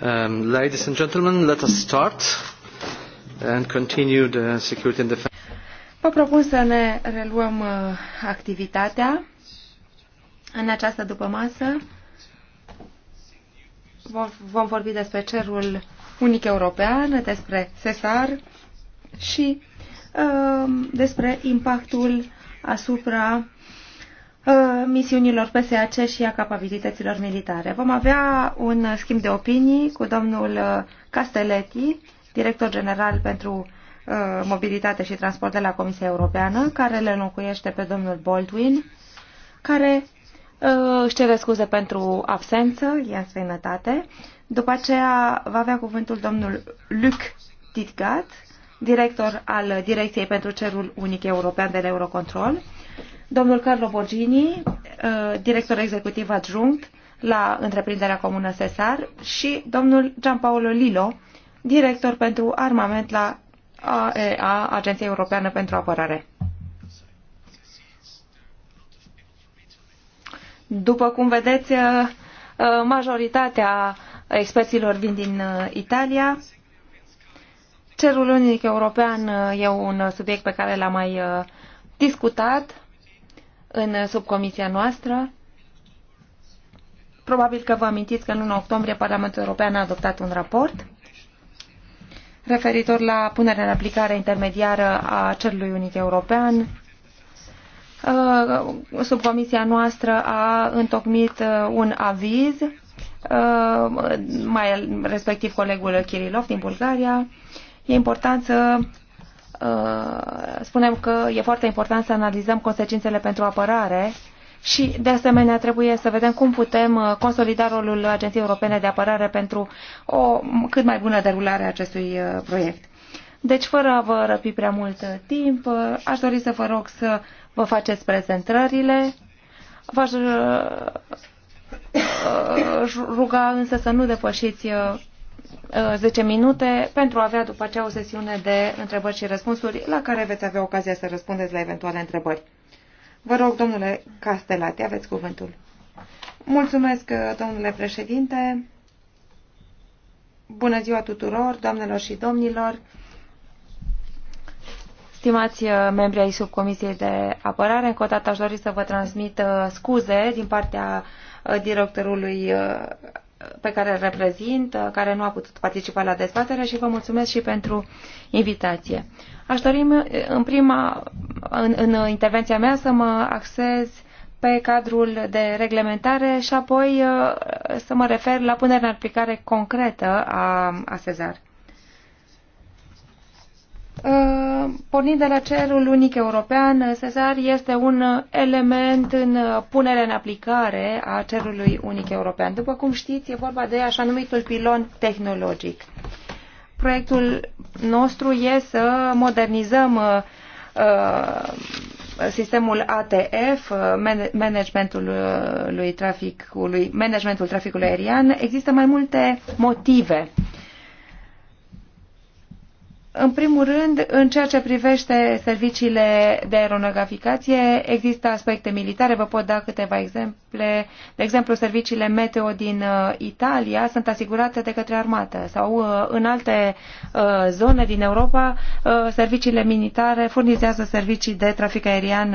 Um, ladies and gentlemen, let us start and continue the security and defense. Vă propun să ne reluăm uh, activitatea în această dupămasă. Vom vorbi despre cerul unic european, despre SESAR și uh, despre impactul asupra Uh, misiunilor PSAC și a capabilităților militare. Vom avea un schimb de opinii cu domnul uh, Castelletti, director general pentru uh, mobilitate și transport de la Comisia Europeană, care le înlocuiește pe domnul Baldwin, care își cere scuze pentru absență, e în străinătate. După aceea va avea cuvântul domnul Luc Titgat, director al Direcției pentru Cerul Unic European de la Eurocontrol, Domnul Carlo Borgini, uh, director executiv adjunct la întreprinderea comună Cesar și domnul Gianpaolo Lilo, director pentru armament la AEA, Agenția Europeană pentru Apărare. După cum vedeți, uh, uh, majoritatea experților vin din Italia. Cerul unic european e un subiect pe care l-am mai discutat în subcomisia noastră. Probabil că vă amintiți că în luna octombrie Parlamentul European a adoptat un raport referitor la punerea în aplicare intermediară a cerului unic european. Uh, subcomisia noastră a întocmit uh, un aviz, uh, mai respectiv colegul Kirilov din Bulgaria. E important să Uh, spunem că e foarte important să analizăm consecințele pentru apărare și, de asemenea, trebuie să vedem cum putem uh, consolida rolul Agenției Europene de Apărare pentru o cât mai bună derulare a acestui uh, proiect. Deci, fără a vă răpi prea mult timp, aș dori să vă rog să vă faceți prezentările. V-aș ruga însă să nu depășiți 10 uh, minute pentru a avea după aceea o sesiune de întrebări și răspunsuri la care veți avea ocazia să răspundeți la eventuale întrebări. Vă rog, domnule Castelati, aveți cuvântul. Mulțumesc, uh, domnule președinte. Bună ziua tuturor, doamnelor și domnilor. Stimați uh, membri ai subcomisiei de apărare, încă o dată aș dori să vă transmit scuze din partea directorului pe care îl reprezint, care nu a putut participa la dezbatere și vă mulțumesc și pentru invitație. Aș dori în prima, în, în intervenția mea să mă axez pe cadrul de reglementare și apoi uh, să mă refer la punerea în aplicare concretă a, a Sezar. Uh, pornind de la cerul unic european, Cezar este un element în punerea în aplicare a cerului unic european. După cum știți, e vorba de așa numitul pilon tehnologic. Proiectul nostru e să modernizăm uh, uh, sistemul ATF, managementul lui traficului, managementul traficului aerian. Există mai multe motive uh, în primul rând, în ceea ce privește serviciile de aeronavigație, există aspecte militare. Vă pot da câteva exemple. De exemplu, serviciile meteo din uh, Italia sunt asigurate de către armată sau uh, în alte uh, zone din Europa, serviciile militare furnizează servicii de trafic aerian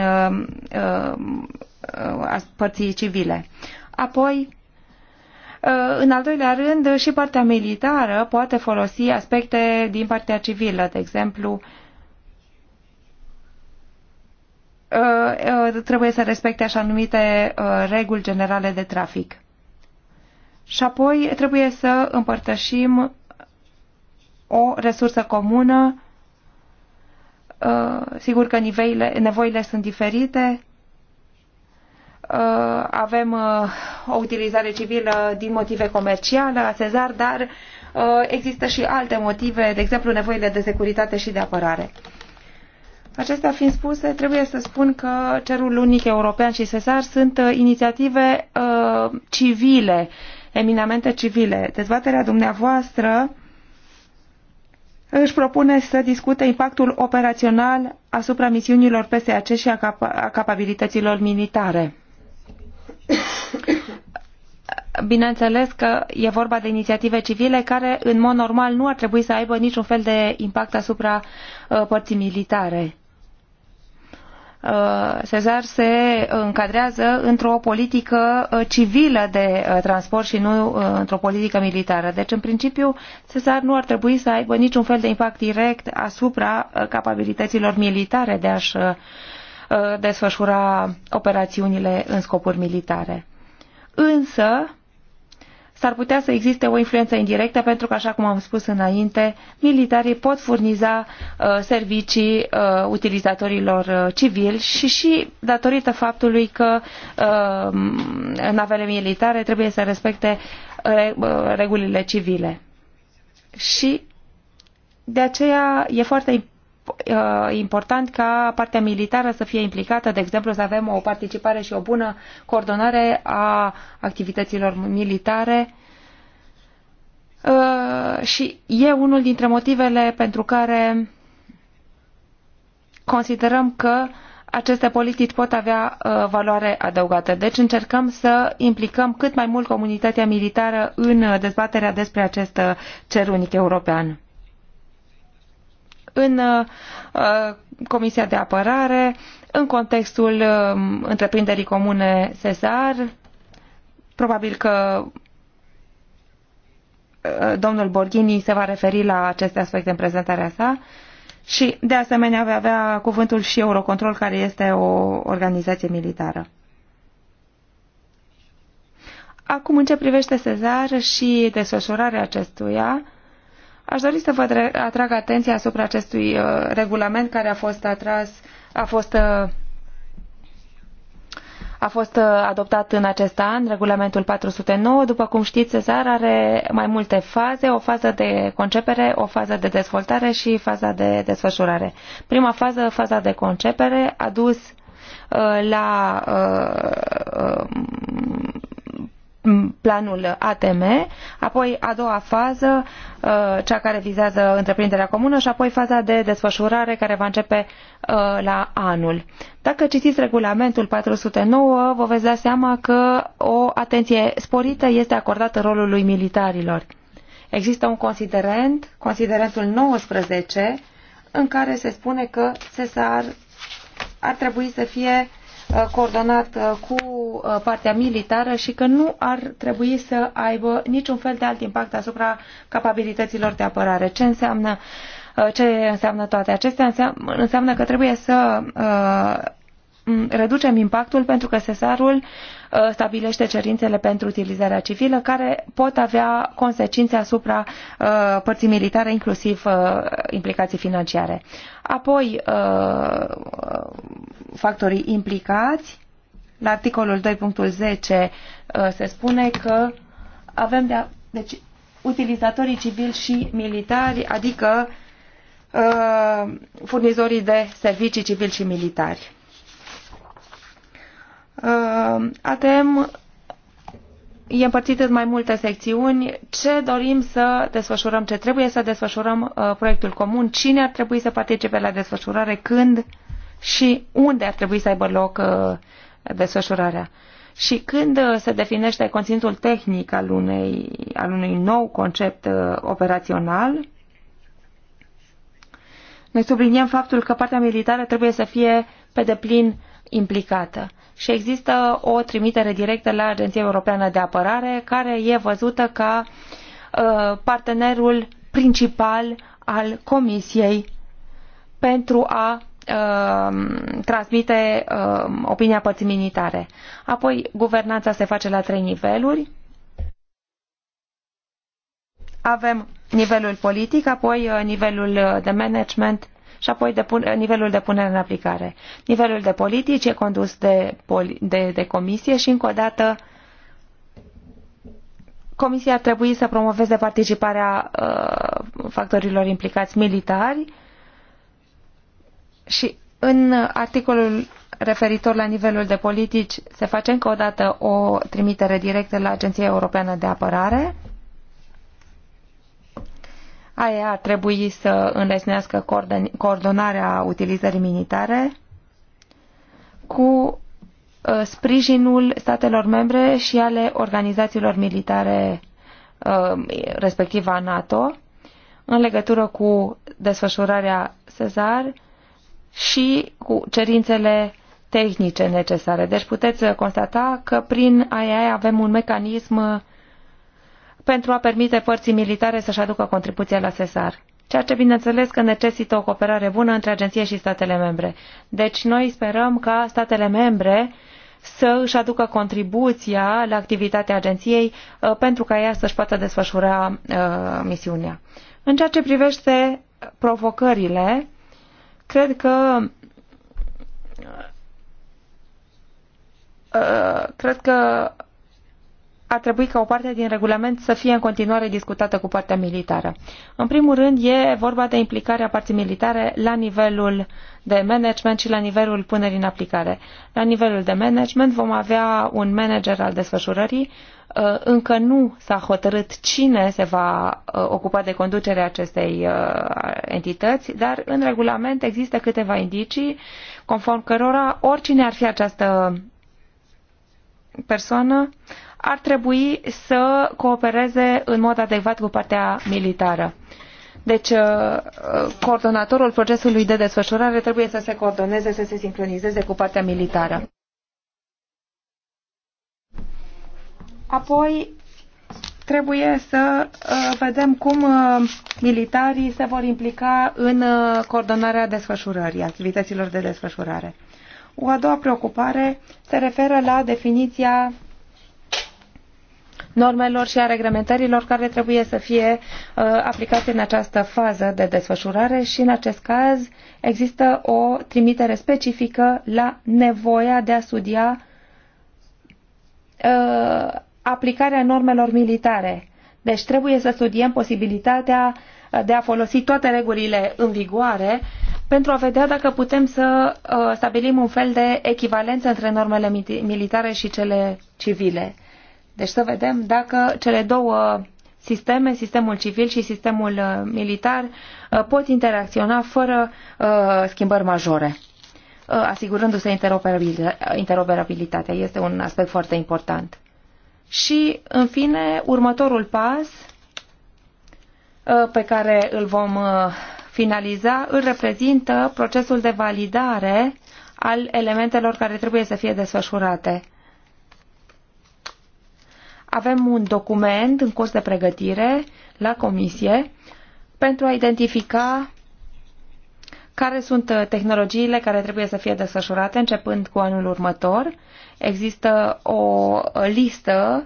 a părții civile. Apoi, Uh, în al doilea rând, și partea militară poate folosi aspecte din partea civilă, de exemplu, uh, uh, trebuie să respecte așa numite reguli generale de trafic. Și apoi trebuie să împărtășim o resursă comună. Sigur că nevoile sunt diferite, Uh, avem uh, o utilizare civilă din motive comerciale a Sezar, dar uh, există și alte motive, de exemplu nevoile de securitate și de apărare. Acestea fiind spuse, trebuie să spun că Cerul Unic European și Sesar sunt inițiative uh, civile, eminamente civile. Dezbaterea dumneavoastră își propune să discute impactul operațional asupra misiunilor PSAC și a, a capabilităților militare. Bineînțeles că e vorba de inițiative civile care, în mod normal, nu ar trebui să aibă niciun fel de impact asupra uh, părții militare. Sezar uh, se încadrează într-o politică uh, civilă de uh, transport și nu într-o politică militară. Deci, în principiu, Sezar nu ar trebui să aibă niciun fel de impact direct asupra capabilităților militare de a-și Uh, desfășura operațiunile în scopuri militare. Însă, s-ar putea să existe o influență indirectă pentru că, așa cum am spus înainte, militarii pot furniza uh, servicii uh, utilizatorilor uh, civili și și datorită faptului că uh, navele militare trebuie să respecte re, uh, regulile civile. Și de aceea e foarte important. Uh, important ca partea militară să fie implicată, de exemplu, să avem o participare și o bună coordonare a activităților militare. Uh, și e unul dintre motivele pentru care considerăm că aceste politici pot avea uh, valoare adăugată. Deci încercăm să implicăm cât mai mult comunitatea militară în dezbaterea despre acest cer unic european în uh, uh, Comisia de Apărare, în contextul um, întreprinderii comune Cesar. Probabil că uh, domnul Borghini se va referi la aceste aspecte în prezentarea sa. Și, de asemenea, vei avea cuvântul și Eurocontrol, care este o organizație militară. Acum, în ce privește Cezar și desfășurarea acestuia, Aș dori să vă atrag atenția asupra acestui uh, regulament care a fost atras, a fost uh, a fost uh, adoptat în acest an, regulamentul 409. După cum știți, Cezar are mai multe faze, o fază de concepere, o fază de dezvoltare și faza de desfășurare. Prima fază, faza de concepere, a dus uh, la uh, planul ATM, apoi a doua fază, uh, cea care vizează întreprinderea comună și apoi faza de desfășurare care va începe uh, la anul. Dacă citiți regulamentul 409, vă veți da seama că o atenție sporită este acordată rolului militarilor. Există un considerent, considerentul 19, în care se spune că SESAR ar trebui să fie uh, Uh, coordonat uh, cu uh, partea militară și că nu ar trebui să aibă niciun fel de alt impact asupra capabilităților de apărare. Ce înseamnă, ce înseamnă toate acestea? Înseamnă că trebuie să reducem impactul pentru că SESAR-ul uh, Uh, stabilește cerințele pentru utilizarea civilă, care pot avea consecințe asupra uh, părții militare, inclusiv uh, implicații financiare. Apoi, factorii implicați, la articolul 2.10 se spune că avem de a, deci, utilizatorii civili și militari, adică furnizorii de servicii civili și militari. Uh, ATM e împărțit în mai multe secțiuni. Ce dorim să desfășurăm, ce trebuie să desfășurăm uh, proiectul comun, cine ar trebui să participe la desfășurare, când și unde ar trebui să aibă loc uh, desfășurarea. Și când se definește conținutul tehnic al, unei, al unui nou concept operațional, noi subliniem faptul că partea militară trebuie să fie pe deplin implicată și există o trimitere directă la Agenția Europeană de Apărare, care e văzută ca uh, partenerul principal al Comisiei pentru a uh, transmite uh, opinia părții militare. Apoi, guvernanța se face la trei niveluri. Avem nivelul politic, apoi nivelul de management și apoi de pun, nivelul de punere în aplicare. Nivelul de politici e condus de, de, de comisie și încă o dată comisia ar trebui să promoveze participarea uh, factorilor implicați militari și în articolul referitor la nivelul de politici se face încă o dată o trimitere directă la Agenția Europeană de Apărare AEA ar trebui să înlesnească coordonarea utilizării militare cu uh, sprijinul statelor membre și ale organizațiilor militare uh, respectiv a NATO în legătură cu desfășurarea Sezar și cu cerințele tehnice necesare. Deci puteți uh, constata că prin AIA avem un mecanism pentru a permite părții militare să-și aducă contribuția la SESAR, ceea ce bineînțeles că necesită o cooperare bună între agenție și statele membre. Deci noi sperăm ca statele membre să își aducă contribuția la activitatea agenției uh, pentru ca ea să-și poată desfășura uh, misiunea. În ceea ce privește provocările, cred că uh, cred că ar trebui ca o parte din regulament să fie în continuare discutată cu partea militară. În primul rând, e vorba de implicarea parții militare la nivelul de management și la nivelul punerii în aplicare. La nivelul de management vom avea un manager al desfășurării. Uh, încă nu s-a hotărât cine se va uh, ocupa de conducerea acestei uh, entități, dar în regulament există câteva indicii conform cărora oricine ar fi această persoană ar trebui să coopereze în mod adecvat cu partea militară. Deci, uh, coordonatorul procesului de desfășurare trebuie să se coordoneze, să se sincronizeze cu partea militară. Apoi, trebuie să uh, vedem cum uh, militarii se vor implica în coordonarea desfășurării, activităților de desfășurare. O a doua preocupare se referă la definiția normelor și a reglementărilor care trebuie să fie uh, aplicate în această fază de desfășurare și în acest caz există o trimitere specifică la nevoia de a studia uh, aplicarea normelor militare. Deci trebuie să studiem posibilitatea de a folosi toate regulile în vigoare pentru a vedea dacă putem să uh, stabilim un fel de echivalență între normele militare și cele civile. Deci să vedem dacă cele două sisteme, sistemul civil și sistemul uh, militar, uh, pot interacționa fără schimbări majore, asigurându-se interoperabilitatea. Este un aspect foarte important. Și, în fine, următorul pas Uh, pe care îl vom uh, finaliza îl reprezintă procesul de validare al elementelor care trebuie să fie desfășurate. Avem un document în curs de pregătire la comisie pentru a identifica care sunt uh, tehnologiile care trebuie să fie desfășurate începând cu anul următor. Există o listă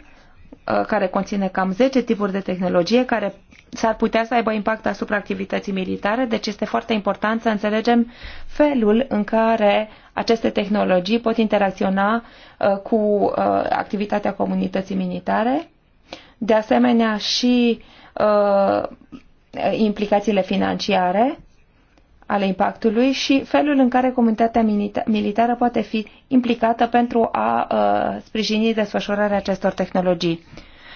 care conține cam 10 tipuri de tehnologie care s-ar putea să aibă impact asupra activității militare, deci este foarte important să înțelegem felul în care aceste tehnologii pot interacționa uh, cu uh, activitatea comunității militare, de asemenea și uh, implicațiile financiare ale impactului și felul în care comunitatea militară poate fi implicată pentru a sprijini desfășurarea acestor tehnologii.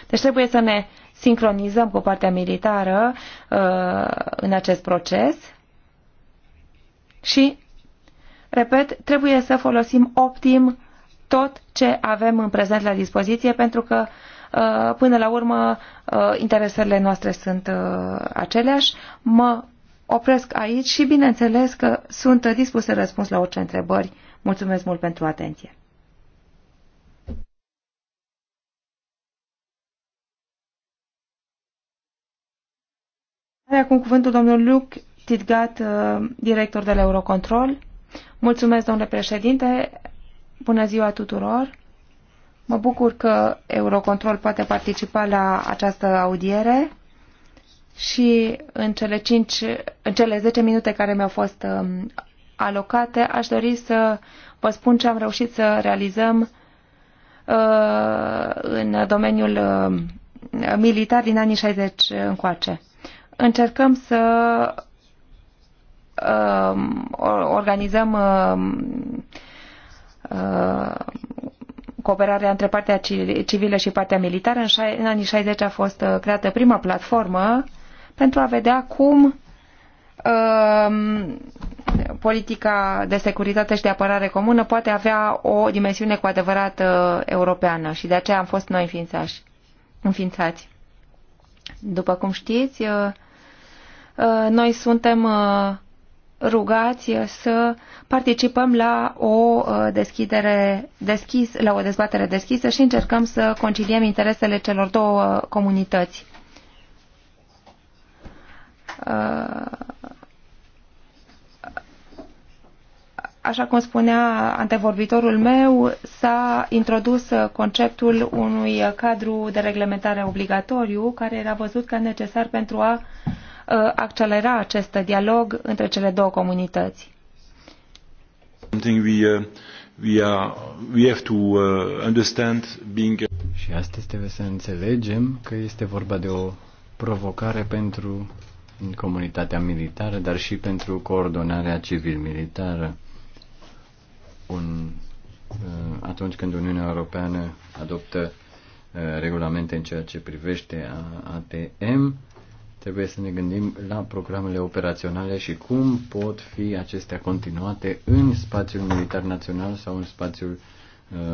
Deci trebuie să ne sincronizăm cu partea militară uh, în acest proces și, repet, trebuie să folosim optim tot ce avem în prezent la dispoziție pentru că uh, până la urmă uh, interesele noastre sunt aceleași. Mă opresc aici și bineînțeles că sunt dispus să răspuns la orice întrebări. Mulțumesc mult pentru atenție. Are acum cuvântul domnul Luc Tidgat, uh, director de la Eurocontrol. Mulțumesc, domnule președinte. Bună ziua tuturor. Mă bucur că Eurocontrol poate participa la această audiere și în cele, 5, în cele 10 minute care mi-au fost um, alocate, aș dori să vă spun ce am reușit să realizăm uh, în domeniul um, militar din anii 60 încoace încercăm să uh, organizăm uh, uh, cooperarea între partea civilă și partea militară. În, în anii 60 a fost uh, creată prima platformă pentru a vedea cum um, politica de securitate și de apărare comună poate avea o dimensiune cu adevărat uh, europeană și de aceea am fost noi înființați. După cum știți, uh, uh, noi suntem uh, rugați să participăm la o deschidere deschis, la o dezbatere deschisă și încercăm să conciliem interesele celor două comunități Așa cum spunea antevorbitorul meu, s-a introdus conceptul unui cadru de reglementare obligatoriu care era văzut ca necesar pentru a ă, accelera acest dialog între cele două comunități. Uh, uh, și astăzi trebuie să înțelegem că este vorba de o provocare pentru comunitatea militară, dar și pentru coordonarea civil-militară un, uh, atunci când Uniunea Europeană adoptă uh, regulamente în ceea ce privește ATM, trebuie să ne gândim la programele operaționale și cum pot fi acestea continuate în spațiul militar național sau în spațiul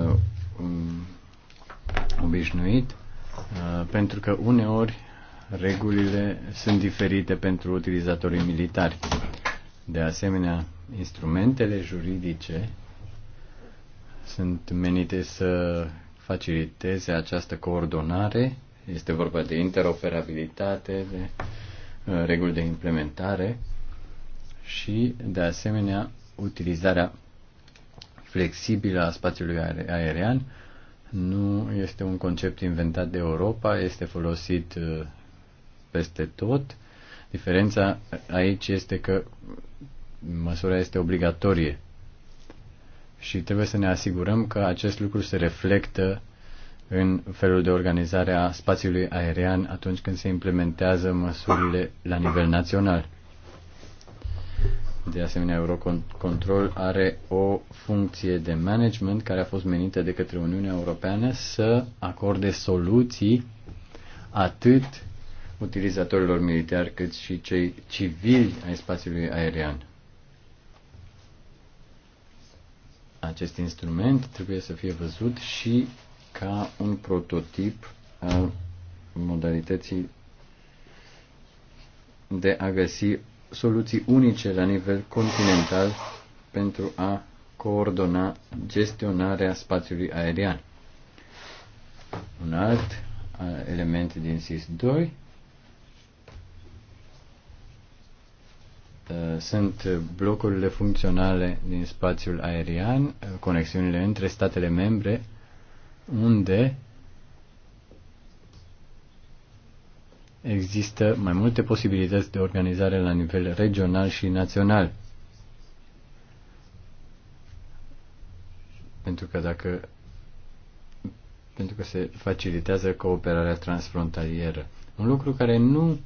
uh, um, obișnuit, uh, pentru că uneori regulile sunt diferite pentru utilizatorii militari. De asemenea, instrumentele juridice sunt menite să faciliteze această coordonare. Este vorba de interoperabilitate, de uh, reguli de implementare și, de asemenea, utilizarea flexibilă a spațiului aerian nu este un concept inventat de Europa, este folosit uh, peste tot. Diferența aici este că măsura este obligatorie și trebuie să ne asigurăm că acest lucru se reflectă în felul de organizare a spațiului aerian atunci când se implementează măsurile la nivel național. De asemenea, Eurocontrol are o funcție de management care a fost menită de către Uniunea Europeană să acorde soluții atât utilizatorilor militari cât și cei civili ai spațiului aerian. Acest instrument trebuie să fie văzut și ca un prototip al modalității de a găsi soluții unice la nivel continental pentru a coordona gestionarea spațiului aerian. Un alt element din SIS-2 Eh, sunt blocurile funcționale din spațiul aerian, eh, conexiunile între statele membre, unde există mai multe posibilități de organizare la nivel regional și național. Pentru că dacă pentru că se facilitează cooperarea transfrontalieră. Un lucru care nu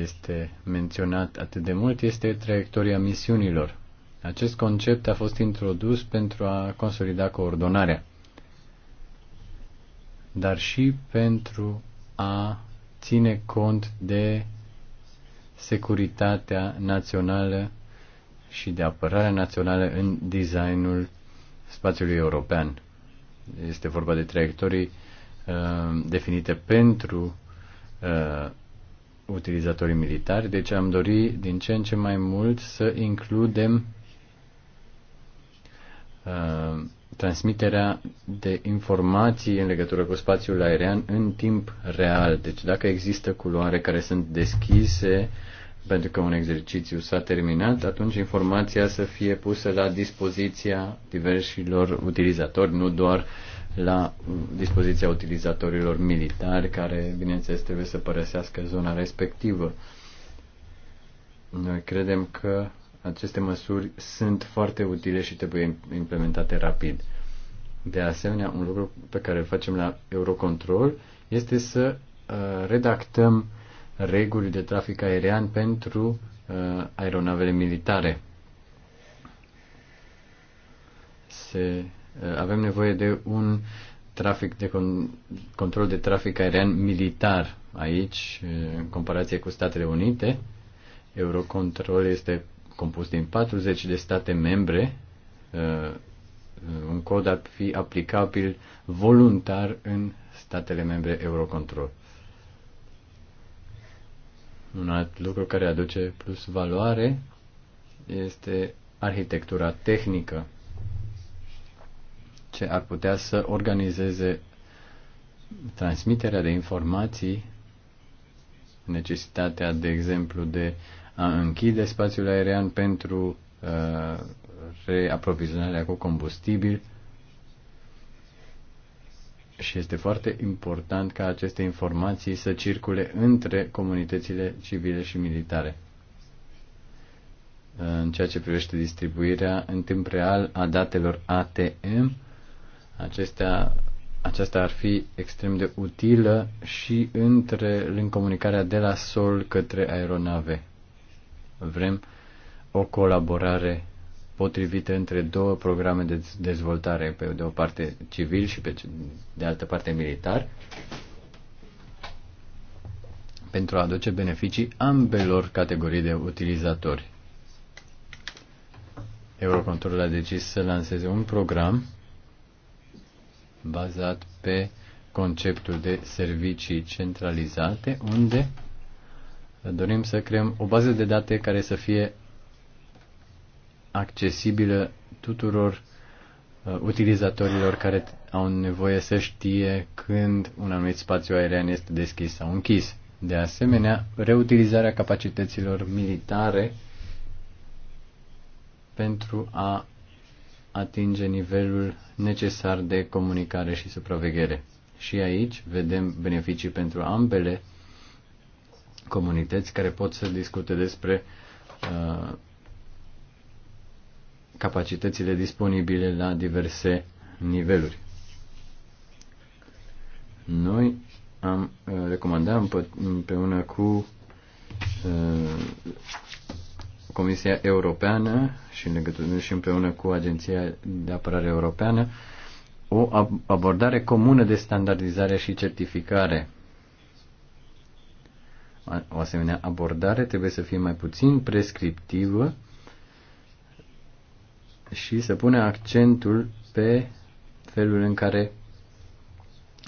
este menționat atât de mult este traiectoria misiunilor. Acest concept a fost introdus pentru a consolida coordonarea, dar și pentru a ține cont de securitatea națională și de apărarea națională în designul spațiului european. Este vorba de traiectorii uh, definite pentru uh, utilizatorii militari, deci am dori din ce în ce mai mult să includem uh, transmiterea de informații în legătură cu spațiul aerian în timp real. Deci dacă există culoare care sunt deschise pentru că un exercițiu s-a terminat, atunci informația să fie pusă la dispoziția diversilor utilizatori, nu doar la dispoziția utilizatorilor militari care, bineînțeles, trebuie să părăsească zona respectivă. Noi credem că aceste măsuri sunt foarte utile și trebuie implementate rapid. De asemenea, un lucru pe care îl facem la Eurocontrol este să uh, redactăm reguli de trafic aerian pentru uh, aeronavele militare. Se avem nevoie de un trafic de con- control de trafic aerian militar aici, în comparație cu Statele Unite. Eurocontrol este compus din 40 de state membre. Uh, un cod ar fi aplicabil voluntar în statele membre Eurocontrol. Un alt lucru care aduce plus valoare este arhitectura tehnică ce ar putea să organizeze transmiterea de informații, necesitatea, de exemplu, de a închide spațiul aerian pentru uh, reaprovizionarea cu combustibil. Și este foarte important ca aceste informații să circule între comunitățile civile și militare în ceea ce privește distribuirea în timp real a datelor ATM Acestea, aceasta ar fi extrem de utilă și între, în comunicarea de la sol către aeronave. Vrem o colaborare potrivită între două programe de dezvoltare, pe de o parte civil și pe de altă parte militar, pentru a aduce beneficii ambelor categorii de utilizatori. Eurocontrol a decis să lanseze un program bazat pe conceptul de servicii centralizate, unde dorim să creăm o bază de date care să fie accesibilă tuturor uh, utilizatorilor care au nevoie să știe când un anumit spațiu aerian este deschis sau închis. De asemenea, reutilizarea capacităților militare pentru a atinge nivelul necesar de comunicare și supraveghere. Și aici vedem beneficii pentru ambele comunități care pot să discute despre uh, capacitățile disponibile la diverse niveluri. Noi am uh, recomandat împreună cu uh, Comisia Europeană și, în legătură, și împreună cu Agenția de Apărare Europeană o abordare comună de standardizare și certificare. O asemenea abordare trebuie să fie mai puțin prescriptivă și să pune accentul pe felul în care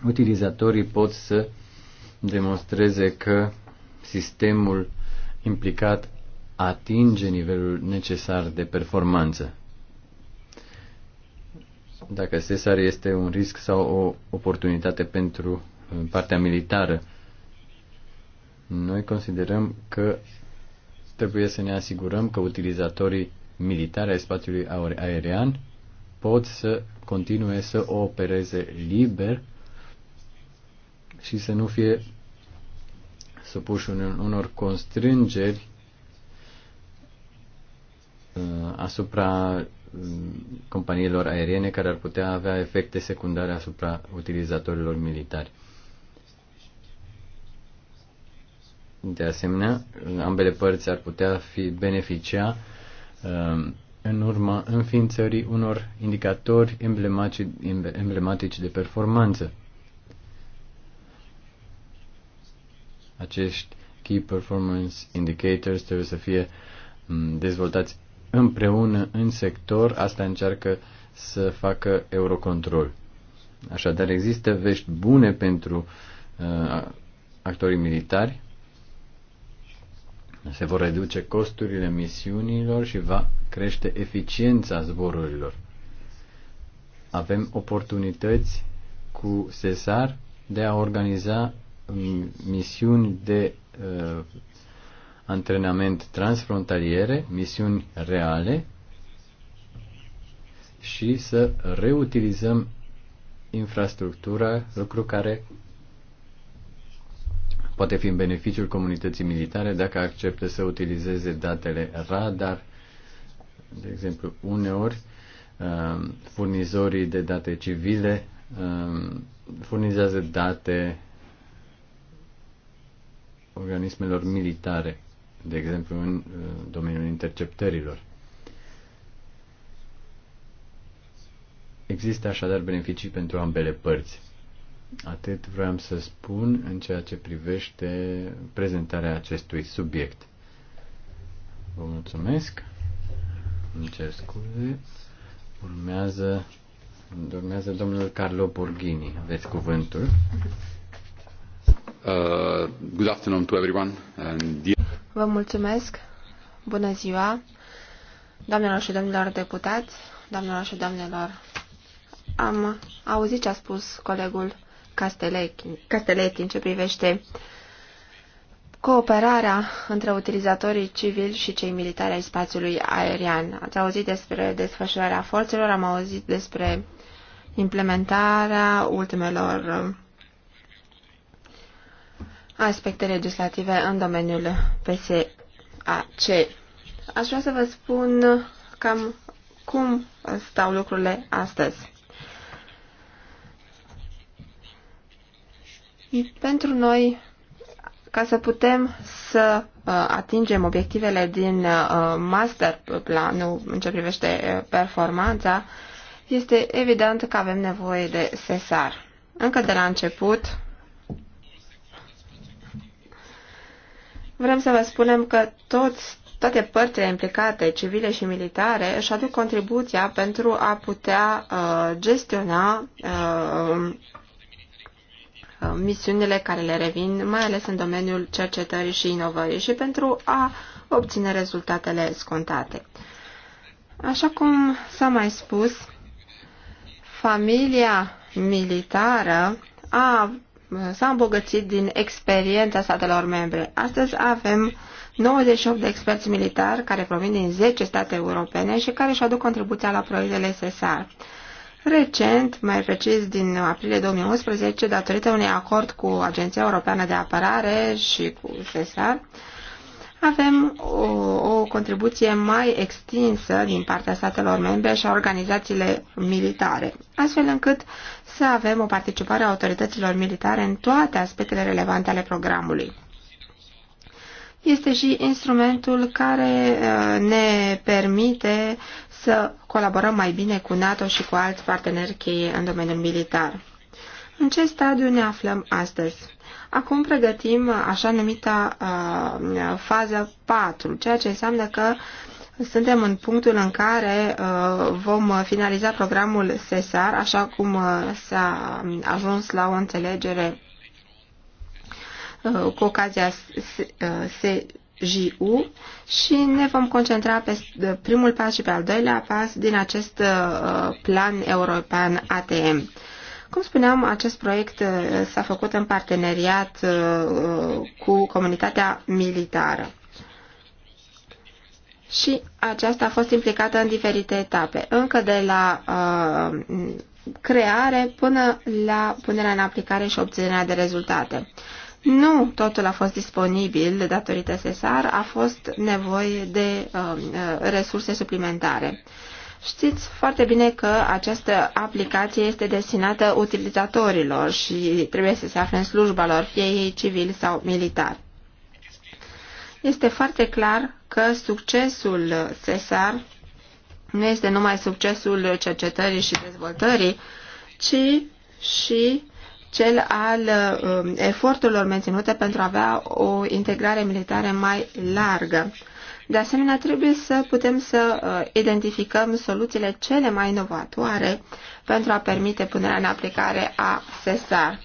utilizatorii pot să demonstreze că sistemul implicat atinge nivelul necesar de performanță. Dacă Cesar este un risc sau o oportunitate pentru uh, partea militară, noi considerăm că trebuie să ne asigurăm că utilizatorii militari ai spațiului aerian pot să continue să opereze liber și să nu fie supuși unor constrângeri Uh, asupra um, companiilor aeriene care ar putea avea efecte secundare asupra utilizatorilor militari. De asemenea, ambele părți ar putea fi beneficia um, în urma înființării unor indicatori emblematici de performanță. Acești Key Performance Indicators trebuie să fie um, dezvoltați împreună în sector, asta încearcă să facă Eurocontrol. Așadar, există vești bune pentru uh, actorii militari. Se vor reduce costurile misiunilor și va crește eficiența zborurilor. Avem oportunități cu SESAR de a organiza mm, misiuni de uh, antrenament transfrontaliere, misiuni reale și să reutilizăm infrastructura, lucru care poate fi în beneficiul comunității militare dacă acceptă să utilizeze datele radar. De exemplu, uneori um, furnizorii de date civile um, furnizează date organismelor militare de exemplu în uh, domeniul interceptărilor. Există așadar beneficii pentru ambele părți. Atât vreau să spun în ceea ce privește prezentarea acestui subiect. Vă mulțumesc. Îmi cer scuze. Urmează, urmează domnul Carlo Borghini. Aveți cuvântul. Uh, good afternoon to everyone. And... Vă mulțumesc. Bună ziua. Doamnelor și domnilor deputați, doamnelor și domnilor, am auzit ce a spus colegul Casteleti în ce privește cooperarea între utilizatorii civili și cei militari ai spațiului aerian. Ați auzit despre desfășurarea forțelor, am auzit despre implementarea ultimelor aspecte legislative în domeniul PSAC. Aș vrea să vă spun cam cum stau lucrurile astăzi. Pentru noi, ca să putem să uh, atingem obiectivele din uh, master planul în ce privește uh, performanța, este evident că avem nevoie de SESAR. Încă de la început, Vrem să vă spunem că toți, toate părțile implicate, civile și militare, își aduc contribuția pentru a putea uh, gestiona uh, uh, misiunile care le revin, mai ales în domeniul cercetării și inovării și pentru a obține rezultatele scontate. Așa cum s-a mai spus, familia militară a s-a îmbogățit din experiența statelor membre. Astăzi avem 98 de experți militari care provin din 10 state europene și care și-au aduc contribuția la proiectele SSR. Recent, mai precis din aprilie 2011, datorită unui acord cu Agenția Europeană de Apărare și cu SESAR, avem o, o contribuție mai extinsă din partea statelor membre și a organizațiile militare, astfel încât să avem o participare a autorităților militare în toate aspectele relevante ale programului. Este și instrumentul care uh, ne permite să colaborăm mai bine cu NATO și cu alți parteneri cheie în domeniul militar. În ce stadiu ne aflăm astăzi? Acum pregătim așa numita uh, fază 4, ceea ce înseamnă că suntem în punctul în care uh, vom finaliza programul SESAR, așa cum uh, s-a ajuns la o înțelegere uh, cu ocazia CJU, uh, și ne vom concentra pe primul pas și pe al doilea pas din acest uh, plan european ATM. Cum spuneam, acest proiect uh, s-a făcut în parteneriat uh, cu comunitatea militară. Și aceasta a fost implicată în diferite etape, încă de la uh, creare până la punerea în aplicare și obținerea de rezultate. Nu totul a fost disponibil datorită SESAR, a fost nevoie de uh, uh resurse suplimentare. Uh, Știți foarte bine că această aplicație este destinată utilizatorilor și trebuie să se afle în slujba lor, fie ei civil sau militar. Este foarte clar că succesul CESAR nu este numai succesul cercetării și dezvoltării, ci și cel al um, eforturilor menținute pentru a avea o integrare militară mai largă. De asemenea, trebuie să putem să uh, identificăm soluțiile cele mai inovatoare pentru a permite punerea în aplicare a SESAR.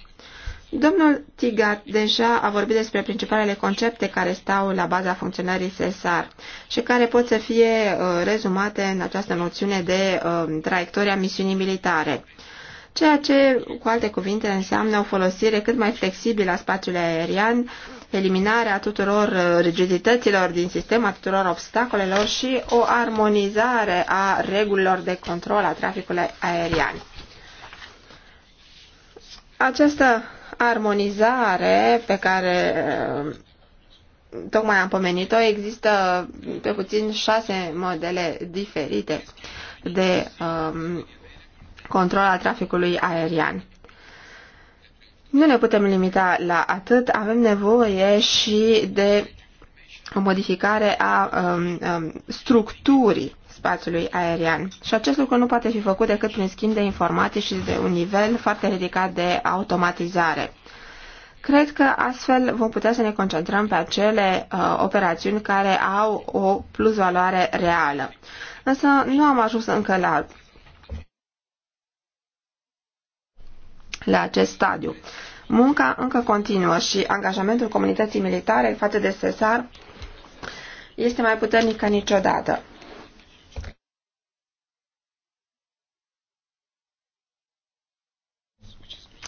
Domnul Tigat deja a vorbit despre principalele concepte care stau la baza funcționării SESAR și care pot să fie uh, rezumate în această noțiune de um, traiectoria misiunii militare ceea ce, cu alte cuvinte, înseamnă o folosire cât mai flexibilă a spațiului aerian eliminarea tuturor uh, rigidităților din sistem, a tuturor obstacolelor și o armonizare a regulilor de control a traficului aerian. Această armonizare pe care uh, tocmai am pomenit-o, există pe puțin șase modele diferite de um, control al traficului aerian. Nu ne putem limita la atât, avem nevoie și de o modificare a um, um, structurii spațiului aerian. Și acest lucru nu poate fi făcut decât prin schimb de informații și de un nivel foarte ridicat de automatizare. Cred că astfel vom putea să ne concentrăm pe acele uh, operațiuni care au o plusvaloare reală. Însă nu am ajuns încă la, la acest stadiu. Munca încă continuă și angajamentul comunității militare față de Cesar este mai puternic ca niciodată.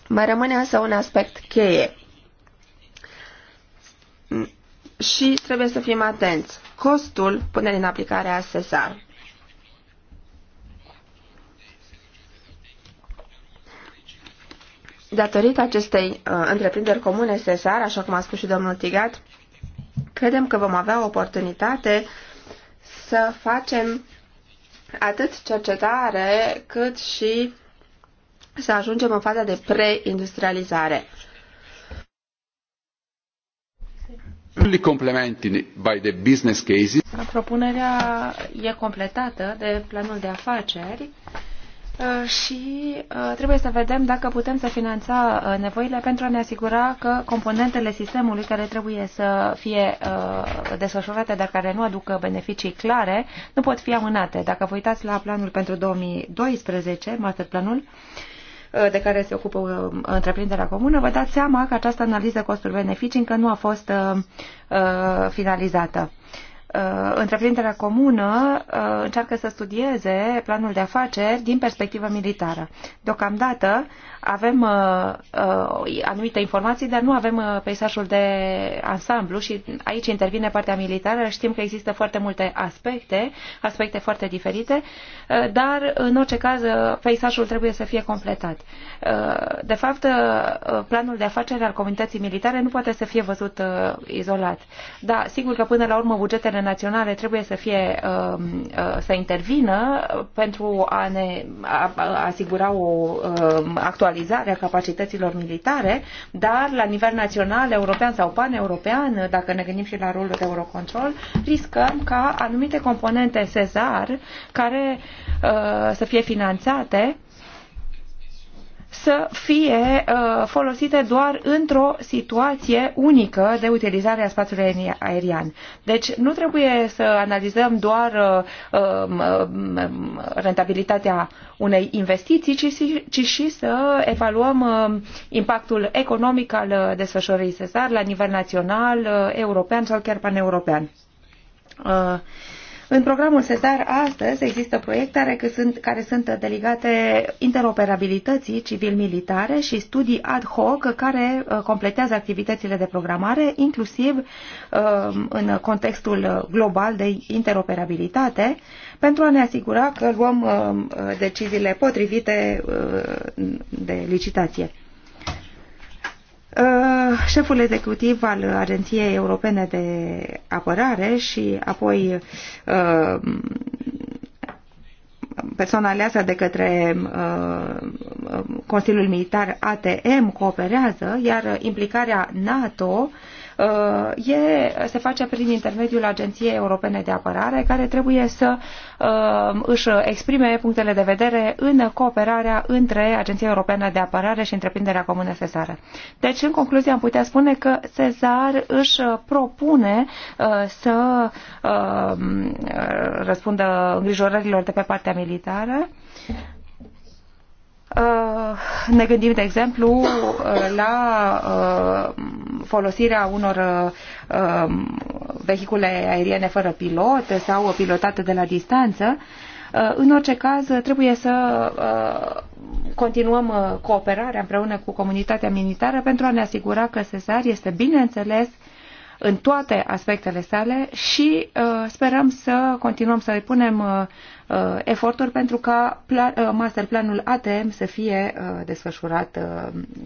Mai rămâne însă un aspect cheie. Și trebuie să fim atenți. Costul punerii în aplicare a SESAR. Datorită acestei uh, întreprinderi comune SESAR, așa cum a spus și domnul Tigat, credem că vom avea oportunitate să facem atât cercetare cât și să ajungem în faza de preindustrializare. By the business cases. Propunerea e completată de planul de afaceri Uh, și uh, trebuie să vedem dacă putem să finanța uh, nevoile pentru a ne asigura că componentele sistemului care trebuie să fie desfășurate, dar care nu aduc beneficii clare, nu pot fi amânate. Dacă vă uitați la planul pentru 2012, masterplanul, de care se ocupă întreprinderea comună, vă dați seama că această analiză costuri-beneficii încă nu a fost finalizată. Uh, întreprinderea comună uh, încearcă să studieze planul de afaceri din perspectivă militară. Deocamdată avem uh, anumite informații, dar nu avem peisajul de ansamblu și aici intervine partea militară. Știm că există foarte multe aspecte, aspecte foarte diferite, dar în orice caz peisajul trebuie să fie completat. De fapt, planul de afaceri al comunității militare nu poate să fie văzut izolat. Da, sigur că până la urmă bugetele naționale trebuie să fie um, uh, să intervină pentru a ne asigura o um, actualizare a capacităților militare, dar la nivel național, european sau pan-european, dacă ne gândim și la rolul de Eurocontrol, riscăm ca anumite componente Sezar care uh, să fie finanțate să fie uh, folosite doar într-o situație unică de utilizare a spațiului aerian. Deci nu trebuie să analizăm doar uh, um, um, rentabilitatea unei investiții, ci, ci și să evaluăm um, impactul economic al uh, desfășurării SESAR la nivel național, european sau chiar paneuropean. Uh, în programul SESAR astăzi există proiecte care sunt, care sunt delegate interoperabilității civil-militare și studii ad hoc care uh, completează activitățile de programare, inclusiv um, în contextul global de interoperabilitate, pentru a ne asigura că luăm um, deciziile potrivite uh, de licitație. Uh, șeful executiv al Agenției Europene de Apărare și apoi uh, persoana aleasă de către uh, Consiliul Militar ATM cooperează, iar implicarea NATO Uh, e, se face prin intermediul Agenției Europene de Apărare, care trebuie să uh, își exprime punctele de vedere în cooperarea între Agenția Europeană de Apărare și întreprinderea comună Sezar. Deci, în concluzie, am putea spune că Sezar își propune uh, să răspundă îngrijorărilor de pe partea militară Uh, ne gândim, de exemplu, uh, la uh, folosirea unor vehicule aeriene fără pilot sau pilotate de la distanță. În orice caz, trebuie să continuăm cooperarea împreună cu comunitatea militară pentru a ne asigura că SESAR este, bineînțeles, în toate aspectele sale și uh, sperăm să continuăm să îi punem Uh, eforturi pentru ca uh, masterplanul ATM să fie uh, desfășurat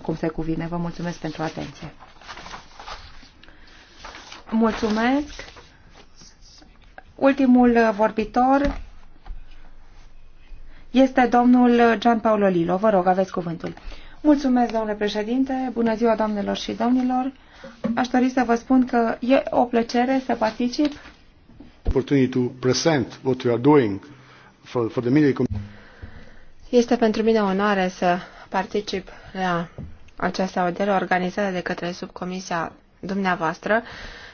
cum se cuvine. Vă mulțumesc pentru atenție. Mulțumesc. Ultimul vorbitor este domnul Gian Paolo Lilo. Vă rog, aveți cuvântul. Mulțumesc, domnule președinte. Bună ziua, doamnelor și domnilor. Aș dori să vă spun că e o plăcere să particip. Opportunity to present what you are doing for, for the media... Este pentru mine o onoare să particip la această audiere organizată de către subcomisia dumneavoastră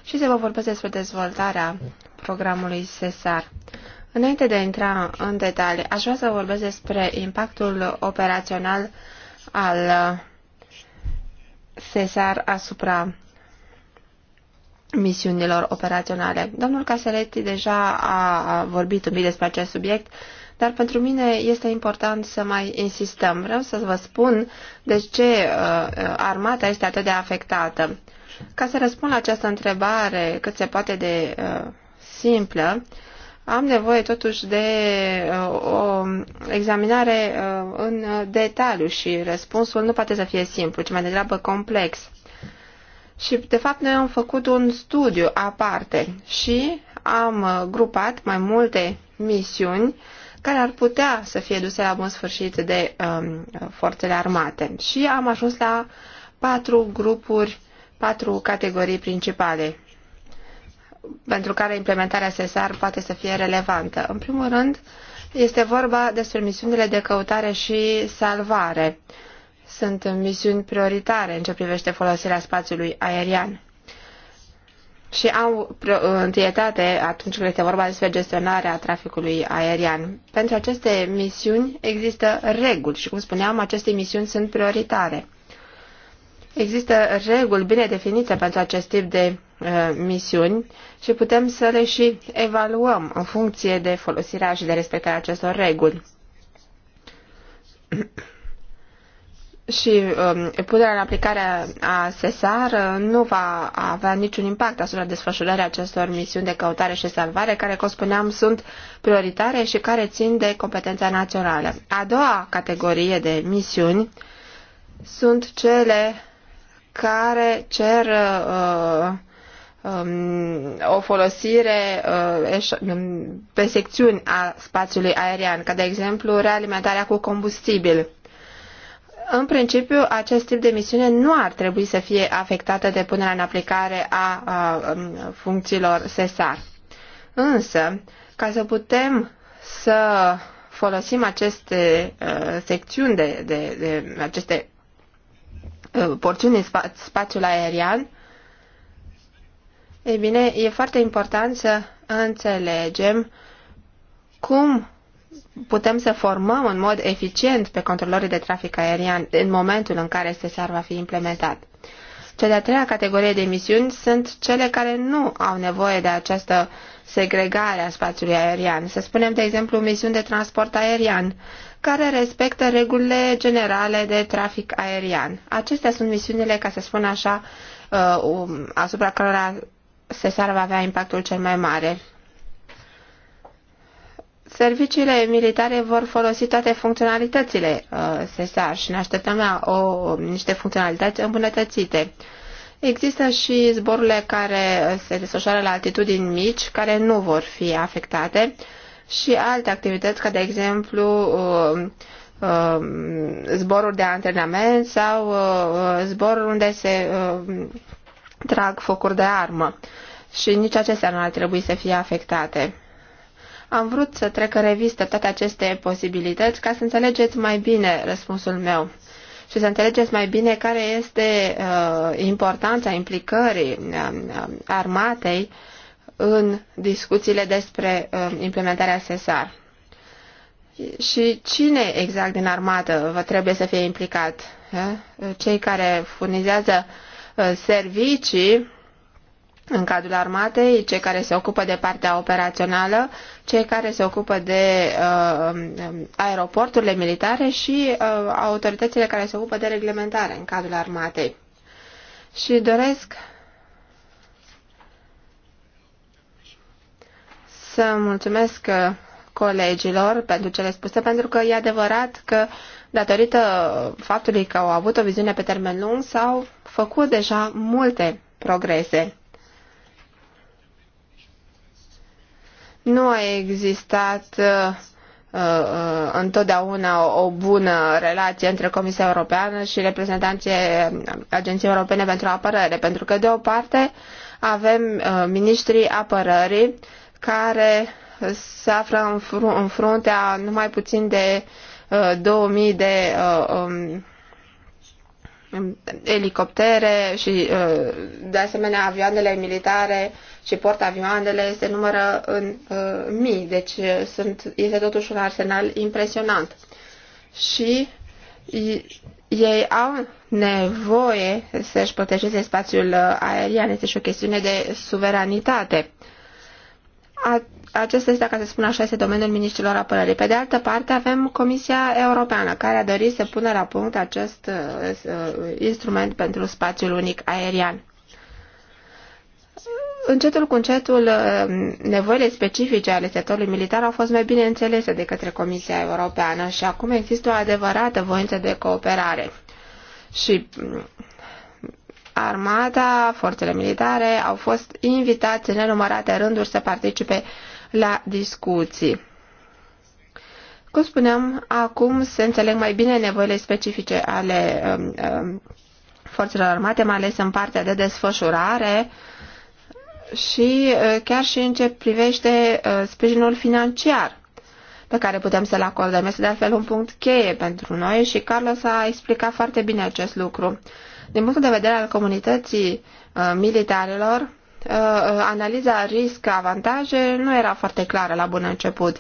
și să vă vorbesc despre dezvoltarea programului SESAR. Înainte de a intra în detalii, aș vrea să vorbesc despre impactul operațional al SESAR asupra misiunilor operaționale. Domnul Caseletti deja a vorbit un pic despre acest subiect, dar pentru mine este important să mai insistăm. Vreau să vă spun de ce uh, uh, armata este atât de afectată. Ca să răspund la această întrebare cât se poate de uh, simplă, am nevoie totuși de uh, o examinare uh, în detaliu și răspunsul nu poate să fie simplu, ci mai degrabă complex. Și, de fapt, noi am făcut un studiu aparte și am grupat mai multe misiuni care ar putea să fie duse la bun sfârșit de um, forțele armate. Și am ajuns la patru grupuri, patru categorii principale pentru care implementarea SESAR poate să fie relevantă. În primul rând, este vorba despre misiunile de căutare și salvare. Uh, sunt misiuni prioritare în ce privește folosirea spațiului aerian și au întâietate atunci când este vorba despre gestionarea traficului aerian. Pentru aceste misiuni există reguli și, cum spuneam, aceste misiuni sunt prioritare. Există reguli bine definite pentru acest tip de uh, misiuni și putem să le și evaluăm în funcție de folosirea și de respectarea acestor reguli. și um, punerea în aplicare a SESAR uh, nu va avea niciun impact asupra desfășurării acestor misiuni de căutare și salvare, care, cum spuneam, sunt prioritare și care țin de competența națională. A doua categorie de misiuni sunt cele care cer uh, um, o folosire uh, um, pe secțiuni a spațiului aerian, ca de exemplu realimentarea cu combustibil în principiu, acest tip de misiune nu ar trebui să fie afectată de punerea în aplicare a, a funcțiilor SESAR. Însă, ca să putem să folosim aceste secțiuni de, de, de aceste porțiuni în spa, spațiul aerian, e bine, e foarte important să înțelegem cum putem să formăm în mod eficient pe controlorii de trafic aerian în momentul în care SSR va fi implementat. Cea de-a treia categorie de misiuni sunt cele care nu au nevoie de această segregare a spațiului aerian. Să spunem, de exemplu, misiuni de transport aerian, care respectă regulile generale de trafic aerian. Acestea sunt misiunile, ca să spun așa, uh, um, asupra cărora SESAR va avea impactul cel mai mare. Serviciile militare vor folosi toate funcționalitățile uh, SESAR și ne așteptăm la o, niște funcționalități îmbunătățite. Există și zborurile care se desfășoară la altitudini mici, care nu vor fi afectate și alte activități, ca de exemplu uh, uh, zboruri de antrenament sau uh, uh zboruri unde se uh, trag focuri de armă. Și nici acestea nu ar trebui să fie afectate. Am vrut să trec în revistă toate aceste posibilități ca să înțelegeți mai bine răspunsul meu și să înțelegeți mai bine care este uh, importanța implicării uh, armatei în discuțiile despre uh, implementarea SESAR. Și cine exact din armată vă trebuie să fie implicat? Cei care furnizează uh, servicii în cadrul armatei, cei care se ocupă de partea operațională, cei care se ocupă de uh, um, aeroporturile militare și uh, autoritățile care se ocupă de reglementare în cadrul armatei. Și doresc să mulțumesc uh, colegilor pentru cele spuse, pentru că e adevărat că datorită faptului că au avut o viziune pe termen lung, s-au făcut deja multe progrese. Nu a existat uh, uh, întotdeauna o bună relație între Comisia Europeană și reprezentanții Agenției Europene pentru Apărare, pentru că, de o parte, avem uh, ministrii apărării care se află în, fr- în fruntea numai puțin de uh, 2000 de uh, um, Mm, elicoptere și uh, de asemenea avioanele militare și portavioanele se numără în uh, mii, deci uh, sunt, este totuși un arsenal impresionant. Și ei au nevoie să-și protejeze spațiul aerian, este și o chestiune de suveranitate acesta este, dacă se spune așa, este domeniul ministrilor apărării. Pe de altă parte, avem Comisia Europeană, care a dorit să pună la punct acest uh, uh instrument pentru spațiul unic aerian. Încetul cu încetul, uh, nevoile specifice ale sectorului militar au fost mai bine înțelese de către Comisia Europeană și acum există o adevărată voință de cooperare. Și mm, armata, forțele militare au fost invitați în nenumărate rânduri să participe la discuții. Cum spuneam, acum se înțeleg mai bine nevoile specifice ale um, um, forțelor armate, mai ales în partea de desfășurare și uh, chiar și în ce privește uh, sprijinul financiar pe care putem să-l acordăm. Este de altfel un punct cheie pentru noi și Carlos a explicat foarte bine acest lucru. Din punctul de vedere al comunității uh, militarilor, uh, uh, analiza risc-avantaje nu era foarte clară la bun început.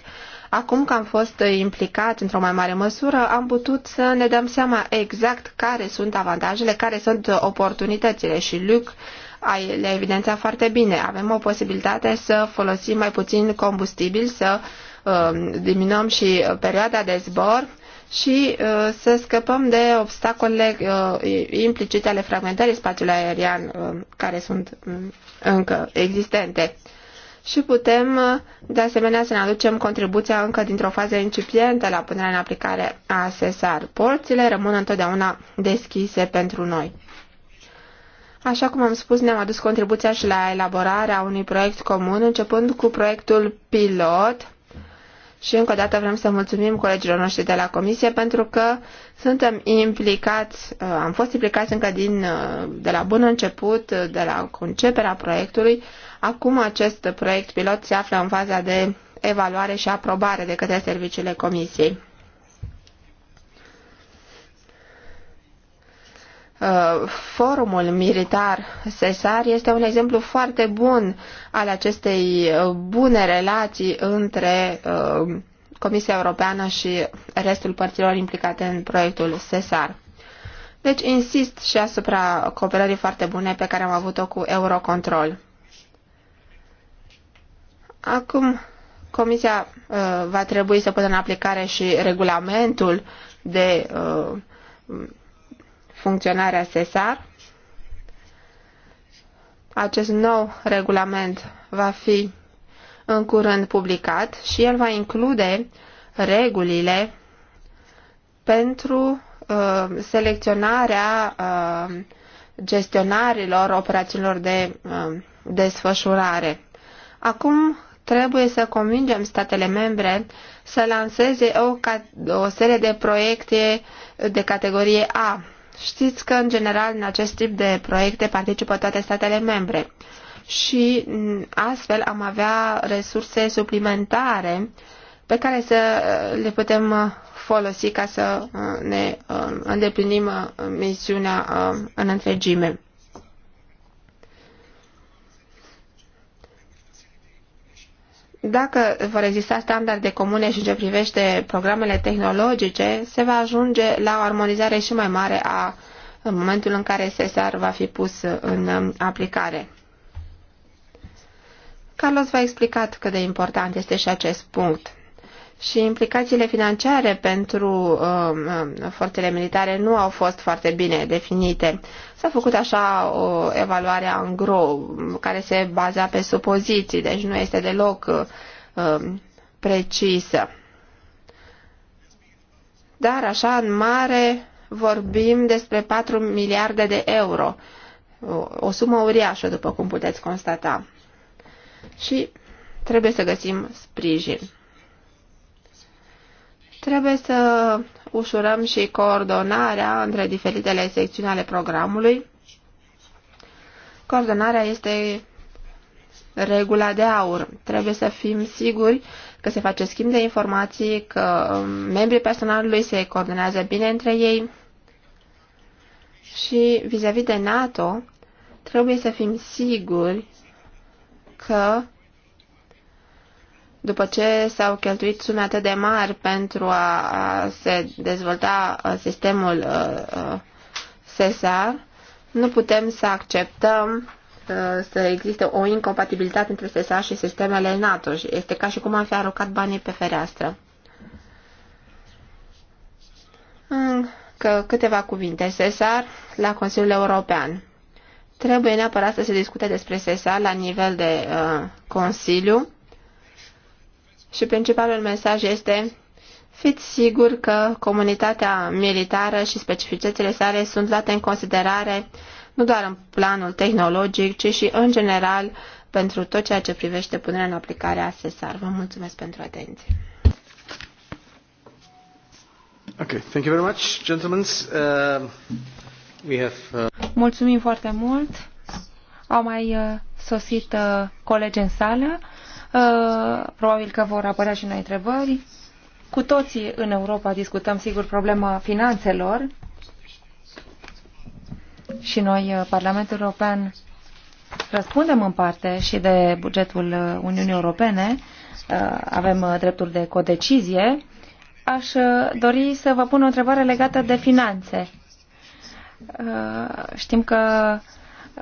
Acum că am fost implicați într-o mai mare măsură, am putut să ne dăm seama exact care sunt avantajele, care sunt oportunitățile și Luc le-a evidențat foarte bine. Avem o posibilitate să folosim mai puțin combustibil, să uh, diminuăm și perioada de zbor, și uh, să scăpăm de obstacolele uh, implicite ale fragmentării spațiului aerian uh, care sunt um, încă existente. Și putem, uh, de asemenea, să ne aducem contribuția încă dintr-o fază incipientă la punerea în aplicare a SESAR. Porțile rămân întotdeauna deschise pentru noi. Așa cum am spus, ne-am adus contribuția și la elaborarea unui proiect comun, începând cu proiectul pilot și încă o dată vrem să mulțumim colegilor noștri de la comisie pentru că suntem implicați, uh, am fost implicați încă din, uh, de la bun început, uh, de la conceperea proiectului. Acum acest proiect pilot se află în faza de evaluare și aprobare de către serviciile comisiei. Uh, forumul militar Sesar este un exemplu foarte bun al acestei uh, bune relații între uh, Comisia Europeană și restul părților implicate în proiectul Sesar. Deci insist și asupra cooperării foarte bune pe care am avut-o cu Eurocontrol. Acum, Comisia uh, va trebui să pună în aplicare și regulamentul de uh, funcționarea SESAR. Acest nou regulament va fi în curând publicat și el va include regulile pentru uh, selecționarea uh, gestionarilor operațiunilor de uh, desfășurare. Acum trebuie să convingem statele membre să lanseze o, o serie de proiecte de categorie A Știți că, în general, în acest tip de proiecte participă toate statele membre și mm, astfel am avea resurse suplimentare pe care să uh, le putem uh, folosi ca să uh, ne îndeplinim misiunea în întregime. Dacă vor exista standarde comune și ce privește programele tehnologice, se va ajunge la o armonizare și mai mare a în momentul în care SESAR va fi pus în aplicare. Carlos v-a explicat cât de important este și acest punct și implicațiile financiare pentru uh, forțele militare nu au fost foarte bine definite. S-a făcut așa o evaluare în gro, care se baza pe supoziții, deci nu este deloc uh, precisă. Dar așa, în mare, vorbim despre 4 miliarde de euro, o sumă uriașă, după cum puteți constata. Și trebuie să găsim sprijin. Trebuie să ușurăm și coordonarea între diferitele secțiuni ale programului. Coordonarea este regula de aur. Trebuie să fim siguri că se face schimb de informații, că membrii personalului se coordonează bine între ei și vis-a-vis -vis de NATO trebuie să fim siguri că după ce s-au cheltuit sume atât de mari pentru a, a se dezvolta sistemul uh, SESAR, nu putem să acceptăm să existe o incompatibilitate între SESA și sistemele NATO este ca și cum am fi aruncat banii pe fereastră. Încă câteva cuvinte. SESAR la Consiliul European. Trebuie neapărat să se discute despre SESAR la nivel de uh, Consiliu și principalul mesaj este fiți siguri că comunitatea militară și specificitățile sale sunt luate în considerare nu doar în planul tehnologic, ci și în general pentru tot ceea ce privește punerea în aplicare a SESAR. Vă mulțumesc pentru atenție. Okay, thank you very much, gentlemen. Uh, we have, uh... Mulțumim foarte mult. Au mai uh, sosit uh, colegi în sală. Uh, probabil că vor apărea și noi întrebări. Cu toții în Europa discutăm, sigur, problema finanțelor. Și noi, uh, Parlamentul European, răspundem în parte și de bugetul uh, Uniunii Europene. Avem dreptul de codecizie. Aș dori să vă pun o întrebare legată de finanțe. Știm că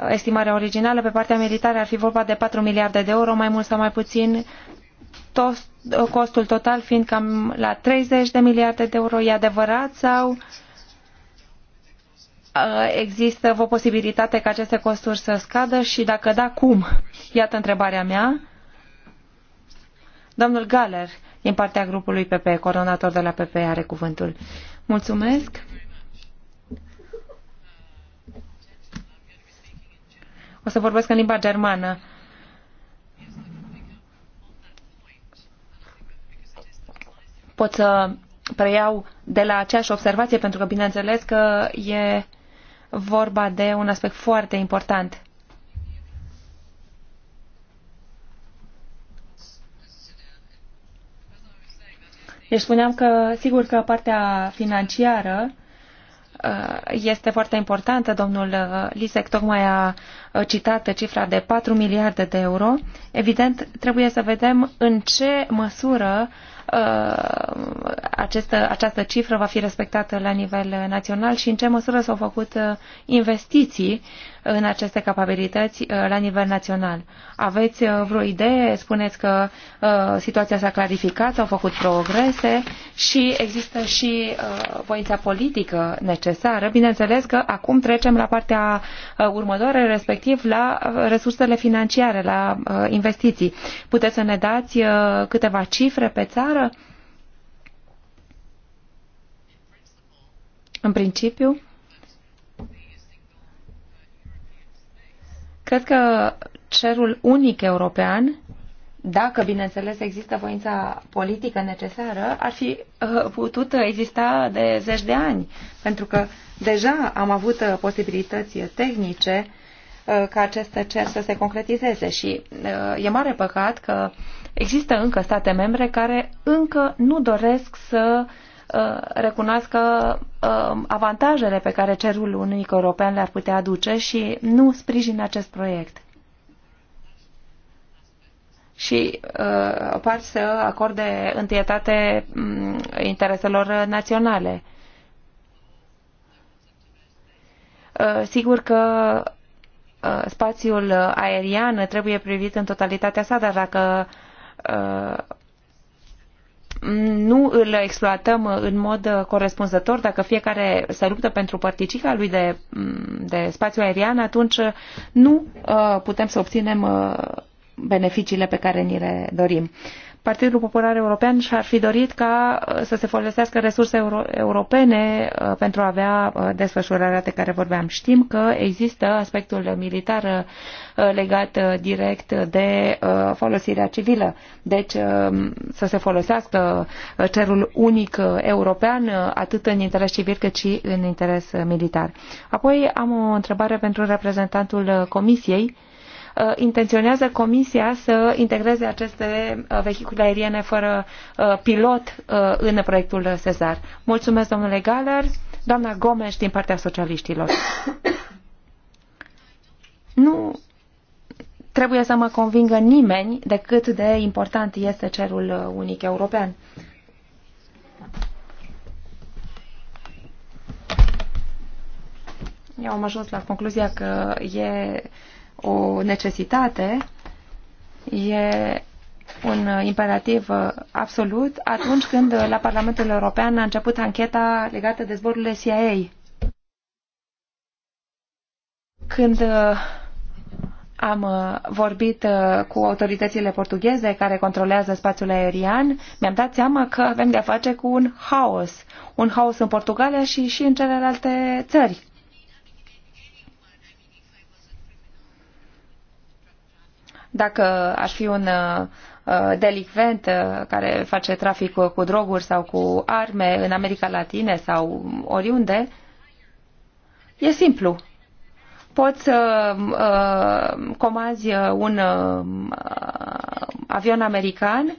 estimarea originală, pe partea militară ar fi vorba de 4 miliarde de euro, mai mult sau mai puțin, costul total fiind cam la 30 de miliarde de euro. E adevărat sau există o posibilitate ca aceste costuri să scadă și dacă da, cum? Iată întrebarea mea. Domnul Galer, din partea grupului PP, coordonator de la PP, are cuvântul. Mulțumesc. să vorbesc în limba germană. Pot să preiau de la aceeași observație, pentru că bineînțeles că e vorba de un aspect foarte important. Deci spuneam că, sigur că partea financiară Uh, este foarte importantă. Domnul uh, Lisec tocmai a uh, citat cifra de 4 miliarde de euro. Evident, trebuie să vedem în ce măsură această, această cifră va fi respectată la nivel național și în ce măsură s-au făcut investiții în aceste capabilități uh, la nivel național. Aveți uh, vreo idee? Spuneți că uh, situația s-a clarificat, s-au făcut progrese și există și voința politică necesară. Bineînțeles că acum trecem la partea următoare, respectiv la resursele financiare, la investiții. Puteți să ne dați câteva cifre pe țară? În principiu, Cred că cerul unic european, dacă, bineînțeles, există voința politică necesară, ar fi uh, putut exista de zeci de ani, pentru că deja am avut uh, posibilități tehnice uh, ca acest cer să se concretizeze și e mare păcat că există încă state membre care încă nu doresc să uh, Uh, recunoască uh, avantajele pe care cerul unic european le-ar putea aduce și nu sprijină acest proiect. Și uh, par să acorde întâietate mm, intereselor naționale. Uh, sigur că spațiul aerian trebuie privit în totalitatea sa, dar dacă nu îl exploatăm uh, în mod uh, corespunzător, dacă fiecare se luptă pentru părticica lui de, mm, de spațiu aerian, atunci uh, nu putem să obținem beneficiile pe care ni le dorim. Partidul Popular European și-ar fi dorit ca uh, să se folosească resurse euro europene uh, pentru a avea uh, desfășurarea de care vorbeam. Știm că există aspectul militar legat direct de folosirea civilă. Deci să se folosească cerul unic european atât în interes civil cât și în interes militar. Apoi am o întrebare pentru reprezentantul Comisiei. Uh, intenționează Comisia să integreze aceste uh, vehicule aeriene fără uh, pilot în proiectul Cezar. Mulțumesc, domnule Galer. Doamna Gomes din partea socialiștilor. Nu trebuie să mă convingă nimeni de cât de important este cerul unic european. Eu am ajuns la concluzia că e o necesitate, e un imperativ absolut atunci când la Parlamentul European a început ancheta legată de zborurile CIA. Când uh, am uh, vorbit uh, cu autoritățile portugheze care controlează spațiul aerian, mi-am dat seama că avem de-a face cu un haos. Un haos în Portugalia și și în celelalte țări. Dacă aș fi un uh, delicvent uh, care face trafic cu droguri sau cu arme în America Latine sau oriunde, e simplu. Poți să uh, uh, comanzi un uh, avion american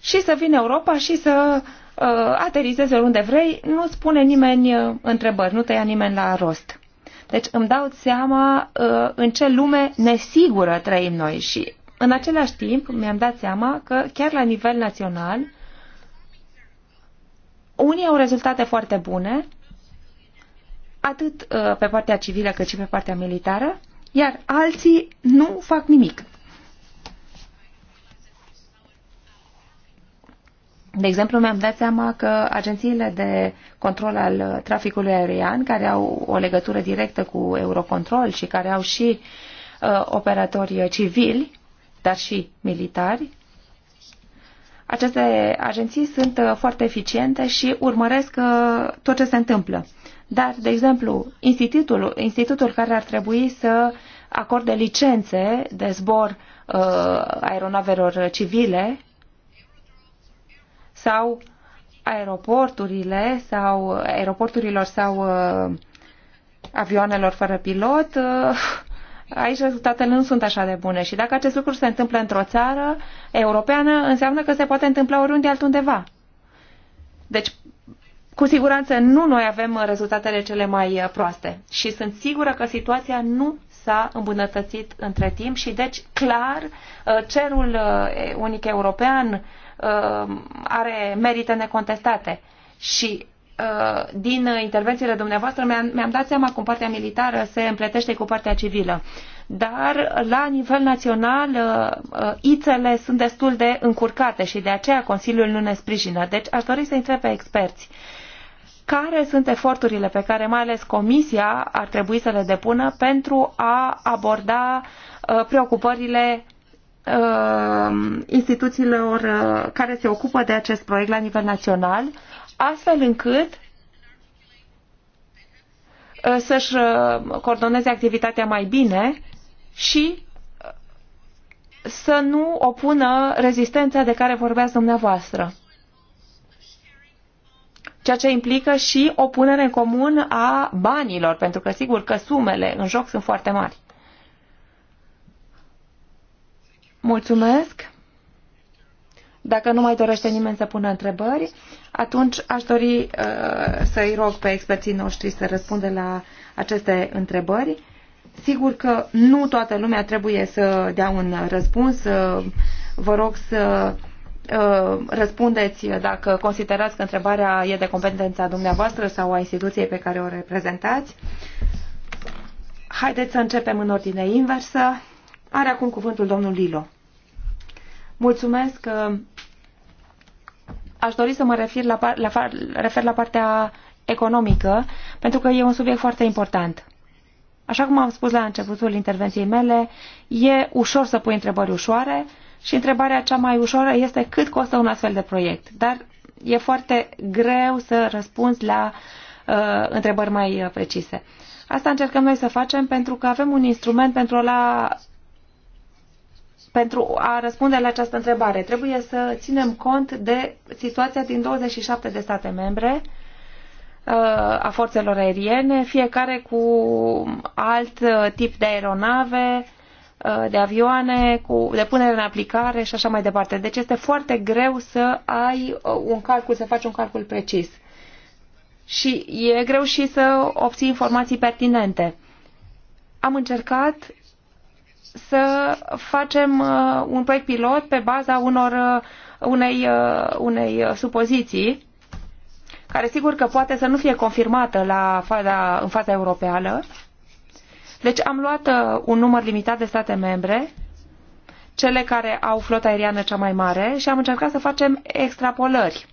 și să vină Europa și să uh, aterizezi oriunde vrei, nu spune nimeni întrebări, nu te ia nimeni la rost. Deci îmi dau seama uh, în ce lume nesigură trăim noi și în același timp mi-am dat seama că chiar la nivel național unii au rezultate foarte bune, atât uh, pe partea civilă cât și pe partea militară, iar alții nu fac nimic. De exemplu, mi-am dat seama că agențiile de control al traficului aerian, care au o legătură directă cu Eurocontrol și care au și uh, operatori civili, dar și militari, aceste agenții sunt uh, foarte eficiente și urmăresc uh, tot ce se întâmplă. Dar, de exemplu, institutul, institutul care ar trebui să acorde licențe de zbor uh, aeronavelor civile sau aeroporturile sau aeroporturilor sau uh, avioanelor fără pilot, uh, aici rezultatele nu sunt așa de bune. Și dacă acest lucru se întâmplă într-o țară europeană, înseamnă că se poate întâmpla oriunde altundeva. Deci, cu siguranță nu noi avem rezultatele cele mai uh, proaste și sunt sigură că situația nu s-a îmbunătățit între timp și deci clar uh, cerul uh, unic european Uh, are merite necontestate. Și uh, din intervențiile dumneavoastră mi-am, dat seama cum partea militară se împletește cu partea civilă. Dar la nivel național uh, ițele sunt destul de încurcate și de aceea Consiliul nu ne sprijină. Deci aș dori să întreb pe experți. Care sunt eforturile pe care mai ales Comisia ar trebui să le depună pentru a aborda preocupările Uh, instituțiilor uh, care se ocupă de acest proiect la nivel național, astfel încât uh, să-și coordoneze activitatea mai bine și să nu opună rezistența de care vorbeați dumneavoastră. Ceea ce implică și o punere în comun a banilor, pentru că sigur că sumele în joc sunt foarte mari. Mulțumesc. Dacă nu mai dorește nimeni să pună întrebări, atunci aș dori uh, să-i rog pe experții noștri să răspundă la aceste întrebări. Sigur că nu toată lumea trebuie să dea un răspuns. Uh, vă rog să uh, răspundeți dacă considerați că întrebarea e de competența dumneavoastră sau a instituției pe care o reprezentați. Haideți să începem în ordine inversă. Are acum cuvântul domnul Lilo. Mulțumesc. Aș dori să mă refer la, la, refer la partea economică, pentru că e un subiect foarte important. Așa cum am spus la începutul intervenției mele, e ușor să pui întrebări ușoare și întrebarea cea mai ușoară este cât costă un astfel de proiect. Dar e foarte greu să răspunzi la uh, întrebări mai precise. Asta încercăm noi să facem pentru că avem un instrument pentru a pentru a răspunde la această întrebare. Trebuie să ținem cont de situația din 27 de state membre uh, a forțelor aeriene, fiecare cu alt uh, tip de aeronave, uh, de avioane, cu depunere în aplicare și așa mai departe. Deci este foarte greu să ai un calcul, să faci un calcul precis. Și e greu și să obții informații pertinente. Am încercat să facem uh, un proiect pilot pe baza unor, uh, unei, uh, unei supoziții, care sigur că poate să nu fie confirmată la faza, în faza europeană. Deci am luat un număr limitat de state membre, cele care au flota aeriană cea mai mare și am încercat să facem extrapolări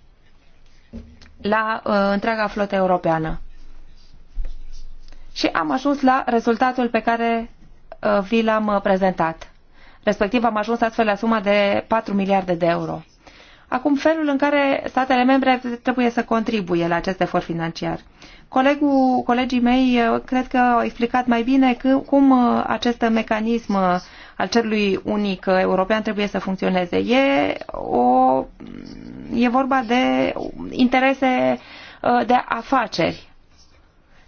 la uh, întreaga flotă europeană. Și am ajuns la rezultatul pe care Uh, vi l-am uh, prezentat. Respectiv am ajuns astfel la suma de 4 miliarde de euro. Acum, felul în care statele membre trebuie să contribuie la acest efort financiar. Colegul, colegii mei uh, cred că au explicat mai bine cum acest mecanism al cerului unic european trebuie să funcționeze. E, o, e vorba de interese de afaceri.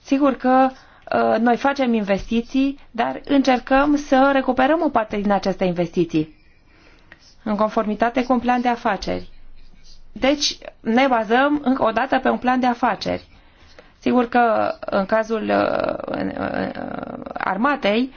Sigur că uh, Uh, noi facem investiții, dar încercăm să recuperăm o parte din aceste investiții în conformitate cu un plan de afaceri. Deci ne bazăm încă o dată pe un plan de afaceri. Sigur că în cazul uh, uh, armatei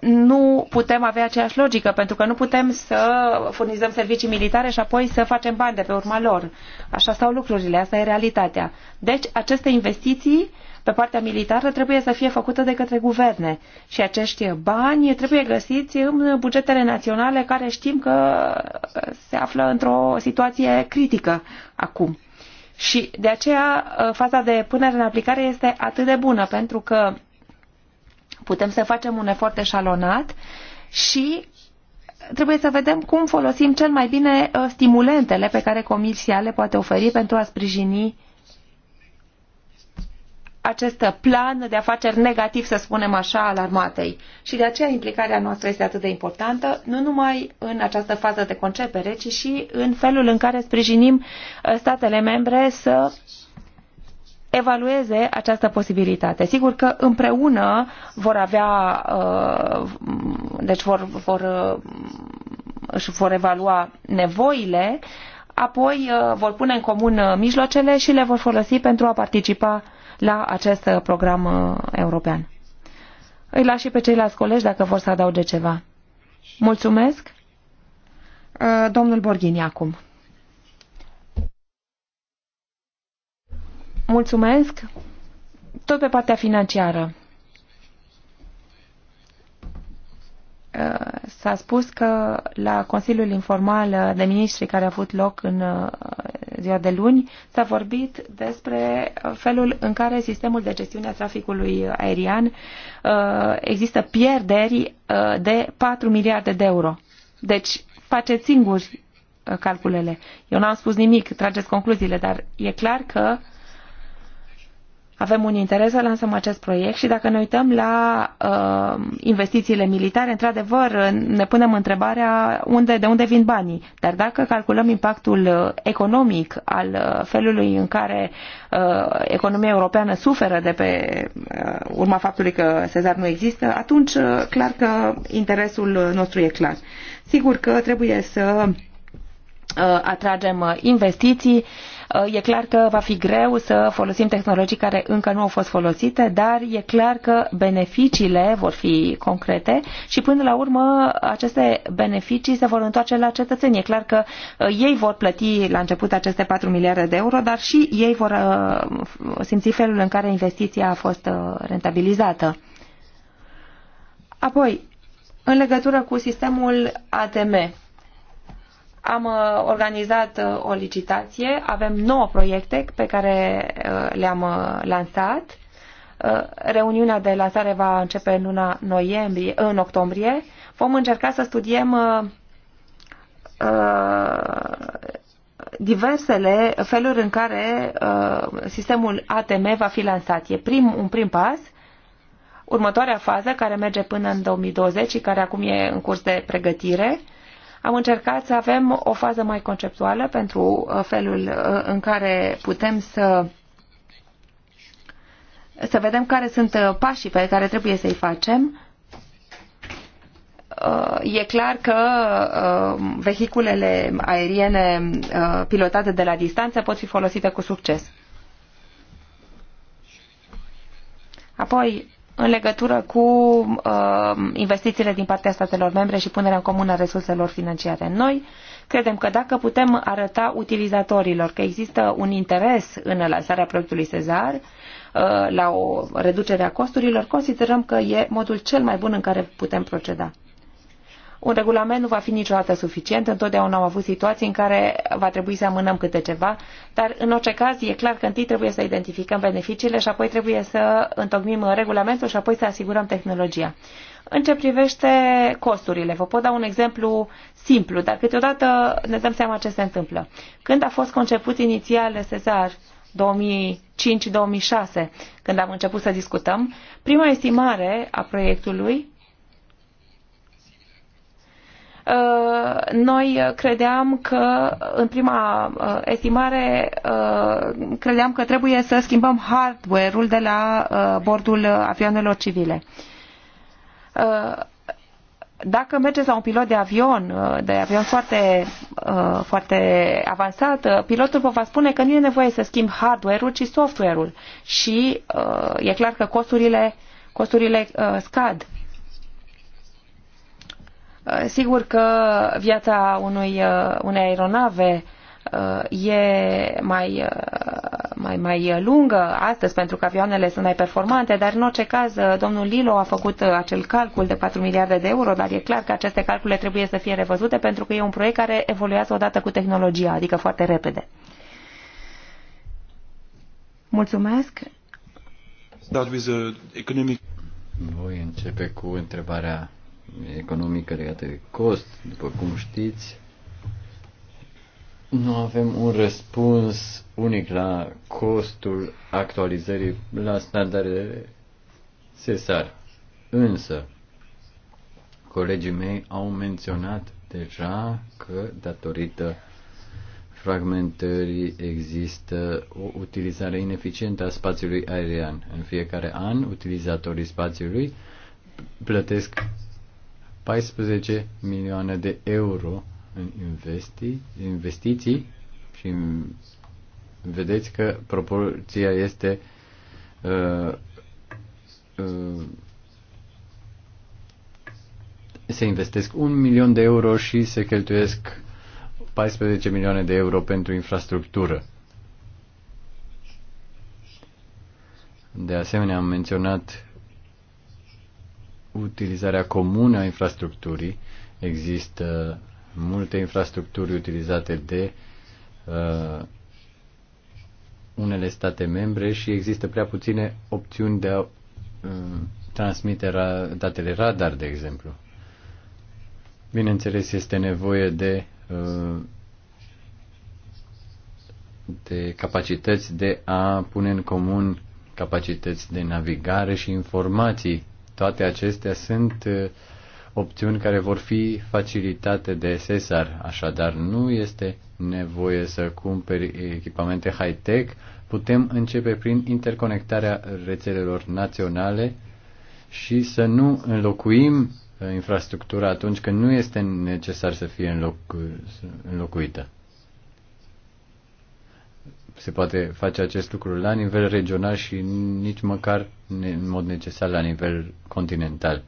nu putem avea aceeași logică, pentru că nu putem să furnizăm servicii militare și apoi să facem bani de pe urma lor. Așa stau lucrurile, asta e realitatea. Deci aceste investiții uh, pe partea militară trebuie să fie făcută de către guverne și acești bani trebuie găsiți în bugetele naționale care știm că se află într-o situație critică acum. Și de aceea ă, faza de punere în aplicare este atât de bună pentru că putem să facem un efort eșalonat și trebuie să vedem cum folosim cel mai bine ă, stimulentele pe care Comisia le poate oferi pentru a sprijini acest plan de afaceri negativ, să spunem așa, al armatei. Și de aceea implicarea noastră este atât de importantă, nu numai în această fază de concepere, ci și în felul în care sprijinim uh, statele membre să evalueze această posibilitate. Sigur că împreună vor avea, uh, deci vor, vor, uh, își vor evalua nevoile, apoi vor pune în comun mijloacele și le vor folosi pentru a participa la acest uh, program uh, european. Îi las și pe ceilalți colegi dacă vor să adauge ceva. Mulțumesc. Uh, domnul Borghini acum. Mulțumesc. Tot pe partea financiară. S-a spus că la Consiliul Informal de Ministri care a avut loc în uh, ziua de luni s-a vorbit despre felul în care sistemul de gestiune a traficului aerian uh, există pierderi uh, de 4 miliarde de euro. Deci faceți singuri calculele. Eu n-am spus nimic, trageți concluziile, dar e clar că uh, avem un interes să lansăm acest proiect și dacă ne uităm la uh, investițiile militare, într-adevăr, ne punem întrebarea unde, de unde vin banii. Dar dacă calculăm impactul uh, economic al uh, felului în care uh, economia europeană suferă de pe uh, urma faptului că Sezar nu există, atunci uh, clar că interesul uh, nostru e clar. Sigur că trebuie să uh, atragem investiții, uh, Uh, e clar că va fi greu să folosim tehnologii care încă nu au fost folosite, dar e clar că beneficiile vor fi concrete și până la urmă aceste beneficii se vor întoarce la cetățeni. E clar că uh, ei vor plăti la început aceste 4 miliarde de euro, dar și ei vor uh, simți felul în care investiția a fost rentabilizată. Apoi, în legătură cu sistemul ATM, am uh, organizat uh, o licitație, avem 9 proiecte pe care uh, le-am lansat. Reuniunea de lansare va începe în luna noiembrie, în octombrie. Vom încerca să studiem diversele feluri în care sistemul ATM va fi lansat. E prim, un prim pas următoarea fază, care merge până în 2020 și care acum e în curs de pregătire, am încercat să avem o fază mai conceptuală pentru uh, felul uh, în care putem să să vedem care sunt uh, pașii pe care trebuie să-i facem. E clar că vehiculele aeriene pilotate de la distanță pot fi folosite cu succes. Apoi, în legătură cu uh, investițiile din partea statelor membre și punerea în comun a resurselor financiare. Noi credem că dacă putem arăta utilizatorilor că există un interes în lansarea proiectului Sezar, uh, la o reducere a costurilor, considerăm că e modul cel mai bun în care putem proceda. Un regulament nu va fi niciodată suficient, întotdeauna am avut situații în care va trebui să amânăm câte ceva, dar în orice caz e clar că întâi trebuie să identificăm beneficiile și apoi trebuie să întocmim regulamentul și apoi să asigurăm tehnologia. În ce privește costurile, vă pot da un exemplu simplu, dar câteodată ne dăm seama ce se întâmplă. Când a fost conceput inițial Sezar 2005-2006, când am început să discutăm, prima estimare a proiectului Uh, noi credeam că în prima uh, estimare uh, credeam că trebuie să schimbăm hardware-ul de la bordul avioanelor civile dacă mergeți la un pilot de avion, de avion foarte, foarte avansat, pilotul vă va spune că nu e nevoie să schimb hardware-ul, ci software-ul. Și e clar că costurile, costurile scad. Uh, sigur că viața unui, uh, unei aeronave uh, e mai, mai, mai lungă astăzi pentru că avioanele sunt mai performante, dar în orice caz domnul Lilo a făcut acel calcul de 4 miliarde de euro, dar e clar că aceste calcule trebuie să fie revăzute pentru că e un proiect care evoluează odată cu tehnologia, adică foarte repede. Mulțumesc. Voi începe cu întrebarea economică legată de cost, după cum știți, nu avem un răspuns unic la costul actualizării la standardele SESAR. Însă, colegii mei au menționat deja că datorită fragmentării există o utilizare ineficientă a spațiului aerian. În fiecare an, utilizatorii spațiului plătesc 14 milioane de euro în investi, investiții și vedeți că proporția este uh, uh, se investesc un milion de euro și se cheltuiesc 14 milioane de euro pentru infrastructură. De asemenea, am menționat utilizarea comună a infrastructurii. Există multe infrastructuri utilizate de uh, unele state membre și există prea puține opțiuni de a uh, transmite ra- datele radar, de exemplu. Bineînțeles, este nevoie de, uh, de capacități de a pune în comun capacități de navigare și informații toate acestea sunt uh, opțiuni care vor fi facilitate de SESAR, așadar nu este nevoie să cumperi echipamente high-tech, putem începe prin interconectarea rețelelor naționale și să nu înlocuim uh, infrastructura atunci când nu este necesar să fie înlocu- înlocuită se poate face acest lucru la nivel regional și nici măcar în mod necesar la nivel continental.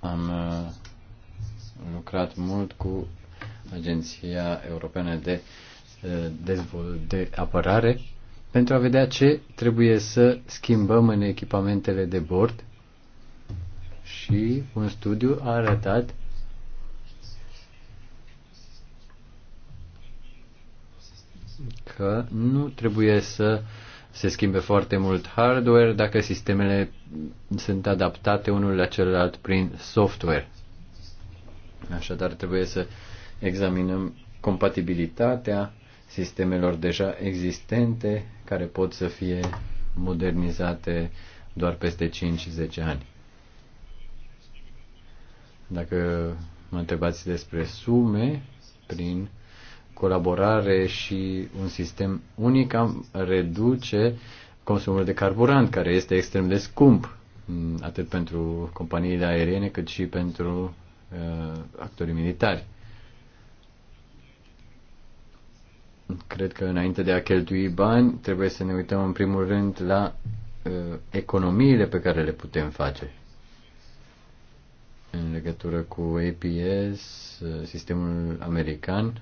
Am uh, lucrat mult cu Agenția Europeană de, uh, Dezvol- de Apărare pentru a vedea ce trebuie să schimbăm în echipamentele de bord și un studiu a arătat că nu trebuie să se schimbe foarte mult hardware dacă sistemele sunt adaptate unul la celălalt prin software. Așadar, trebuie să examinăm compatibilitatea sistemelor deja existente care pot să fie modernizate doar peste 5-10 ani. Dacă mă întrebați despre sume prin uh, colaborare și un sistem unic am reduce consumul de carburant, care este extrem de scump, mm, atât pentru companiile aeriene, cât și pentru uh, actorii militari. Cred că înainte de a cheltui bani, trebuie să ne uităm în primul rând la uh, economiile pe care le putem face în legătură cu APS, uh, sistemul american,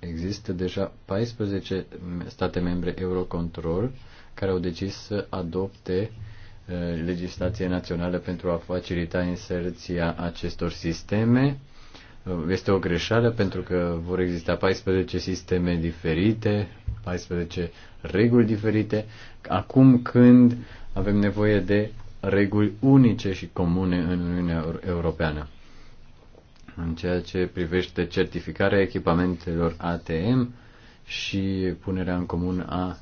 există deja 14 state membre Eurocontrol care au decis să adopte uh, legislație națională pentru a facilita inserția acestor sisteme. Uh, este o greșeală pentru că vor exista 14 sisteme diferite, 14 reguli diferite, acum când avem nevoie de reguli unice și comune în Uniunea Europeană în ceea ce privește certificarea echipamentelor ATM și punerea în comun a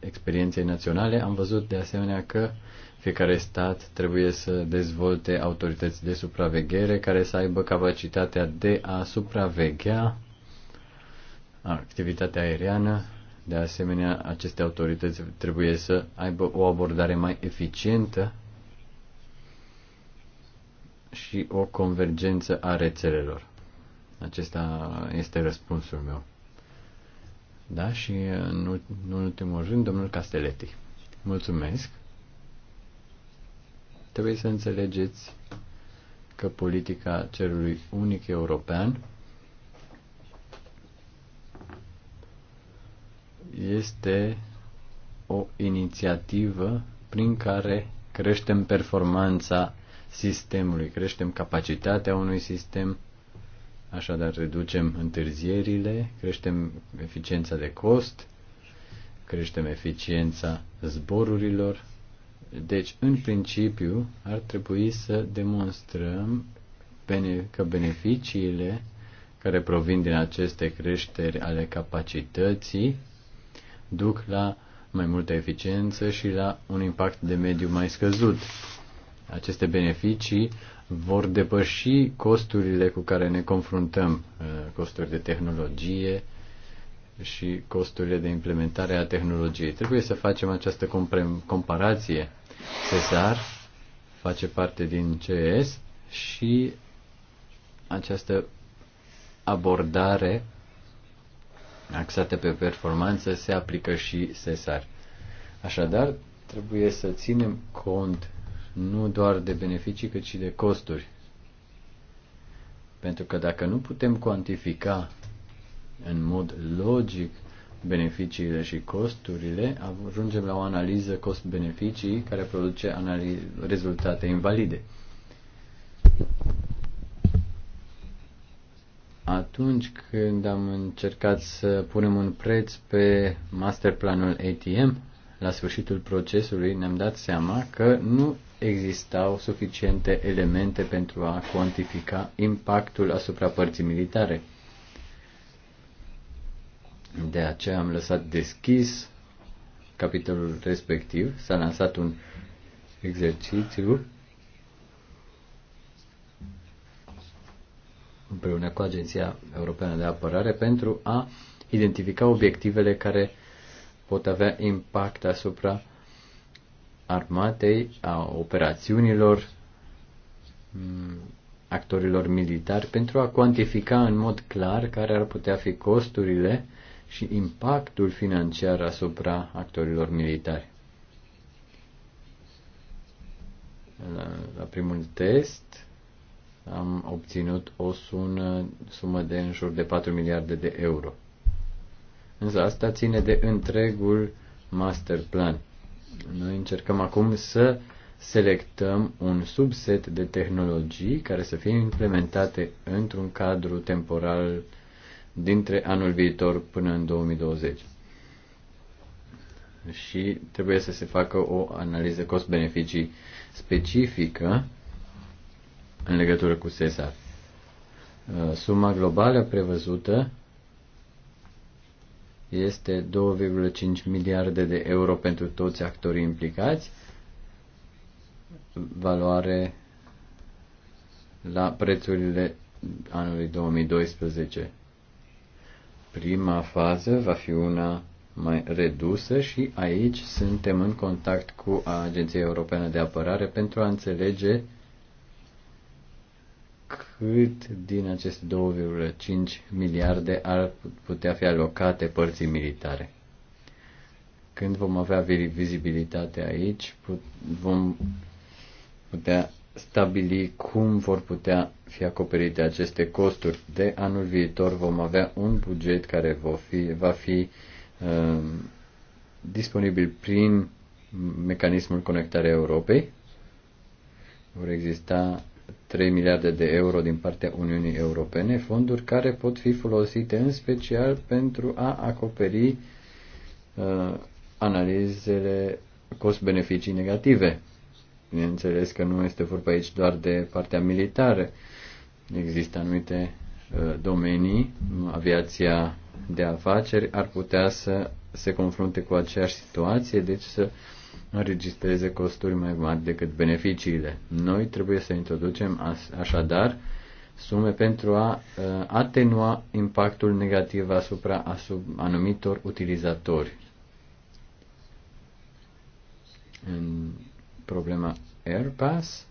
experienței naționale, am văzut de asemenea că fiecare stat trebuie să dezvolte autorități de supraveghere care să aibă capacitatea de a supraveghea activitatea aeriană. De asemenea, aceste autorități trebuie să aibă o abordare mai eficientă și o convergență a rețelelor. Acesta este răspunsul meu. Da, și în, ultimul rând, domnul Casteleti. Mulțumesc. Trebuie să înțelegeți că politica cerului unic european este o inițiativă prin care creștem performanța sistemului, creștem capacitatea unui sistem, așadar reducem întârzierile, creștem eficiența de cost, creștem eficiența zborurilor. Deci, în principiu, ar trebui să demonstrăm că beneficiile care provin din aceste creșteri ale capacității duc la mai multă eficiență și la un impact de mediu mai scăzut. Aceste beneficii vor depăși costurile cu care ne confruntăm, uh, costuri de tehnologie și costurile de implementare a tehnologiei. Trebuie să facem această comparație. Cesar face parte din CS și această abordare axată pe performanță se aplică și SESAR. Așadar, trebuie să ținem cont nu doar de beneficii, cât și de costuri. Pentru că dacă nu putem cuantifica în mod logic beneficiile și costurile, ajungem la o analiză cost-beneficii care produce rezultate invalide. Atunci când am încercat să punem un preț pe masterplanul ATM, la sfârșitul procesului ne-am dat seama că nu existau suficiente elemente pentru a cuantifica impactul asupra părții militare. De aceea am lăsat deschis capitolul respectiv, s-a lansat un exercițiu împreună cu Agenția Europeană de Apărare pentru a identifica obiectivele care pot avea impact asupra armatei, a operațiunilor, mm, actorilor militari pentru a cuantifica în mod clar care ar putea fi costurile și impactul financiar asupra actorilor militari. La, la primul test am obținut o sună, sumă de în jur de 4 miliarde de euro. Însă asta ține de întregul master plan. Noi încercăm acum să selectăm un subset de tehnologii care să fie implementate într-un cadru temporal dintre anul viitor până în 2020. Și trebuie să se facă o analiză cost-beneficii specifică în legătură cu SESA. Suma globală prevăzută este 2,5 miliarde de euro pentru toți actorii implicați, valoare la prețurile anului 2012. Prima fază va fi una mai redusă și aici suntem în contact cu Agenția Europeană de Apărare pentru a înțelege cât din aceste 2,5 miliarde ar putea fi alocate părții militare. Când vom avea vizibilitate aici, put, vom putea stabili cum vor putea fi acoperite aceste costuri. De anul viitor vom avea un buget care va fi, va fi uh, disponibil prin mecanismul conectarea Europei. Vor exista 3 miliarde de euro din partea Uniunii Europene, fonduri care pot fi folosite în special pentru a acoperi uh, analizele cost-beneficii negative. Bineînțeles că nu este vorba aici doar de partea militară. Există anumite uh, domenii, aviația de afaceri ar putea să se confrunte cu aceeași situație, deci să uh, înregistreze costuri mai mari decât beneficiile. Noi trebuie să introducem așadar sume pentru a ă, atenua impactul negativ asupra, asupra anumitor utilizatori. În problema AirPass,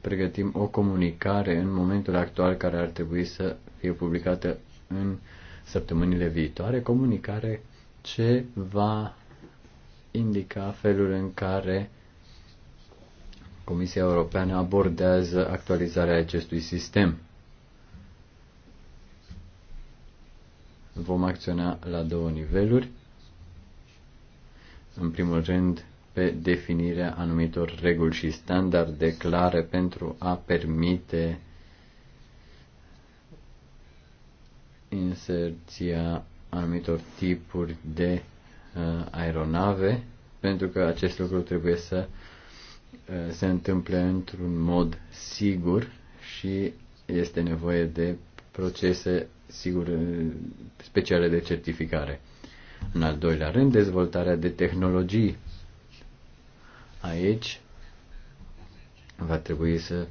pregătim o comunicare în momentul actual care ar trebui să fie publicată în săptămânile viitoare, comunicare ce va indica felul în care Comisia Europeană abordează actualizarea acestui sistem. Vom acționa la două niveluri. În primul rând, pe definirea anumitor reguli și standarde clare pentru a permite inserția anumitor tipuri de Uh, aeronave, pentru că acest lucru trebuie să uh, se întâmple într-un mod sigur și este nevoie de procese sigur speciale de certificare. În al doilea rând, dezvoltarea de tehnologii. Aici va trebui să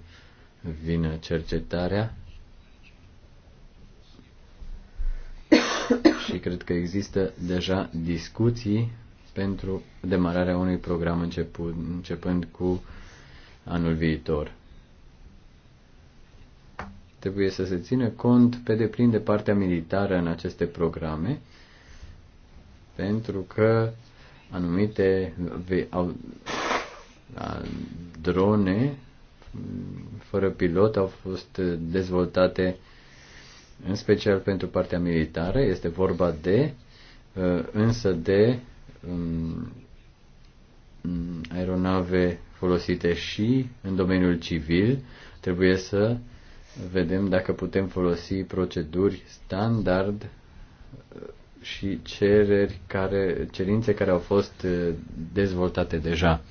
vină cercetarea și cred că există deja discuții pentru demararea unui program început, începând cu anul viitor. Trebuie să se țină cont pe deplin de partea militară în aceste programe, pentru că anumite au, drone fără pilot au fost dezvoltate în special pentru partea militară, este vorba de, uh, însă de um, mm, aeronave folosite și în domeniul civil. Trebuie să vedem dacă putem folosi proceduri standard uh, și cereri care, cerințe care au fost uh, dezvoltate deja.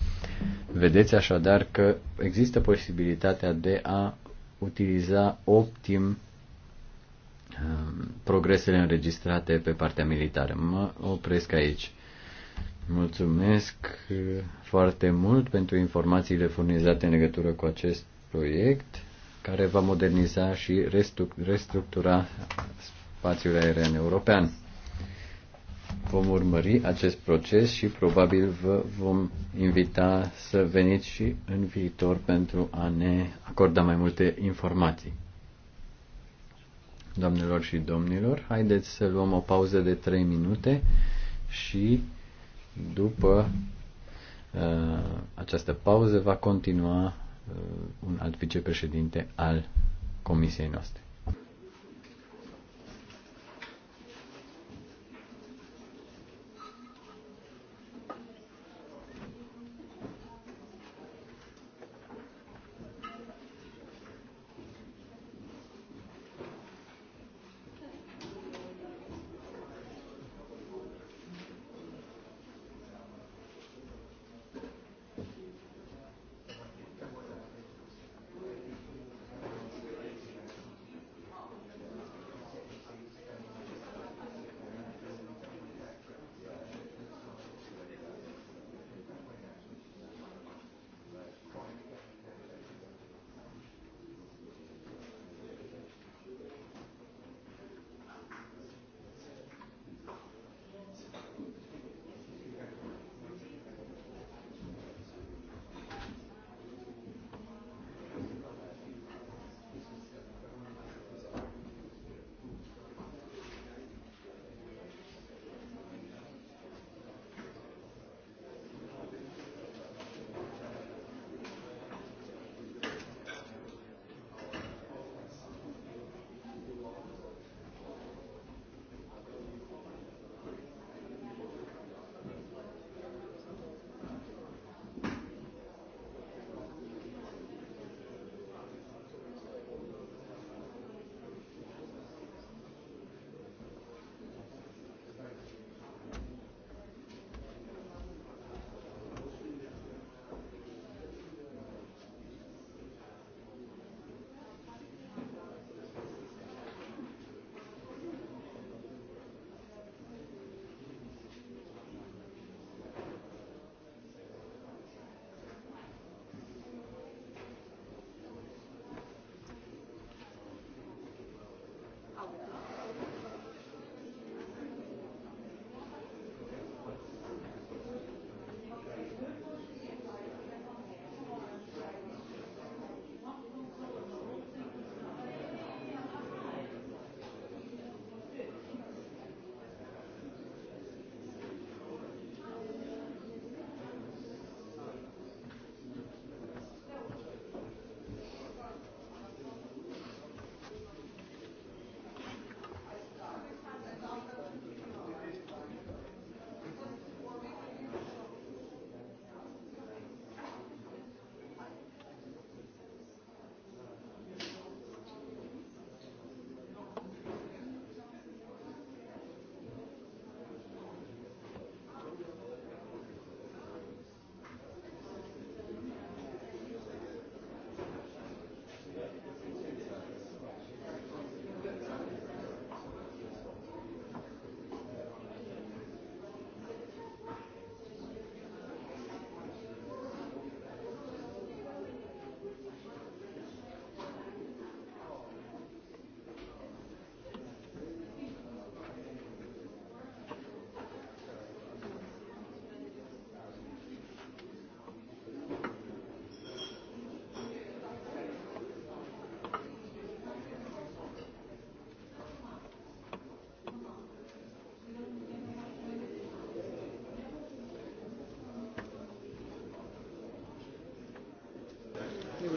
Vedeți așadar că există posibilitatea de a utiliza optim Um, progresele înregistrate pe partea militară. Mă opresc aici. Mulțumesc uh, foarte mult pentru informațiile furnizate în legătură cu acest proiect care va moderniza și restructura spațiul aerian european. Vom urmări acest proces și probabil vă vom invita să veniți și în viitor pentru a ne acorda mai multe informații doamnelor și domnilor. Haideți să luăm o pauză de 3 minute și după uh, această pauză va continua uh, un alt vicepreședinte al comisiei noastre.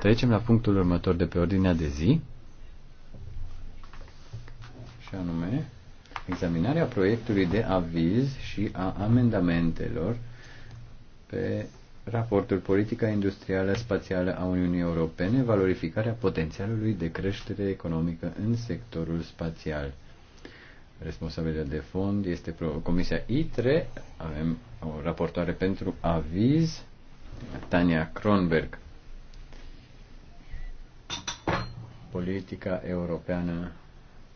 Trecem la punctul următor de pe ordinea de zi, și anume examinarea proiectului de aviz și a amendamentelor pe raportul Politica Industrială Spațială a Uniunii Europene, valorificarea potențialului de creștere economică în sectorul spațial. Responsabilă de fond este Comisia ITRE, avem o raportoare pentru aviz, Tania Kronberg. politica europeană,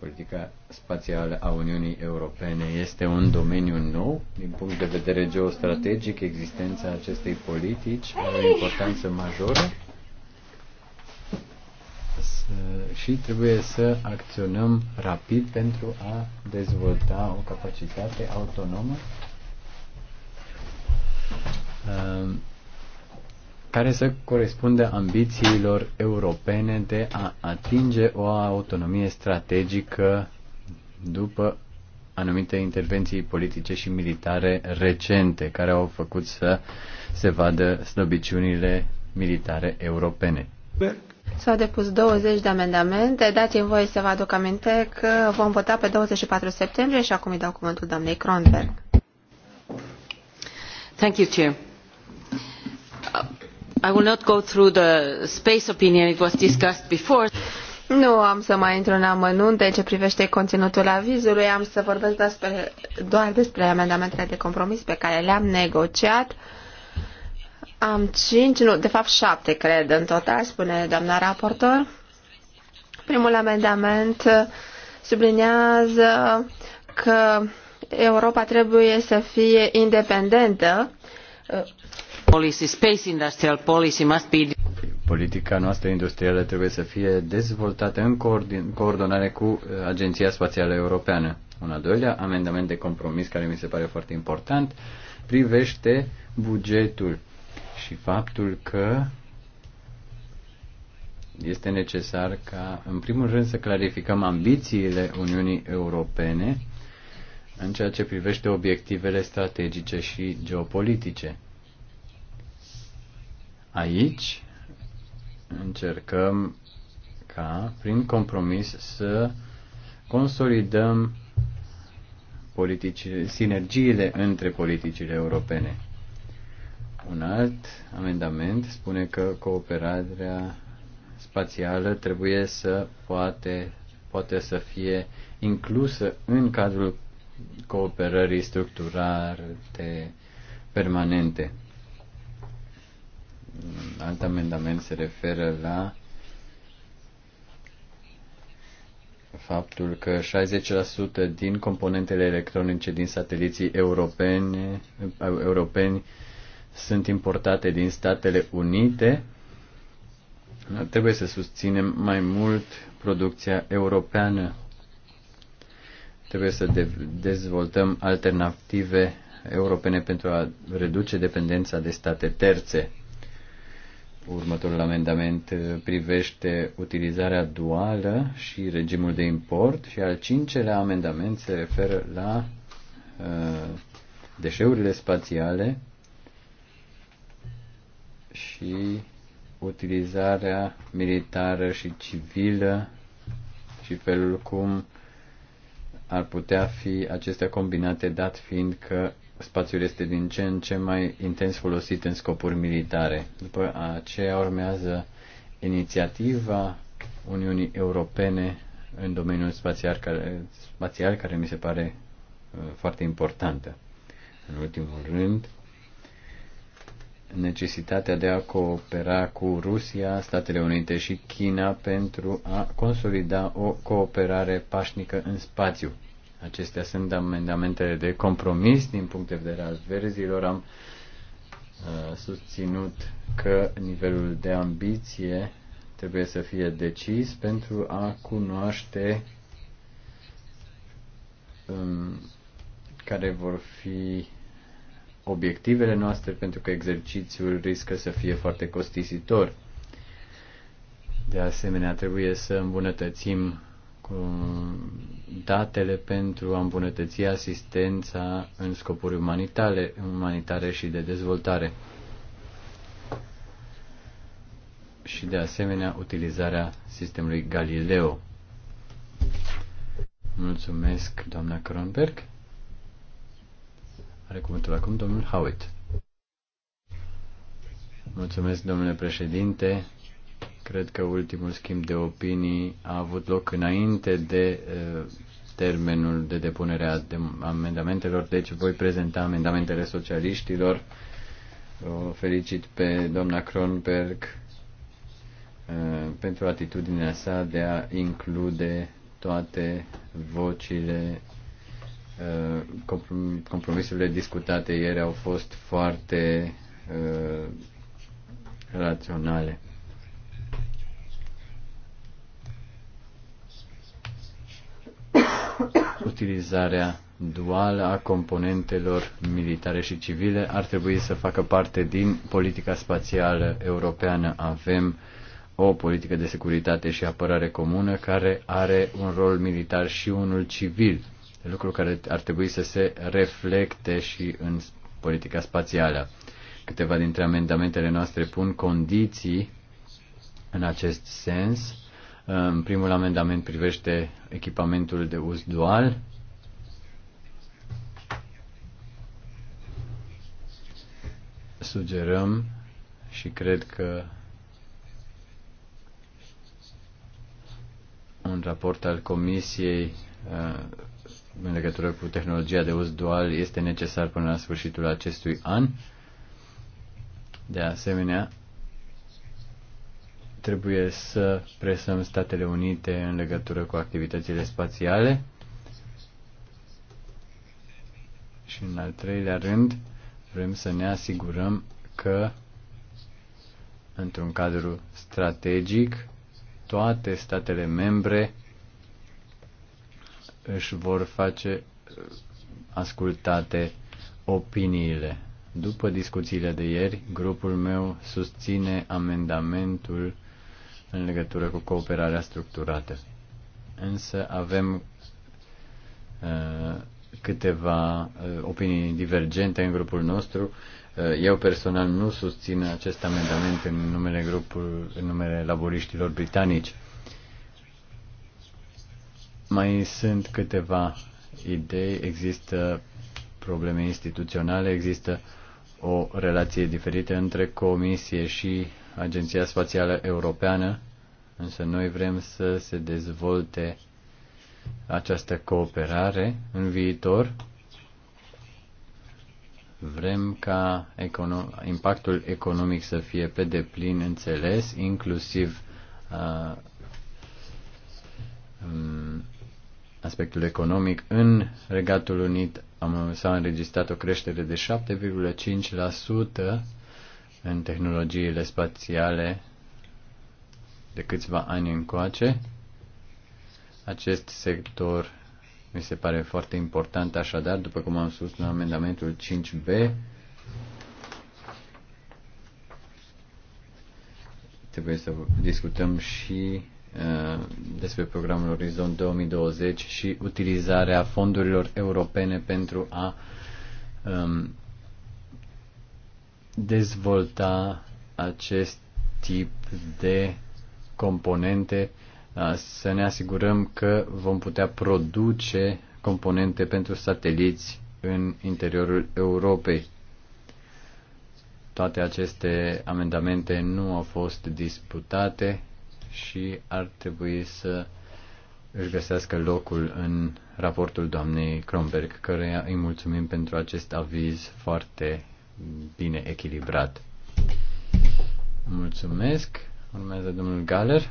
politica spațială a Uniunii Europene este un domeniu nou. Din punct de vedere geostrategic, existența acestei politici are o importanță majoră și trebuie să acționăm rapid pentru a dezvolta o capacitate autonomă care să corespundă ambițiilor europene de a atinge o autonomie strategică după anumite intervenții politice și militare recente care au făcut să se vadă slăbiciunile militare europene. S-au depus 20 de amendamente. Dați-mi voie să vă aduc aminte că vom vota pe 24 septembrie și acum îi dau cuvântul doamnei Kronberg. Thank you, Chair. I will not go through the space opinion, it was discussed before. Nu am să mai intru în amănunte în ce privește conținutul avizului, am să vorbesc despre, doar despre amendamentele de compromis pe care le-am negociat. Am cinci, nu, de fapt șapte, cred, în total, spune doamna raportor. Primul amendament sublinează că Europa trebuie să fie independentă politica noastră industrială trebuie să fie dezvoltată în coordonare cu uh, Agenția Spațială Europeană. Un al doilea amendament de compromis care mi se pare foarte important privește bugetul și faptul că este necesar ca, în primul rând, să clarificăm ambițiile Uniunii Europene în ceea ce privește obiectivele strategice și geopolitice. Aici încercăm ca, prin compromis, să consolidăm politici, sinergiile între politicile europene. Un alt amendament spune că cooperarea spațială trebuie să poate, poate să fie inclusă în cadrul cooperării structurate permanente alt amendament se referă la faptul că 60% din componentele electronice din sateliții europene, europeni sunt importate din Statele Unite. Trebuie să susținem mai mult producția europeană. Trebuie să de- dezvoltăm alternative europene pentru a reduce dependența de state terțe. Următorul amendament uh, privește utilizarea duală și regimul de import și al cincelea amendament se referă la uh, deșeurile spațiale și utilizarea militară și civilă și felul cum ar putea fi acestea combinate, dat fiind că spațiul este din ce în ce mai intens folosit în scopuri militare. După aceea urmează inițiativa Uniunii Europene în domeniul spațial care, spațial, care mi se pare uh, foarte importantă. În ultimul rând, necesitatea de a coopera cu Rusia, Statele Unite și China pentru a consolida o cooperare pașnică în spațiu. Acestea sunt amendamentele de compromis din punct de vedere al verzilor. Am uh, susținut că nivelul de ambiție trebuie să fie decis pentru a cunoaște um, care vor fi obiectivele noastre, pentru că exercițiul riscă să fie foarte costisitor. De asemenea, trebuie să îmbunătățim cu datele pentru a îmbunătăți asistența în scopuri umanitare, umanitare și de dezvoltare. Și de asemenea utilizarea sistemului Galileo. Mulțumesc, doamna Kronberg. Are cuvântul acum domnul Howitt. Mulțumesc, domnule președinte. Cred că ultimul schimb de opinii a avut loc înainte de uh, termenul de depunere a amendamentelor, deci voi prezenta amendamentele socialiștilor. O felicit pe doamna Kronberg uh, pentru atitudinea sa de a include toate vocile. Uh, compromisurile discutate ieri au fost foarte raționale. utilizarea duală a componentelor militare și civile ar trebui să facă parte din politica spațială europeană. Avem o politică de securitate și apărare comună care are un rol militar și unul civil, lucru care ar trebui să se reflecte și în politica spațială. Câteva dintre amendamentele noastre pun condiții în acest sens Primul amendament privește echipamentul de uz dual. Sugerăm și cred că un raport al Comisiei uh, în legătură cu tehnologia de uz dual este necesar până la sfârșitul acestui an. De asemenea, Trebuie să presăm Statele Unite în legătură cu activitățile spațiale. Și în al treilea rând, vrem să ne asigurăm că într-un cadru strategic toate statele membre își vor face uh, ascultate opiniile. După discuțiile de ieri, grupul meu susține amendamentul în legătură cu cooperarea structurată. Însă avem uh, câteva uh, opinii divergente în grupul nostru. Uh, eu personal nu susțin acest amendament în numele, grupul, în numele laboriștilor britanici. Mai sunt câteva idei, există probleme instituționale, există o relație diferită între comisie și Agenția Spațială Europeană, însă noi vrem să se dezvolte această cooperare în viitor. Vrem ca econo- impactul economic să fie pe deplin înțeles, inclusiv uh, um, aspectul economic. În Regatul Unit am, s-a înregistrat o creștere de 7,5% în tehnologiile spațiale de câțiva ani încoace. Acest sector mi se pare foarte important, așadar, după cum am spus în amendamentul 5B, trebuie să discutăm și uh, despre programul Orizont 2020 și utilizarea fondurilor europene pentru a um, dezvolta acest tip de componente, să ne asigurăm că vom putea produce componente pentru sateliți în interiorul Europei. Toate aceste amendamente nu au fost disputate și ar trebui să își găsească locul în raportul doamnei Kronberg, care îi mulțumim pentru acest aviz foarte bine echilibrat. Mulțumesc. Urmează domnul Galer.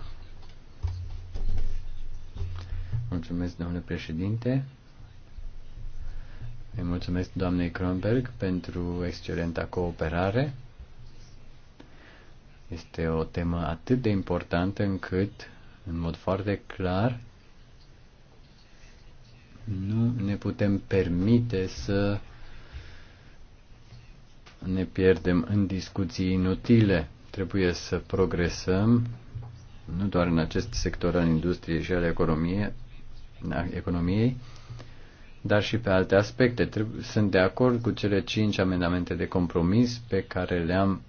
Mulțumesc, domnule președinte. Îi mulțumesc doamnei Kronberg pentru excelenta cooperare. Este o temă atât de importantă încât, în mod foarte clar, nu ne putem permite să ne pierdem în discuții inutile. Trebuie să progresăm, nu doar în acest sector al industriei și al economiei, economiei dar și pe alte aspecte. Sunt de acord cu cele cinci amendamente de compromis pe care le-am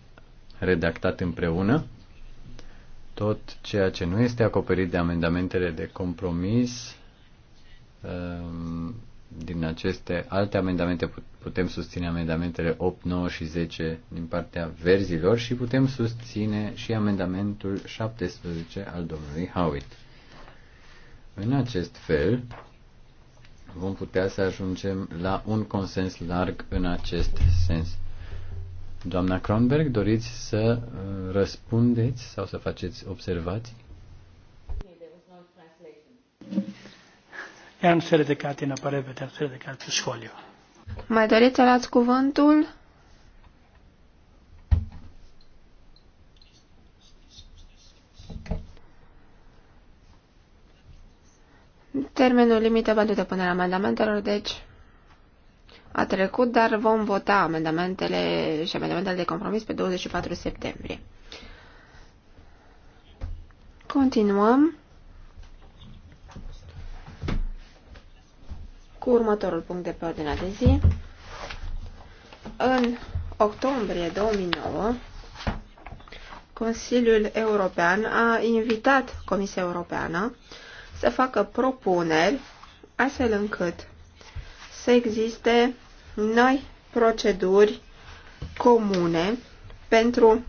redactat împreună. Tot ceea ce nu este acoperit de amendamentele de compromis um, din aceste alte amendamente putem susține amendamentele 8, 9 și 10 din partea verzilor și putem susține și amendamentul 17 al domnului Howitt. În acest fel, vom putea să ajungem la un consens larg în acest sens. Doamna Kronberg, doriți să uh, răspundeți sau să faceți observații? Εάν θέλετε κάτι να παρέμβετε, αν θέλετε κάποιο σχόλιο. Mai doriți să luați cuvântul? Termenul limită pentru depunerea amendamentelor, deci, a trecut, dar vom vota amendamentele și amendamentele de compromis pe 24 septembrie. Continuăm. cu următorul punct de pe ordinea de zi. În octombrie 2009, Consiliul European a invitat Comisia Europeană să facă propuneri astfel încât să existe noi proceduri comune pentru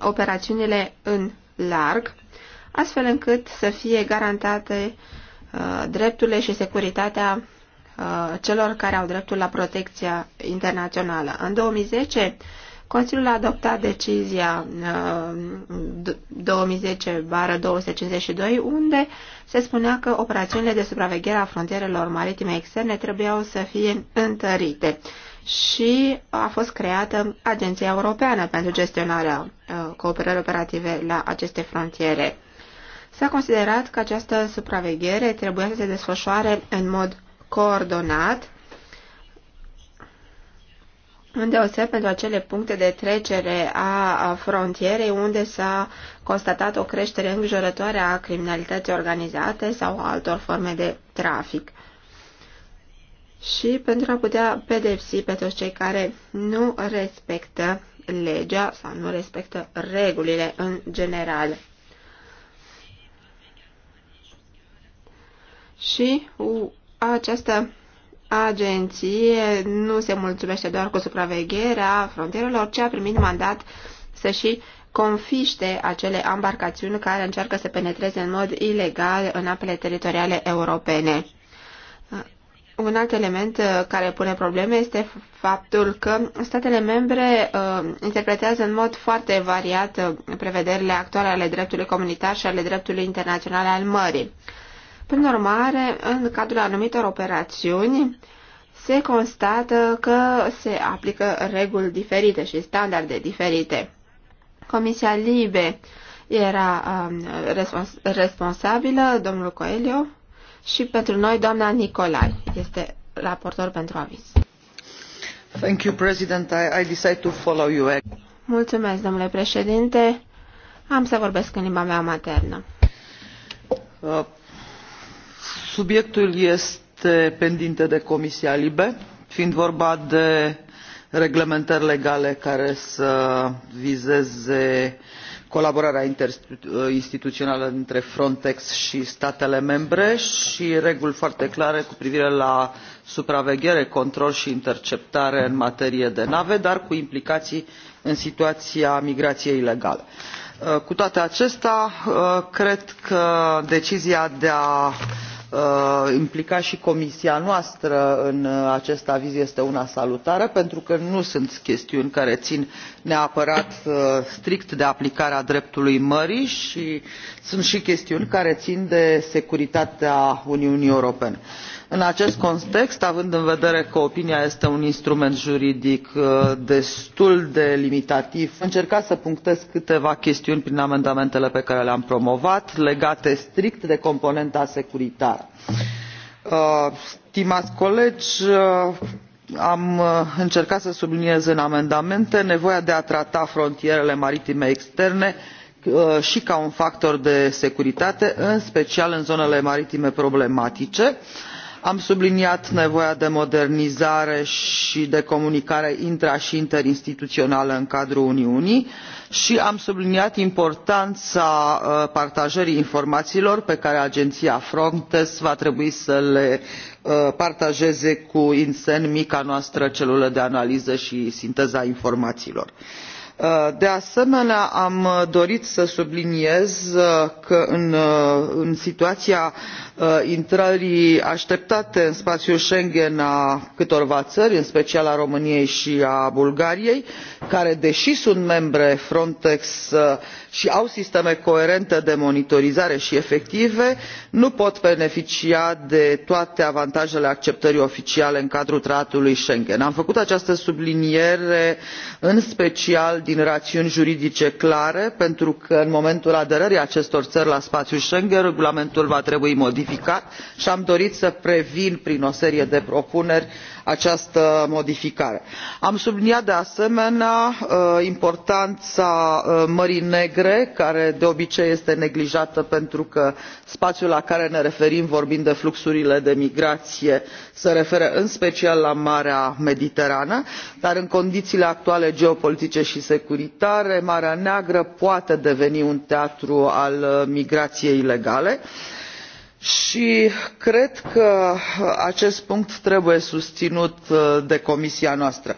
operațiunile în larg, astfel încât să fie garantate Uh, drepturile și securitatea uh, celor care au dreptul la protecția internațională. În 2010, Consiliul a adoptat decizia 2010-252, uh, unde se spunea că operațiunile de supraveghere a frontierelor maritime externe trebuiau să fie întărite și a fost creată Agenția Europeană pentru gestionarea cooperării operative la aceste frontiere. S-a considerat că această supraveghere trebuia să se desfășoare în mod coordonat, îndeoseb pentru acele puncte de trecere a frontierei unde s-a constatat o creștere îngrijorătoare a criminalității organizate sau a altor forme de trafic. Și pentru a putea pedepsi pe toți cei care nu respectă legea sau nu respectă regulile în general. Și această agenție nu se mulțumește doar cu supravegherea frontierelor, ci a primit mandat să și confiște acele embarcațiuni care încearcă să penetreze în mod ilegal în apele teritoriale europene. Un alt element uh, care pune probleme este faptul că statele membre uh, interpretează în mod foarte variat uh, prevederile actuale ale dreptului comunitar și ale dreptului internațional al mării. Prin urmare, în cadrul anumitor operațiuni, se constată că se aplică reguli diferite și standarde diferite. Comisia Libe era um, respons responsabilă, domnul Coelho, și pentru noi doamna Nicolai este raportor pentru aviz. Thank you, President. I, I decide to follow you. Mulțumesc, domnule președinte. Am să vorbesc în limba mea maternă. Uh, subiectul este pendinte de comisia libe fiind vorba de reglementări legale care să vizeze colaborarea interinstituională dintre frontex și statele membre și reguli foarte clare cu privire la supraveghere control și interceptare în materie de nave dar cu implicaii în situația migrației ilegale. cu toate acestea cred că decizia de a Uh, implica și comisia noastră în uh, acest aviz este una salutară pentru că nu sunt chestiuni care țin neapărat uh, strict de aplicarea dreptului mării și sunt și chestiuni care țin de securitatea uniunii europene în acest context având în vedere că opinia este un instrument juridic uh, destul de limitativ am încercat să punctez câteva chestiuni prin amendamentele pe care le am promovat legate strict de componenta securitară. Uh, stimați colegi uh, am încercat să subliniez în amendamente nevoia de a trata frontierele maritime externe și ca un factor de securitate în special în zonele maritime problematice și am subliniat nevoia de modernizare și de comunicare intra și interinstituțională în cadrul uniunii și am subliniat importanța uh, partajării informațiilor pe care agenția frontex va trebui să le uh, partajeze cu insen mica noastră celulă de analiză și sinteză a informațiilor uh, de asemenea am dorit să subliniez că în, în situația Uh, intrării așteptate în spațiul schengen a câtorva țări în special a româniei și a bulgariei care deși sunt membre frontex uh, și au sisteme coerente de monitorizare și efective nu pot beneficia de toate avantajele acceptării oficiale în cadrul tratatului schengen. am făcut această subliniere în special din rațiuni juridice clare pentru că în momentul aderării acestor țări la spațiul schengen regulamentul va trebui modificat modificat și am dorit să previn prin o serie de propuneri această modificare. am subliniat de asemenea uh, importanța uh, mării negre care de obicei este neglijată pentru că spațiul la care ne referim vorbind de fluxurile de migrație se referă în special la marea mediterană dar în condițiile actuale geopolitice și securitare marea neagră poate deveni un teatru al uh, migrației ilegale și și cred că acest punct trebuie susținut uh, de comisia noastră.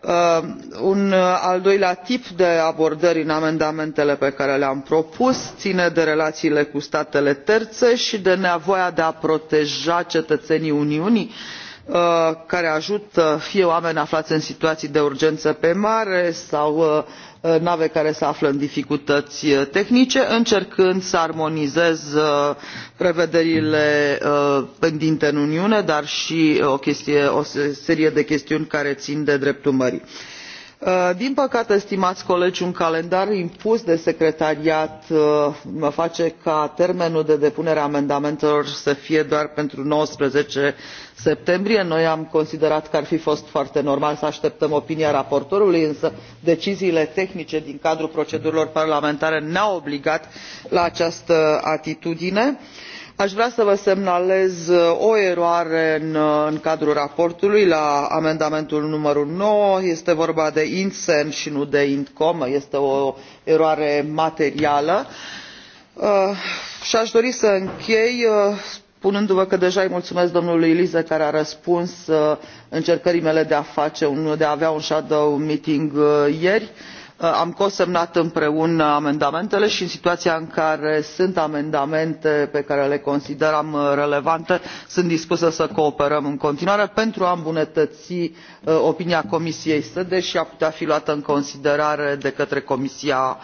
Uh, un uh, al doilea tip de abordări în amendamentele pe care le am propus ține de relațiile cu statele terțe și de nevoia de a proteja cetățenii uniunii care ajută fie oameni aflați în situații de urgență pe mare sau Uh, nave care se află în dificultăți uh, tehnice încercând să armonizez prevederile uh, pendinte în uniune dar și o, serie de chestiuni care țin de dreptul mării din păcate stimați colegi un calendar impus de secretariat face ca termenul de depunere a amendamentelor să fie doar pentru nouăsprezece septembrie noi am considerat că ar fi fost foarte normal să așteptăm opinia raportorului însă deciziile tehnice din cadrul procedurilor parlamentare ne au obligat la această atitudine. aș vrea să vă semnalez uh, o eroare uh, în cadrul raportului la amendamentul numărul nouă este vorba de intsen și nu de intcom este o eroare materială uh, și aș dori să închei spunând spunându vă că deja îi mulțumesc domnului liese care a răspuns uh, încercării mele de a, face de a avea un shadow meeting uh, ieri uh, am cosemnat împreună amendamentele și în situația în care sunt amendamente pe care le considerăm relevante sunt dispusă să cooperăm în continuare pentru a îmbunătăți opinia comisiei sede și a putea fi luată în considerare de către comisia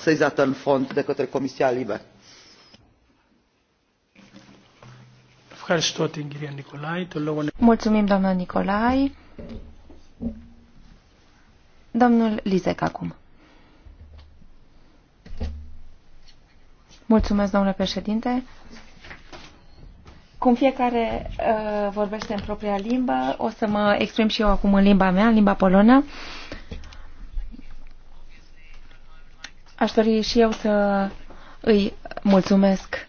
sesizată în fond de către comisia libe. Ευχαριστώ την κυρία Νικολάη. Το λόγο... Mulțumim, doamna Nicolai. Domnul Lizec acum. Mulțumesc, domnule președinte. Cum fiecare uh, vorbește în propria limbă, o să mă exprim și eu acum în limba mea, în limba polonă. Aș dori și eu să îi mulțumesc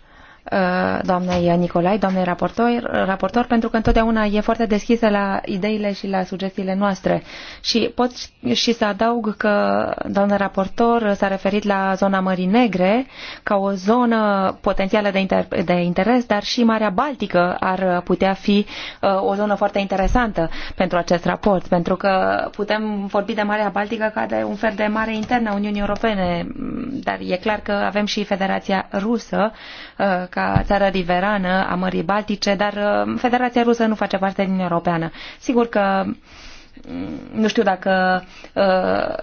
Uh, doamnei Nicolai, doamnei raportor, raportor, pentru că întotdeauna e foarte deschisă la ideile și la sugestiile noastre. Și pot și să adaug că doamna raportor s-a referit la zona Mării Negre ca o zonă potențială de, inter- de interes, dar și Marea Baltică ar putea fi uh, o zonă foarte interesantă pentru acest raport, pentru că putem vorbi de Marea Baltică ca de un fel de mare internă a Uniunii Europene, dar e clar că avem și Federația Rusă ca uh, ca țară riverană a Mării Baltice, dar uh, Federația Rusă nu face parte din Europeană. Sigur că nu știu dacă uh,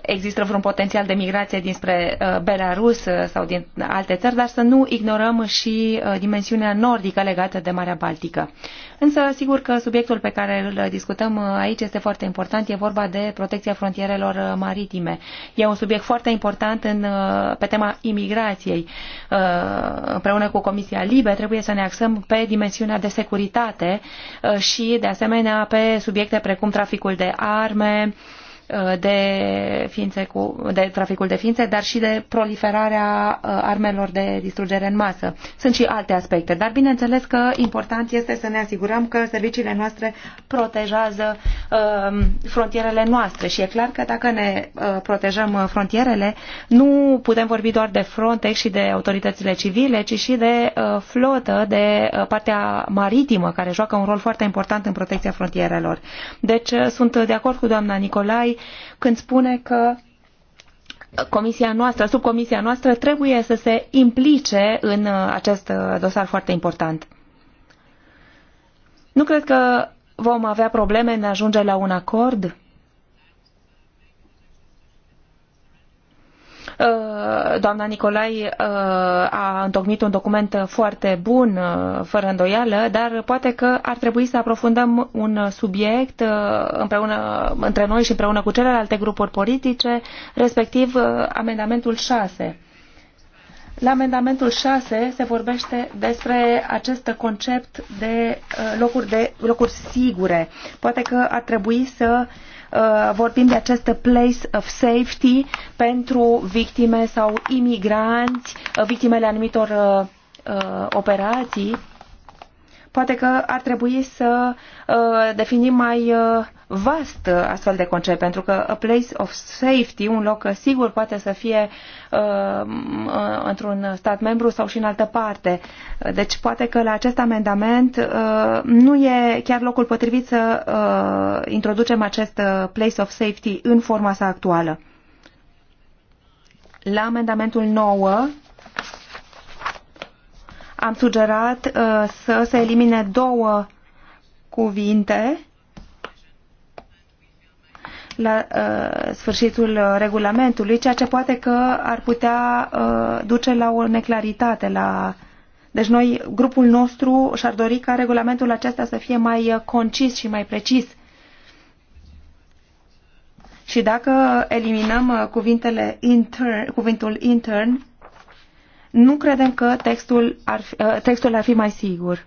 există vreun potențial de migrație dinspre uh, Belarus uh, sau din alte țări, dar să nu ignorăm și dimensiunea nordică legată de Marea Baltică. Însă, sigur că subiectul pe care îl discutăm aici este foarte important. E vorba de protecția frontierelor maritime. E un subiect foarte important în, pe tema imigrației. Împreună cu Comisia Libe trebuie să ne axăm pe dimensiunea de securitate și, de asemenea, pe subiecte precum traficul de arme, Uh, de, ființe cu, de traficul de ființe, dar și de proliferarea uh, armelor de distrugere în masă. Sunt și alte aspecte, dar bineînțeles că important este să ne asigurăm că serviciile noastre protejează uh, frontierele noastre și e clar că dacă ne protejăm frontierele, nu putem vorbi doar de Frontex și de autoritățile civile, ci și de flotă, de partea maritimă, care joacă un rol foarte important în protecția frontierelor. Deci sunt de acord cu doamna Nicolai, când spune că comisia noastră, subcomisia noastră trebuie să se implice în uh, acest uh, dosar foarte important. Nu cred că vom avea probleme în a ajunge la un acord Uh, doamna Nicolai uh, a întocmit un document foarte bun, uh, fără îndoială, dar poate că ar trebui să aprofundăm un subiect împreună, între noi și împreună cu celelalte grupuri politice, respectiv amendamentul 6. La amendamentul 6 se vorbește despre acest concept de locuri, de locuri sigure. Poate că ar trebui să uh, Uh, vorbim de acest place of safety pentru victime sau imigranți, uh, victimele anumitor uh, operații Poate că ar trebui să uh, definim mai uh, vast uh, astfel de concept, pentru că a place of safety, un loc sigur, poate să fie într-un stat membru sau și în altă parte. Deci poate că la acest amendament nu e chiar locul potrivit să introducem acest place of safety în forma sa actuală. La amendamentul 9 am sugerat uh, să se elimine două cuvinte la uh, sfârșitul regulamentului, ceea ce poate că ar putea uh, duce la o neclaritate. La... Deci noi, grupul nostru, și-ar dori ca regulamentul acesta să fie mai uh, concis și mai precis. Și dacă eliminăm uh, cuvintele intern, cuvintul intern, nu credem că textul ar fi, uh, textul ar fi mai sigur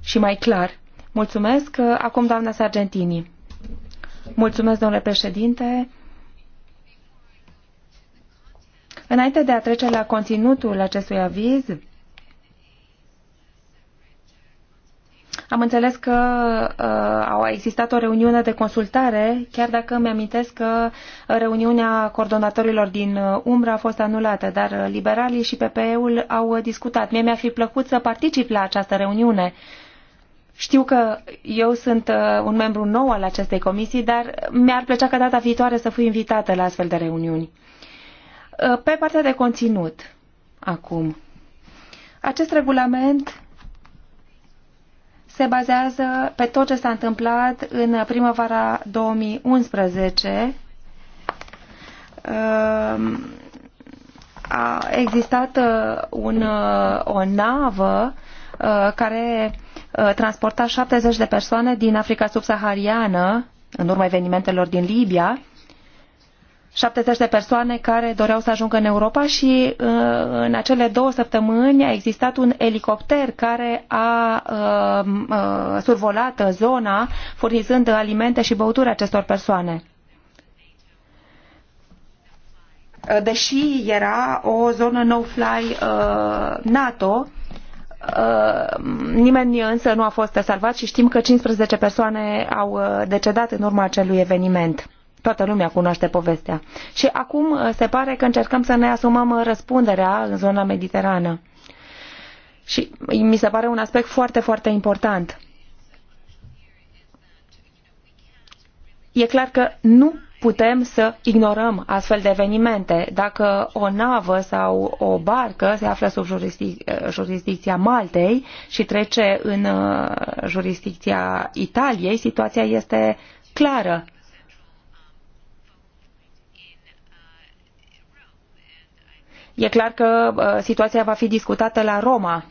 și mai clar. Mulțumesc. Uh, acum, doamna Sargentini. Mulțumesc, domnule președinte. Înainte de a trece la conținutul acestui aviz, Am înțeles că uh, a existat o reuniune de consultare, chiar dacă îmi amintesc că reuniunea coordonatorilor din uh, Umbra a fost anulată, dar liberalii și PPE-ul au discutat. Mie mi-a fi plăcut să particip la această reuniune. Știu că eu sunt uh, un membru nou al acestei comisii, dar mi-ar plăcea ca data viitoare să fiu invitată la astfel de reuniuni. Uh, pe partea de conținut, acum. Acest regulament se bazează pe tot ce s-a întâmplat în primăvara 2011. Ehm, a existat uh, un, uh, o navă uh, care transporta 70 de persoane din Africa subsahariană în urma evenimentelor din Libia 70 de persoane care doreau să ajungă în Europa și uh, în acele două săptămâni a existat un elicopter care a uh, uh, survolat zona furnizând alimente și băuturi acestor persoane. Deși era o zonă no-fly NATO, nimeni însă nu a fost salvat și știm că 15 persoane au decedat în urma acelui eveniment. Toată lumea cunoaște povestea. Și acum uh, se pare că încercăm să ne asumăm uh, răspunderea în zona mediterană. Și mi se pare un aspect foarte, foarte important. E clar că nu putem să ignorăm astfel de evenimente. Dacă o navă sau o barcă se află sub uh, jurisdicția Maltei și trece în jurisdicția Italiei, situația este clară. E clar că uh, situația va fi discutată la Roma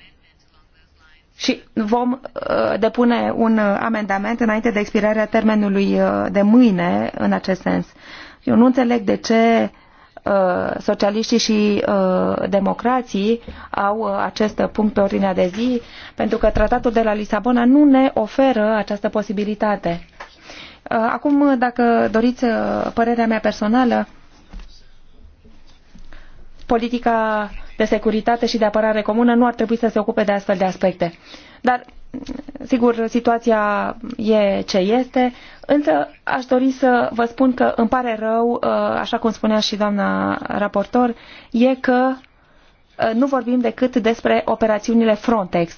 și vom uh, depune un uh, amendament înainte de expirarea termenului de mâine în acest sens. Eu nu înțeleg de ce socialiștii și democrații au acest punct pe ordinea de zi, pentru că tratatul de la Lisabona nu ne oferă această posibilitate. Acum, dacă doriți părerea mea personală, politica de securitate și de apărare comună nu ar trebui să se ocupe de astfel de aspecte. Dar, sigur, situația e ce este, însă aș dori să vă spun că îmi pare rău, ă, așa cum spunea și doamna raportor, e că ă, nu vorbim decât despre operațiunile Frontex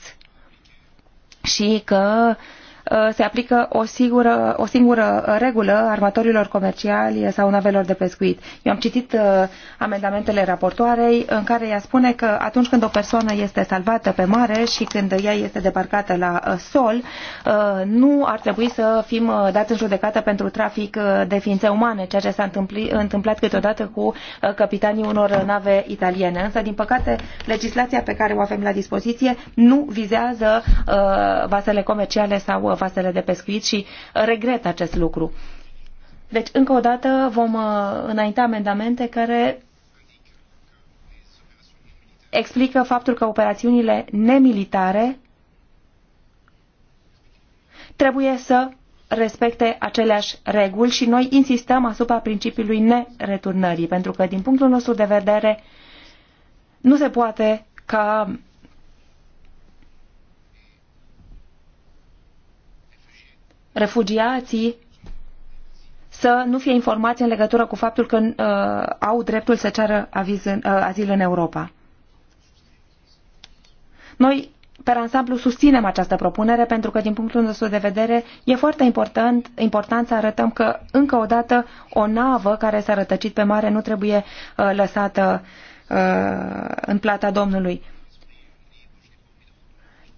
și că Uh, se aplică o singură, o singură uh, regulă armatorilor comerciali sau navelor de pescuit. Eu am citit uh, amendamentele raportoarei în care ea spune că atunci când o persoană este salvată pe mare și când ea este debarcată la sol, nu ar trebui să fim dați în judecată pentru trafic de ființe umane, ceea ce s-a întâmplat câteodată cu capitanii unor nave italiene. Însă, din păcate, legislația pe care o avem la dispoziție nu vizează vasele comerciale sau vasele de pescuit și uh, regret acest lucru. Deci, încă o dată, vom uh, înainta amendamente care explică faptul că operațiunile nemilitare trebuie să respecte aceleași reguli și noi insistăm asupra principiului nereturnării, pentru că, din punctul nostru de vedere, nu se poate ca refugiații să nu fie informați în legătură cu faptul că uh, au dreptul să ceară aviz în, uh, azil în Europa. Noi, pe ansamblu, susținem această propunere pentru că, din punctul nostru de vedere, e foarte important, important să arătăm că, încă o dată, o navă care s-a rătăcit pe mare nu trebuie uh, lăsată uh, în plata Domnului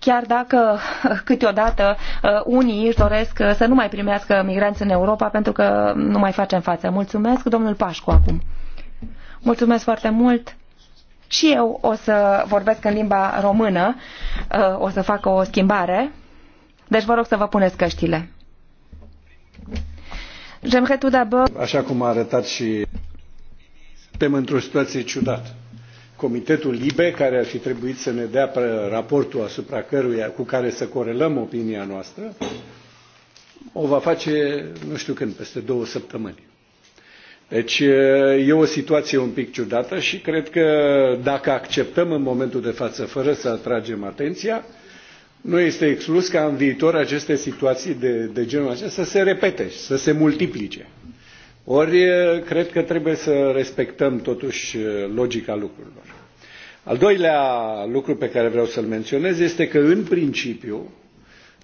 chiar dacă câteodată uh, unii își doresc uh, să nu mai primească migranți în Europa pentru că nu mai facem față. Mulțumesc, domnul Pașcu, acum. Mulțumesc foarte mult. Și eu o să vorbesc în limba română, uh, o să fac o schimbare. Deci vă rog să vă puneți căștile. Așa cum a arătat și suntem într-o situație ciudată Comitetul LIBE, care ar fi trebuit să ne dea raportul asupra căruia, cu care să corelăm opinia noastră, o va face, nu știu când, peste două săptămâni. Deci e o situație un pic ciudată și cred că dacă acceptăm în momentul de față fără să atragem atenția, nu este exclus ca în viitor aceste situații de, de genul acesta să se repete, și să se multiplice. Ori cred că trebuie să respectăm totuși logica lucrurilor. Al doilea lucru pe care vreau să-l menționez este că, în principiu,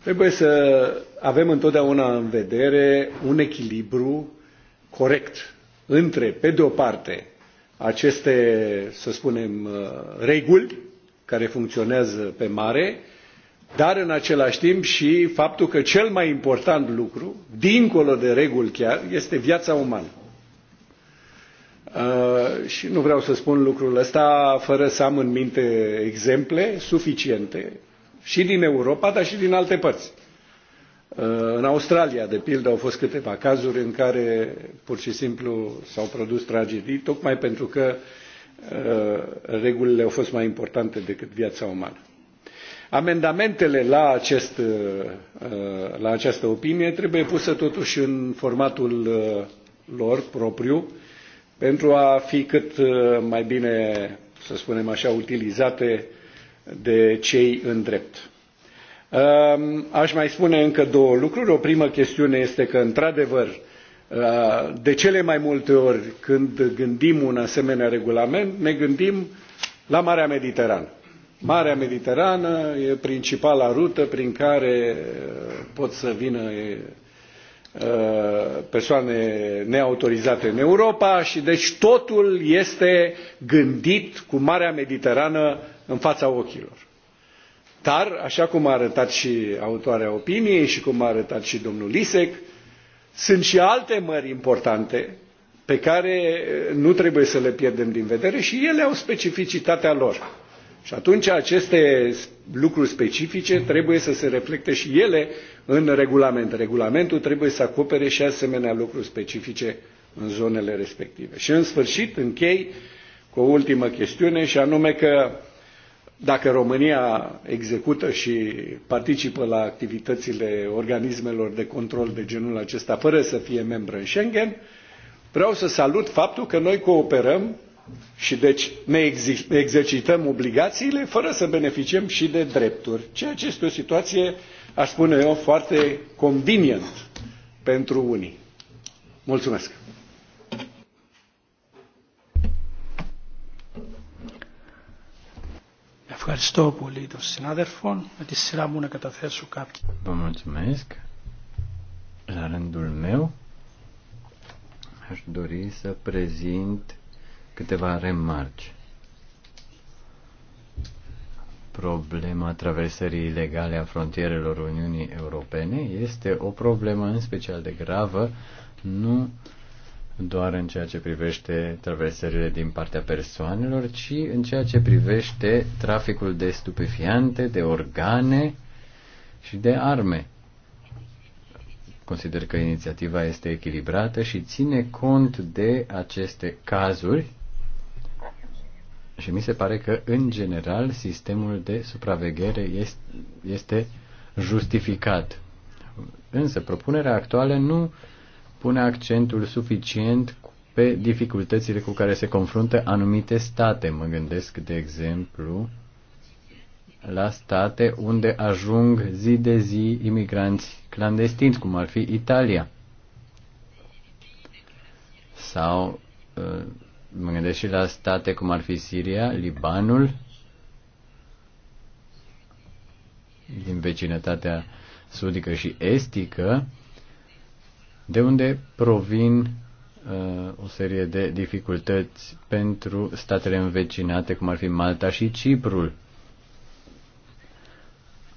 trebuie să avem întotdeauna în vedere un echilibru corect între, pe de o parte, aceste, să spunem, reguli care funcționează pe mare dar în același timp și faptul că cel mai important lucru, dincolo de reguli chiar, este viața umană. Uh, și nu vreau să spun lucrul ăsta fără să am în minte exemple suficiente și din Europa, dar și din alte părți. Uh, în Australia, de pildă, au fost câteva cazuri în care pur și simplu s-au produs tragedii, tocmai pentru că uh, regulile au fost mai importante decât viața umană. Amendamentele la, acest, uh, uh, la această opinie trebuie puse totuși în formatul uh, lor propriu pentru a fi cât mai bine, să spunem așa, utilizate de cei în drept. Um, aș mai spune încă două lucruri. O primă chestiune este că, într-adevăr, de cele mai multe ori când gândim un asemenea regulament, ne gândim la Marea Mediterană Marea Mediterană e principala rută prin care uh, pot să vină uh, persoane neautorizate în Europa și deci totul este gândit cu Marea Mediterană în fața ochilor. Dar, așa cum a arătat și autoarea opiniei și cum a arătat și domnul Lisec, sunt și alte mări importante pe care nu trebuie să le pierdem din vedere și ele au specificitatea lor și atunci aceste lucruri specifice trebuie să se reflecte și ele în regulament. Regulamentul trebuie să acopere și asemenea lucruri specifice în zonele respective. Și în sfârșit închei cu o ultimă chestiune și anume că dacă România execută și participă la activitățile organismelor de control de genul acesta fără să fie membră în Schengen, vreau să salut faptul că noi cooperăm și deci ne exercităm obligațiile fără să beneficiem și de drepturi, ceea ce este o situație, aș spune eu, foarte convenient pentru unii. Mulțumesc! Vă mulțumesc. La rândul meu aș dori să prezint câteva remarci. Problema traversării ilegale a frontierelor Uniunii Europene este o problemă în special de gravă, nu doar în ceea ce privește traversările din partea persoanelor, ci în ceea ce privește traficul de stupefiante, de organe și de arme. Consider că inițiativa este echilibrată și ține cont de aceste cazuri și mi se pare că, în general, sistemul de supraveghere este, justificat. Însă, propunerea actuală nu pune accentul suficient pe dificultățile cu care se confruntă anumite state. Mă gândesc, de exemplu, la state unde ajung zi de zi imigranți clandestini, cum ar fi Italia sau uh, Mă gândesc și la state cum ar fi Siria, Libanul, din vecinătatea sudică și estică, de unde provin uh, o serie de dificultăți pentru statele învecinate, cum ar fi Malta și Ciprul.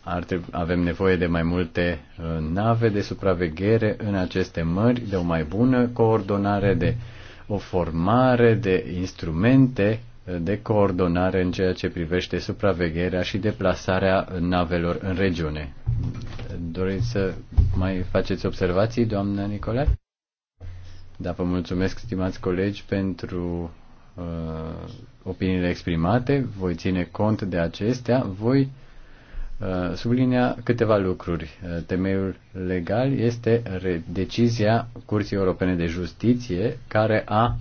Ar trebui, avem nevoie de mai multe uh, nave de supraveghere în aceste mări, de o mai bună coordonare de uh, o formare de instrumente de coordonare în ceea ce privește supravegherea și deplasarea navelor în regiune. Doriți să mai faceți observații, doamnă Nicolae? Da, vă mulțumesc, stimați colegi, pentru uh, opiniile exprimate. Voi ține cont de acestea. Voi Uh, sublinia câteva lucruri. Uh, temeiul legal este decizia Curții Europene de Justiție care a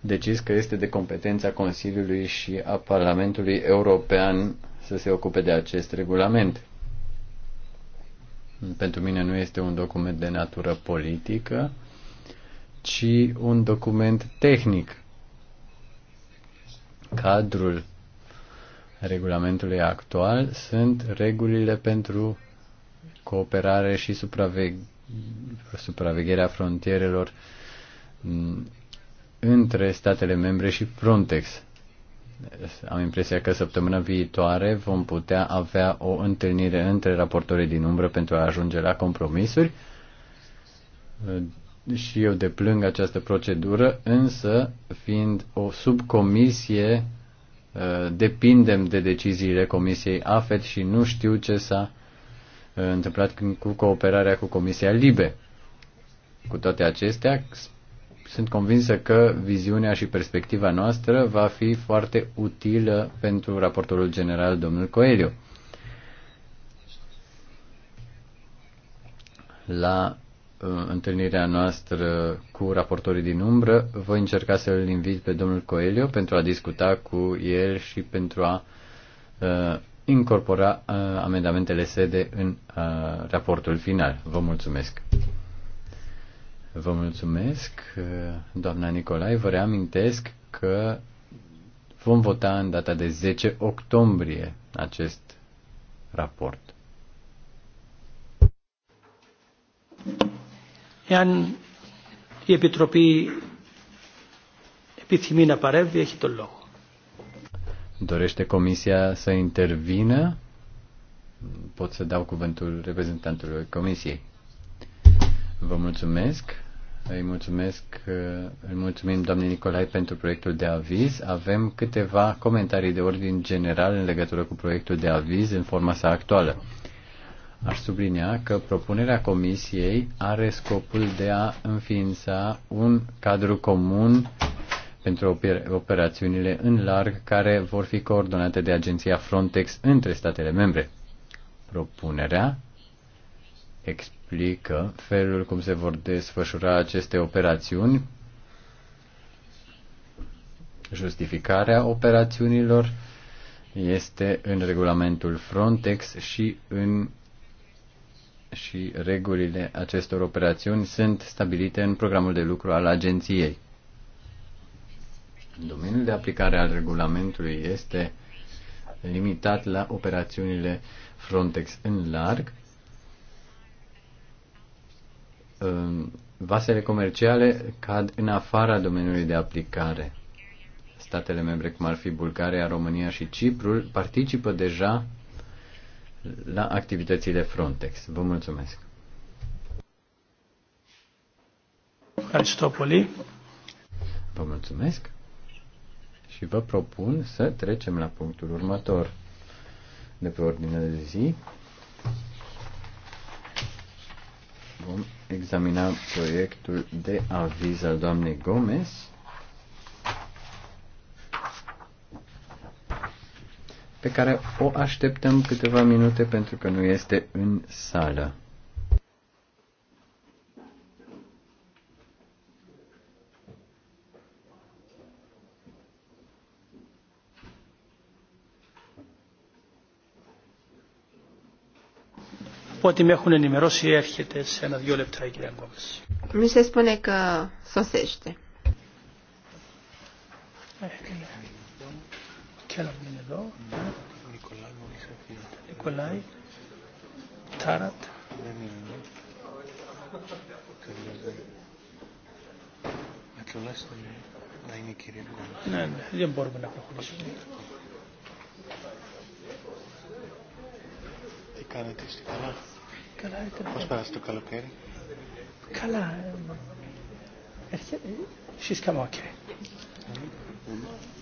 decis că este de competența Consiliului și a Parlamentului European să se ocupe de acest regulament. Pentru mine nu este un document de natură politică, ci un document tehnic. Cadrul regulamentului actual sunt regulile pentru cooperare și supraveg- supravegherea frontierelor mm, între statele membre și Frontex. Am impresia că săptămâna viitoare vom putea avea o întâlnire între raportorii din umbră pentru a ajunge la compromisuri și eu deplâng această procedură, însă fiind o subcomisie Uh, depindem de deciziile Comisiei AFET și nu știu ce s-a uh, întâmplat cu cooperarea cu Comisia LIBE. Cu toate acestea, sunt convinsă că viziunea și perspectiva noastră va fi foarte utilă pentru raportorul general domnul Coelho. La Uh, întâlnirea noastră cu raportorii din umbră, voi încerca să îl invit pe domnul Coelho pentru a discuta cu el și pentru a uh, incorpora uh, amendamentele sede în uh, raportul final. Vă mulțumesc! Vă mulțumesc, uh, doamna Nicolai. Vă reamintesc că vom vota în data de 10 octombrie acest raport. Thank you. Εάν η Επιτροπή επιθυμεί να παρεύει, έχει τον λόγο. Dorește Comisia să intervină? Pot să dau cuvântul reprezentantului Comisiei. Vă mulțumesc. Îi mulțumesc, îl mulțumim doamne Nicolae pentru proiectul de aviz. Avem câteva comentarii de ordin general în legătură cu proiectul de aviz în forma sa actuală. Aș sublinia că propunerea Comisiei are scopul de a înființa un cadru comun pentru operațiunile în larg care vor fi coordonate de agenția Frontex între statele membre. Propunerea explică felul cum se vor desfășura aceste operațiuni, justificarea operațiunilor este în regulamentul Frontex și în și regulile acestor operațiuni sunt stabilite în programul de lucru al agenției. Domeniul de aplicare al regulamentului este limitat la operațiunile Frontex în larg, vasele comerciale cad în afara domeniului de aplicare. Statele membre, cum ar fi Bulgaria, România și Ciprul, participă deja la activitățile Frontex. Vă mulțumesc. Vă mulțumesc și vă propun să trecem la punctul următor de pe ordinea de zi. Vom examina proiectul de aviz al doamnei Gomez pe care o așteptăm câteva minute pentru că nu este în sală. Poate mi έχουν ενημερώσει έρχεται σε ένα-δύο λεπτά η κυρία Γκόμες. Mi se spune că sosește. Έχει chiar la do? Da. Nicolai, Tarat? Nicolae, Moise, Filip. Nicolae, Tarat. Lenin, nu? Cărnezeu. Ați lăsat să ne dai nechirie de gând. Nu, nu, e în borbă dacă cu nici nu. E care te știi, Cala? Cala, e te-a. Poți părăsă tu călăperi? Cala, e... Și scamoche. Mm-hmm.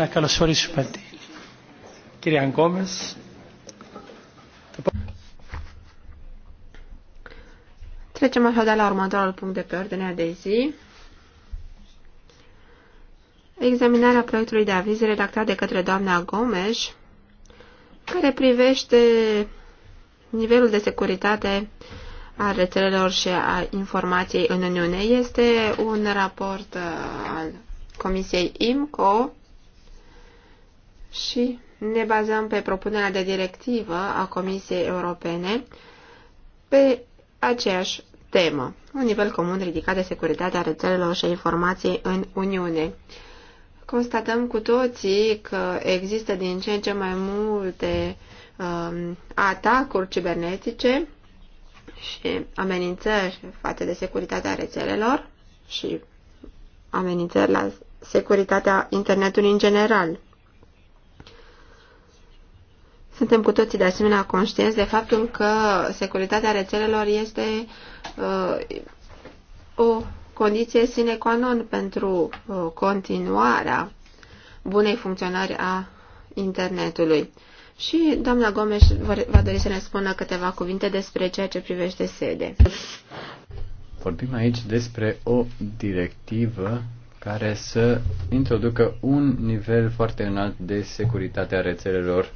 να καλωσορίσουμε την κυρία Γκόμες. Trecem așadar la următorul punct de pe ordinea de zi. Examinarea proiectului de aviz redactat de către doamna Gomes, care privește nivelul de securitate a rețelelor și a informației în Uniune. Este un raport uh, al Comisiei IMCO și ne bazăm pe propunerea de directivă a Comisiei Europene pe aceeași temă, un nivel comun ridicat de securitatea rețelelor și informației în Uniune. Constatăm cu toții că există din ce în ce mai multe um, atacuri cibernetice și amenințări față de securitatea rețelelor și amenințări la securitatea internetului în general. Suntem cu toții de asemenea conștienți de faptul că securitatea rețelelor este uh, o condiție sine qua non pentru uh, continuarea bunei funcționări a internetului. Și doamna Gomes va dori să ne spună câteva cuvinte despre ceea ce privește sede. Vorbim aici despre o directivă care să introducă un nivel foarte înalt de securitate a rețelelor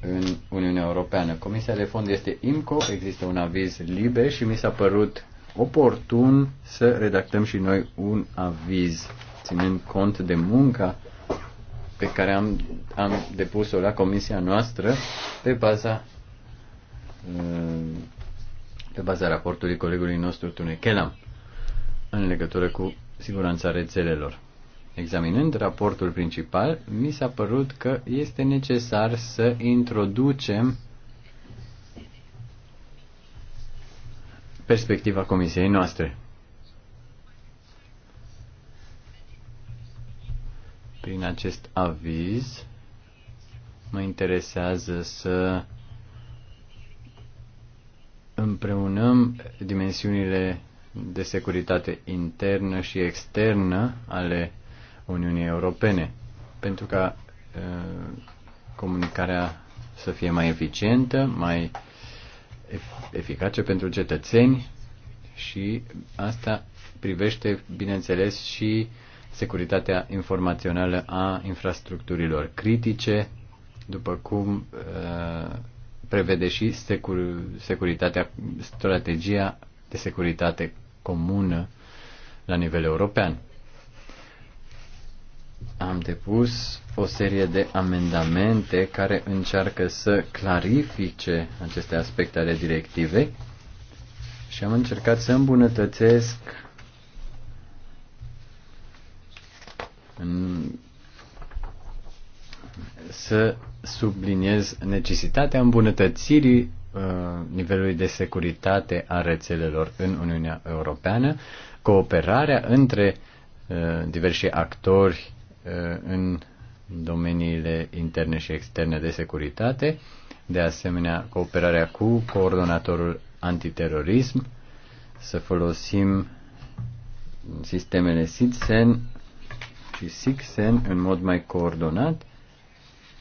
în Uniunea Europeană. Comisia de fond este IMCO, există un aviz liber și mi s-a părut oportun să redactăm și noi un aviz, ținând cont de munca pe care am, am depus-o la comisia noastră pe baza uh, pe baza raportului colegului nostru Tunechelam în legătură cu siguranța rețelelor. Examinând raportul principal, mi s-a părut că este necesar să introducem perspectiva comisiei noastre. Prin acest aviz, mă interesează să împreunăm dimensiunile de securitate internă și externă ale Uniunii Europene, pentru ca uh, comunicarea să fie mai eficientă, mai eficace pentru cetățeni și asta privește, bineînțeles, și securitatea informațională a infrastructurilor critice, după cum uh, prevede și secur- securitatea, strategia de securitate comună la nivel european am depus o serie de amendamente care încearcă să clarifice aceste aspecte ale directivei și am încercat să îmbunătățesc în să subliniez necesitatea îmbunătățirii uh, nivelului de securitate a rețelelor în Uniunea Europeană, cooperarea între uh, diversi actori Uh, în domeniile interne și externe de securitate, de asemenea cooperarea cu coordonatorul antiterorism, să folosim sistemele SITSEN și SIXEN în mod mai coordonat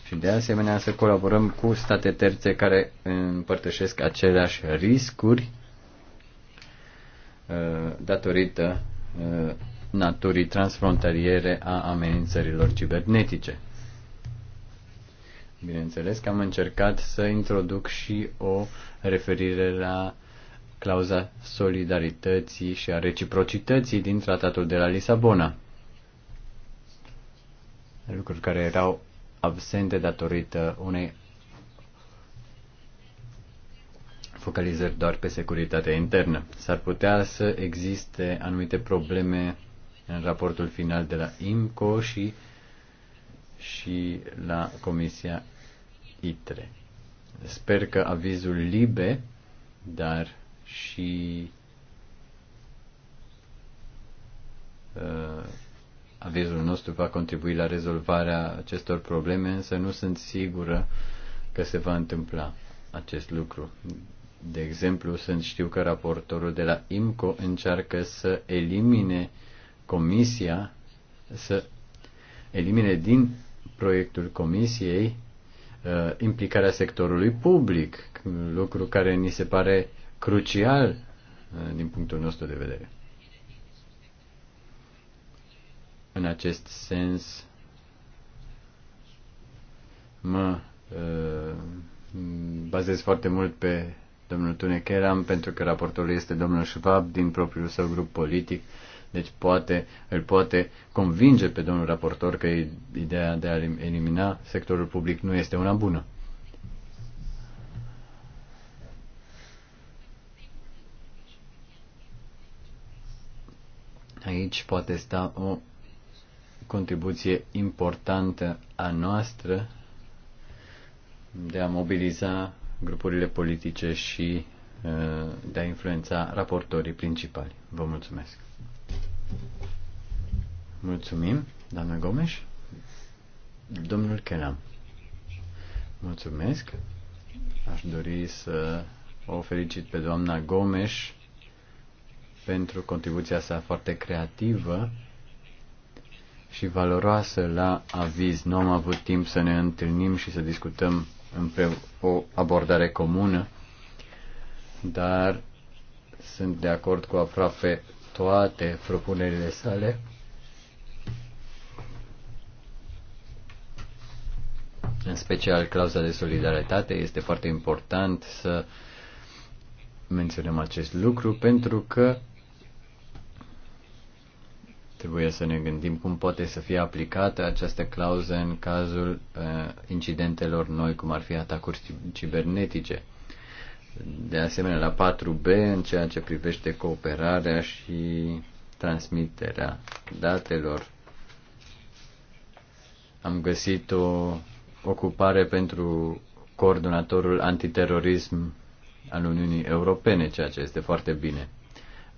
și de asemenea să colaborăm cu state terțe care împărtășesc aceleași riscuri uh, datorită uh, naturii transfrontaliere a amenințărilor cibernetice. Bineînțeles că am încercat să introduc și o referire la clauza solidarității și a reciprocității din tratatul de la Lisabona. Lucruri care erau absente datorită unei focalizări doar pe securitatea internă. S-ar putea să existe anumite probleme în raportul final de la IMCO și, și la Comisia ITRE. Sper că avizul LIBE, dar și uh, avizul nostru va contribui la rezolvarea acestor probleme, însă nu sunt sigură că se va întâmpla acest lucru. De exemplu, sunt știu că raportorul de la IMCO încearcă să elimine uh, Comisia să elimine din proiectul Comisiei uh, implicarea sectorului public, lucru care ni se pare crucial uh, din punctul nostru de vedere. În acest sens, mă uh, bazez foarte mult pe domnul Tunecheram, pentru că raportorul este domnul Schwab din propriul său grup politic deci poate, îl poate convinge pe domnul raportor că ideea de a elimina sectorul public nu este una bună. Aici poate sta o contribuție importantă a noastră de a mobiliza grupurile politice și uh, de a influența raportorii principali. Vă mulțumesc! Mulțumim, doamna Gomes. Domnul Kelam. Mulțumesc. Aș dori să o felicit pe doamna Gomes pentru contribuția sa foarte creativă și valoroasă la aviz. Nu am avut timp să ne întâlnim și să discutăm împreună o abordare comună, dar sunt de acord cu aproape toate propunerile sale. În special clauza de solidaritate este foarte important să menționăm acest lucru pentru că trebuie să ne gândim cum poate să fie aplicată această clauză în cazul uh, incidentelor noi, cum ar fi atacuri cibernetice de asemenea la 4B în ceea ce privește cooperarea și transmiterea datelor. Am găsit o ocupare pentru coordonatorul antiterorism al Uniunii Europene, ceea ce este foarte bine.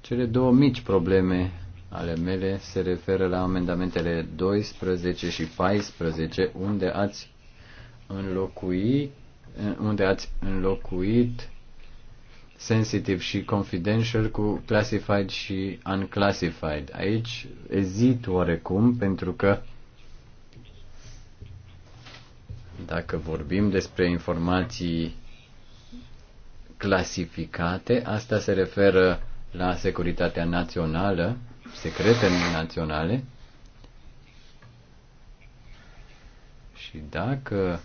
Cele două mici probleme ale mele se referă la amendamentele 12 și 14, unde ați înlocuit, unde ați înlocuit sensitive și confidential cu classified și unclassified. Aici ezit oarecum pentru că dacă vorbim despre informații clasificate, asta se referă la securitatea națională, secrete naționale. Și dacă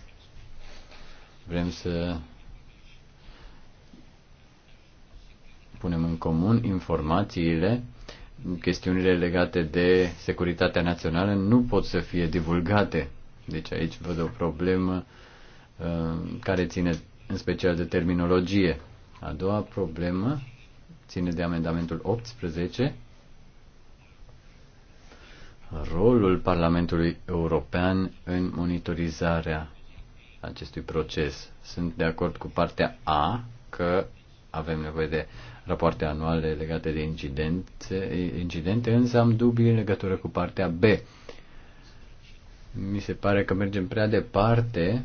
vrem să punem în comun informațiile, chestiunile legate de securitatea națională nu pot să fie divulgate. Deci aici văd o problemă uh, care ține în special de terminologie. A doua problemă ține de amendamentul 18, rolul Parlamentului European în monitorizarea acestui proces. Sunt de acord cu partea A că avem nevoie de rapoarte anuale legate de incidente, incidente însă am dubii în legătură cu partea B. Mi se pare că mergem prea departe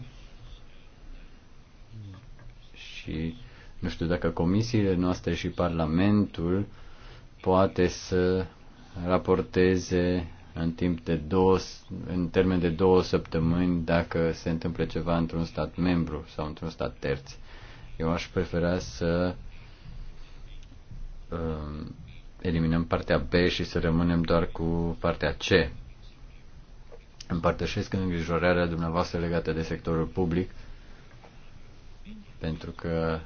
și nu știu dacă comisiile noastre și Parlamentul poate să raporteze în timp de două, în termen de două săptămâni dacă se întâmplă ceva într-un stat membru sau într-un stat terț. Eu aș prefera să Um, eliminăm partea B și să rămânem doar cu partea C. Împărtășesc îngrijorarea dumneavoastră legată de sectorul public, pentru că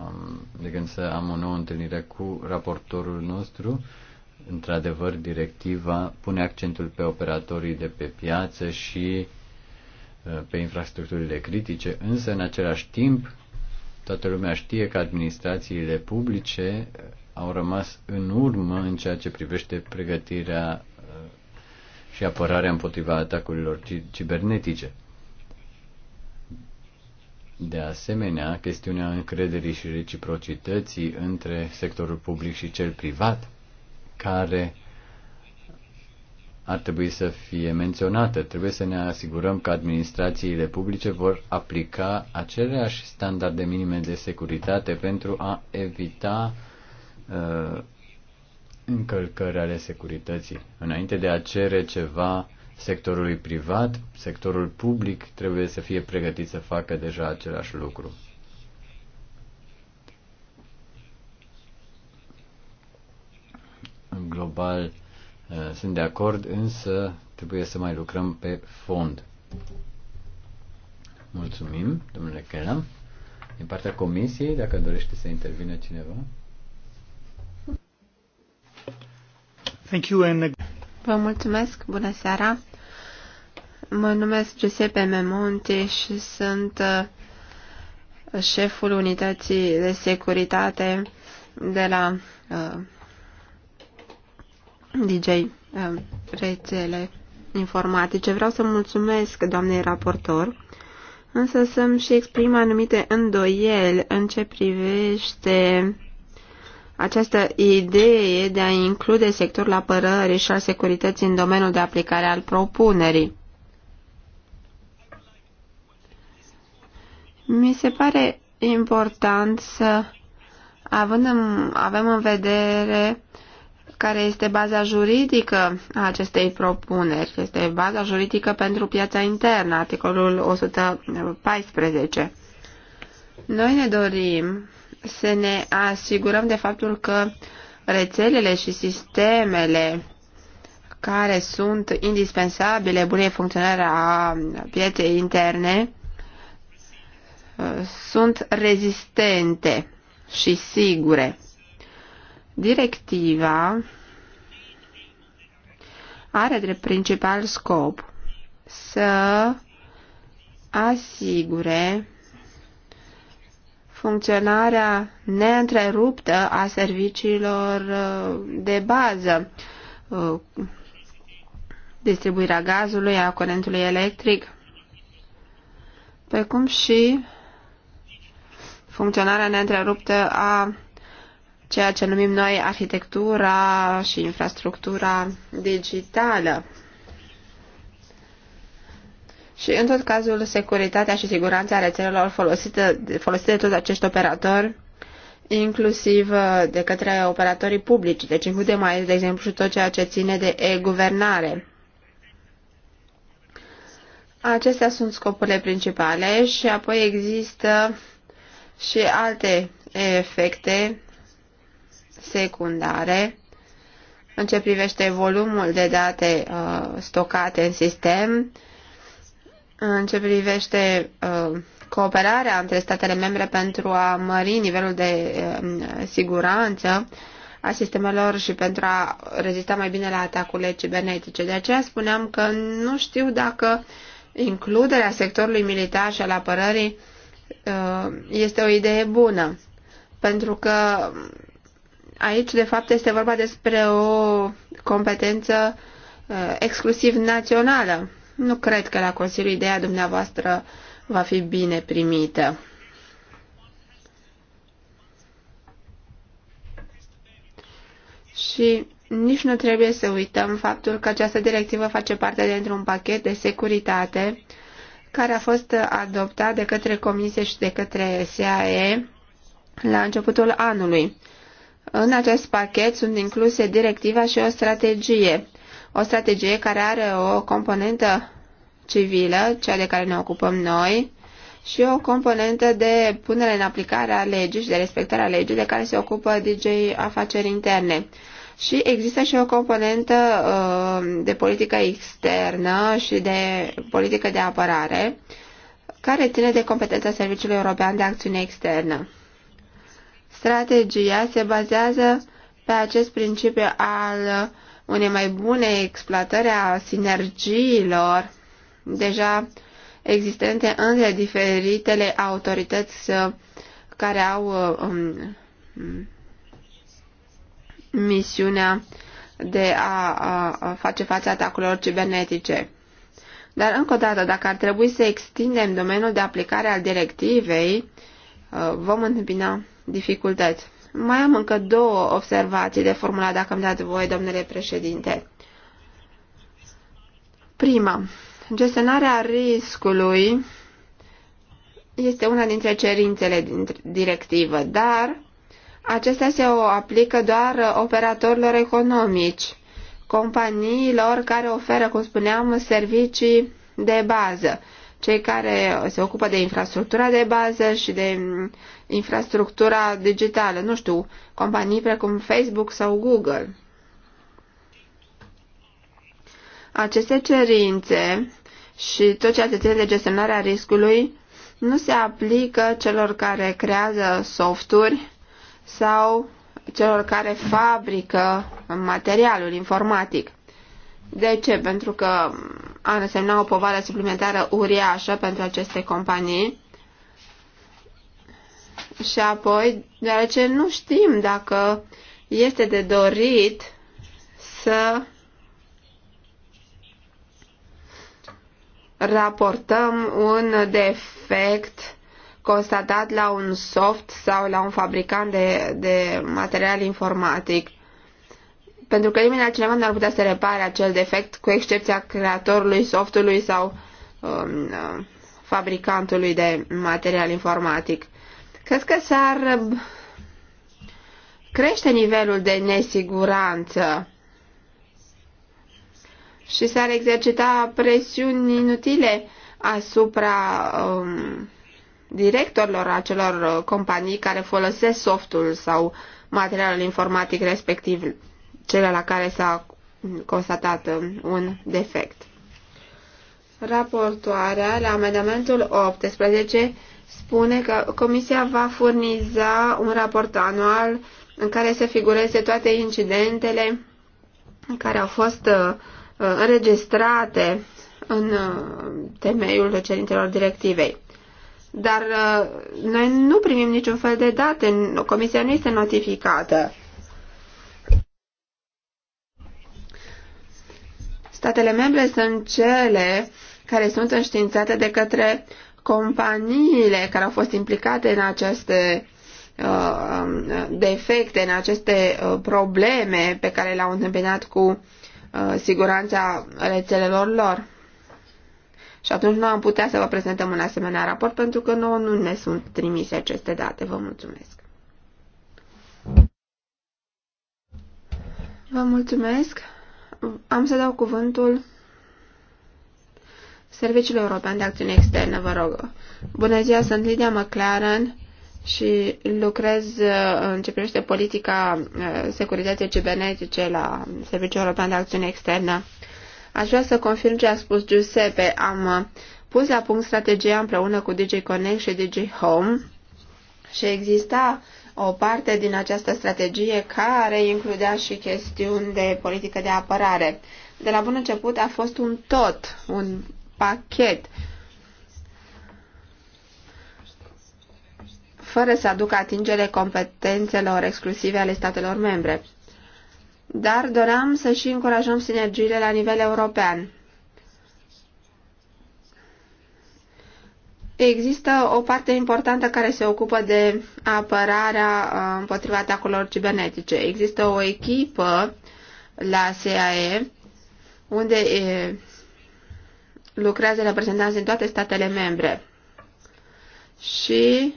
um, de când să am o nouă întâlnire cu raportorul nostru. Într-adevăr, directiva pune accentul pe operatorii de pe piață și uh, pe infrastructurile critice, însă în același timp Toată lumea știe că administrațiile publice uh, au rămas în urmă în ceea ce privește pregătirea uh, și apărarea împotriva atacurilor cibernetice. De asemenea, chestiunea încrederii și reciprocității între sectorul public și cel privat, care ar trebui să fie menționată. Trebuie să ne asigurăm că administrațiile publice vor aplica aceleași standarde minime de securitate pentru a evita uh, încălcări ale securității. Înainte de a cere ceva sectorului privat, sectorul public trebuie să fie pregătit să facă deja același lucru. global, uh, Eh, sunt de acord, însă trebuie să mai lucrăm pe fond. Mulțumim, domnule Kellam. Din partea comisiei, dacă dorește să intervine cineva. Thank you and... Vă mulțumesc, bună seara. Mă numesc Giuseppe Memonte și sunt eh, șeful unității de securitate de la eh, DJ eh, rețele informatice. Vreau să mulțumesc doamnei raportor, însă să-mi și exprim anumite îndoieli în ce privește această idee de a include sectorul apărării și al securității în domeniul de aplicare al propunerii. Mi se pare important să având în, avem în vedere uh, care este baza juridică a acestei propuneri. Este baza juridică pentru piața internă, articolul 114. Noi ne dorim să ne asigurăm de faptul că rețelele și sistemele care sunt indispensabile bunei funcționare a pieței interne uh, sunt rezistente și sigure. Directiva are drept principal scop să asigure funcționarea neîntreruptă a serviciilor uh, de bază, uh, distribuirea gazului, a curentului electric, precum și funcționarea neîntreruptă a ceea ce numim noi arhitectura și infrastructura digitală. Și în tot cazul, securitatea și siguranța rețelelor folosite, folosite de toți acești operatori, inclusiv uh, de către operatorii publici. Deci include mai, de exemplu, și tot ceea ce ține de e-guvernare. Acestea sunt scopurile principale și apoi există și alte efecte secundare în ce privește volumul de date uh, stocate în sistem, în ce privește uh, cooperarea între statele membre pentru a mări nivelul de uh, siguranță a sistemelor și pentru a rezista mai bine la atacurile cibernetice. De aceea spuneam că nu știu dacă includerea sectorului militar și al apărării uh, este o idee bună, pentru că Aici, de fapt, este vorba despre o competență uh, exclusiv națională. Nu cred că la Consiliu ideea dumneavoastră va fi bine primită. Și nici nu trebuie să uităm faptul că această directivă face parte dintr-un pachet de securitate care a fost adoptat de către Comisie și de către SAE la începutul anului. În acest pachet sunt incluse directiva și o strategie. O strategie care are o componentă civilă, cea de care ne ocupăm noi, și o componentă de punere în aplicare a legii și de respectarea legii de care se ocupă DJ Afaceri Interne. Și există și o componentă uh, de politică externă și de politică de apărare, care ține de competența Serviciului European de Acțiune Externă. Strategia se bazează pe acest principiu al unei mai bune exploatări a sinergiilor deja existente între diferitele autorități uh, care au uh, um, mm, misiunea de a, a face față atacurilor cibernetice. Dar, încă o dată, dacă ar trebui să extindem domeniul de aplicare al directivei, uh, vom întâmpina dificultăți. Mai am încă două observații de formulat, dacă îmi dați voie, domnule președinte. Prima, gestionarea riscului este una dintre cerințele din directivă, dar acestea se o aplică doar operatorilor economici, companiilor care oferă, cum spuneam, servicii de bază cei care se ocupă de infrastructura de bază și de mm, infrastructura digitală, nu știu, companii precum Facebook sau Google. Aceste cerințe și tot ceea ce ține de gestionarea riscului nu se aplică celor care creează softuri sau celor care fabrică materialul informatic. De ce? Pentru că ar însemna o povară suplimentară uriașă pentru aceste companii. Și apoi, deoarece nu știm dacă este de dorit să raportăm un defect constatat la un soft sau la un fabricant de, de material informatic pentru că nimeni altcineva n-ar putea să repare acel defect, cu excepția creatorului softului sau um, uh, fabricantului de material informatic. Cred că s-ar uh, crește nivelul de nesiguranță și s-ar exercita presiuni inutile asupra um, directorilor acelor uh, companii care folosesc softul sau materialul informatic respectiv cele la care s-a constatat un defect. Raportoarea la amendamentul 18 spune că Comisia va furniza un raport anual în care să figureze toate incidentele care au fost uh, uh, înregistrate în uh, temeiul cerințelor directivei. Dar noi nu primim niciun fel de date, Comisia nu este notificată. Statele membre sunt cele care sunt înștiințate de către companiile care au fost implicate în aceste uh, defecte, în aceste uh, probleme pe care le-au întâmpinat cu uh, siguranța rețelelor lor. Și atunci nu am putea să vă prezentăm un asemenea raport pentru că nouă nu ne sunt trimise aceste date. Vă mulțumesc! Vă mulțumesc! am să dau cuvântul Serviciul European de Acțiune Externă, vă rog. Bună ziua, sunt Lydia McLaren și lucrez uh, în ce privește politica uh, securității cibernetice la Serviciul European de Acțiune Externă. Aș vrea să confirm ce a spus Giuseppe. Am uh, pus la punct strategia împreună cu DJ Connect și DJ Home și exista o parte din această strategie care includea și chestiuni de politică de apărare. De la bun început a fost un tot, un pachet, fără să aducă atingere competențelor exclusive ale statelor membre. Dar doream să și încurajăm sinergiile la nivel european. Există o parte importantă care se ocupă de apărarea uh, împotriva atacurilor cibernetice. Există o echipă la CAE unde lucrează reprezentanți din toate statele membre. Și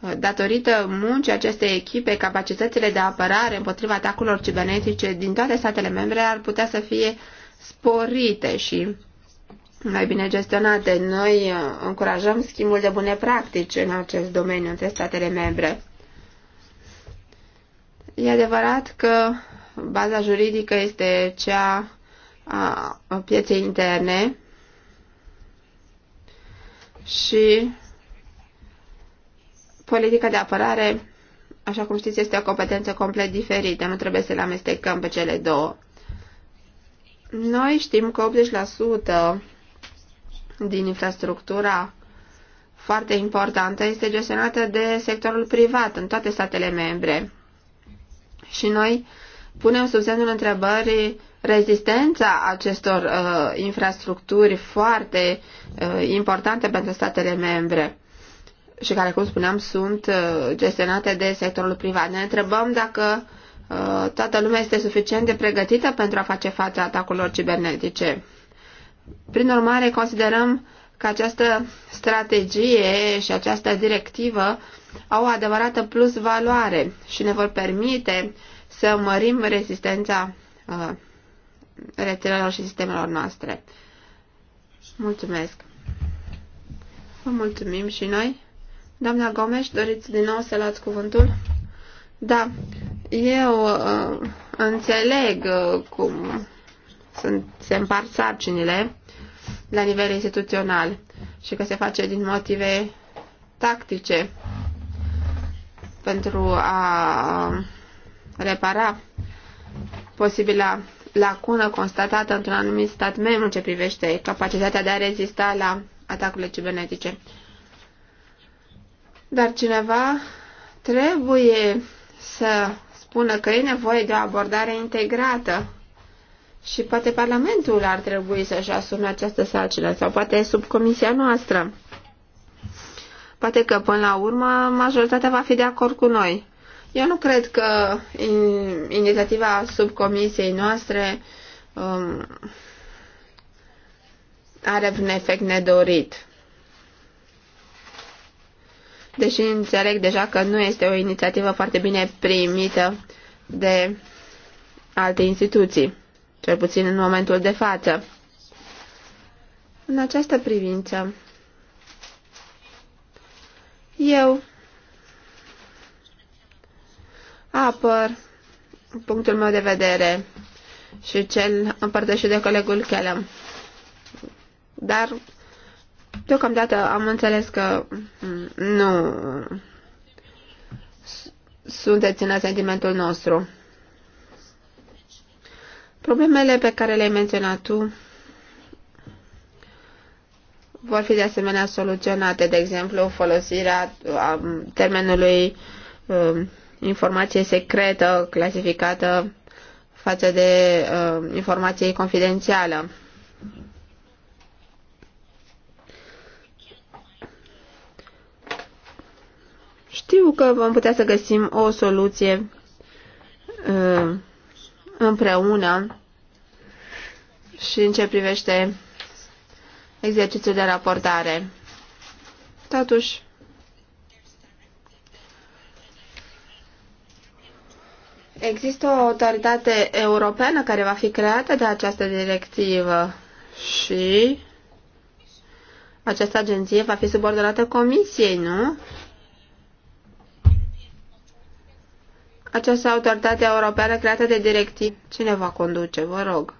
uh, datorită muncii acestei echipe, capacitățile de apărare împotriva atacurilor cibernetice din toate statele membre ar putea să fie sporite și mai bine gestionate. Noi uh, încurajăm schimbul de bune practici în acest domeniu între statele membre. E adevărat că baza juridică este cea a pieței interne și politica de apărare, așa cum știți, este o competență complet diferită, nu trebuie să le amestecăm pe cele două. Noi știm că 80% din infrastructura foarte importantă este gestionată de sectorul privat în toate statele membre. Și noi punem sub semnul întrebării rezistența acestor uh, infrastructuri foarte uh, importante pentru statele membre și care, cum spuneam, sunt uh, gestionate de sectorul privat. Ne întrebăm dacă uh, toată lumea este suficient de pregătită pentru a face față atacurilor cibernetice. Prin urmare, considerăm că această strategie și această directivă au o adevărată plus valoare și ne vor permite să mărim rezistența uh, rețelelor și sistemelor noastre. Mulțumesc! Vă mulțumim și noi. Doamna Gomes, doriți din nou să luați cuvântul? Da, eu uh, înțeleg uh, cum sunt, se împart sarcinile la nivel instituțional și că se face din motive tactice pentru a repara posibila lacună constatată într-un anumit stat membru ce privește capacitatea de a rezista la atacurile cibernetice. Dar cineva trebuie să spună că e nevoie de o abordare integrată și poate Parlamentul ar trebui să-și asume această sarcină sau poate sub comisia noastră. Poate că până la urmă majoritatea va fi de acord cu noi. Eu nu cred că in, inițiativa comisiei noastre um, are un efect nedorit. Deși înțeleg deja că nu este o inițiativă foarte bine primită de alte instituții cel puțin în momentul de față. În această privință, eu apăr punctul meu de vedere și cel împărtășit de colegul Kellam. Dar deocamdată am înțeles că mm, nu sunteți în sentimentul nostru. Problemele pe care le-ai menționat tu vor fi de asemenea soluționate, de exemplu, folosirea um, termenului um, informație secretă clasificată față de um, informație confidențială. Știu că vom putea să găsim o soluție împreună și în ce privește exercițiul de raportare. Totuși, Există o autoritate europeană care va fi creată de această directivă și această agenție va fi subordonată Comisiei, nu? această autoritate europeană creată de directiv, cine va conduce, vă rog?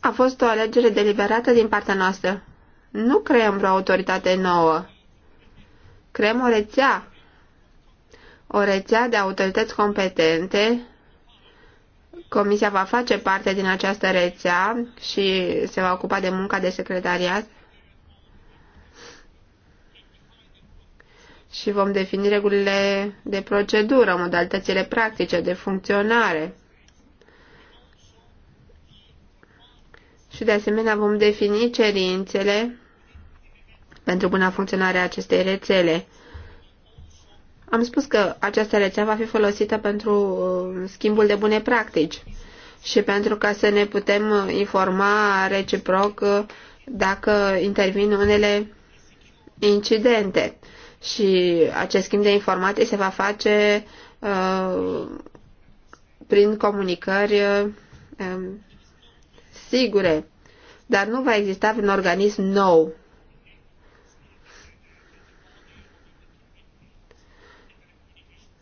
A fost o alegere deliberată din partea noastră. Nu creăm vreo autoritate nouă. Creăm o rețea. O rețea de autorități competente Comisia va face parte din această rețea și se va ocupa de munca de secretariat și vom defini regulile de procedură, modalitățile practice de funcționare. Și de asemenea vom defini cerințele pentru buna funcționare a acestei rețele. Am spus că această rețea va fi folosită pentru uh, schimbul de bune practici și pentru ca să ne putem uh, informa reciproc uh, dacă intervin unele incidente. Și acest schimb de informații se va face uh, prin comunicări uh, um, sigure. Dar nu va exista un organism nou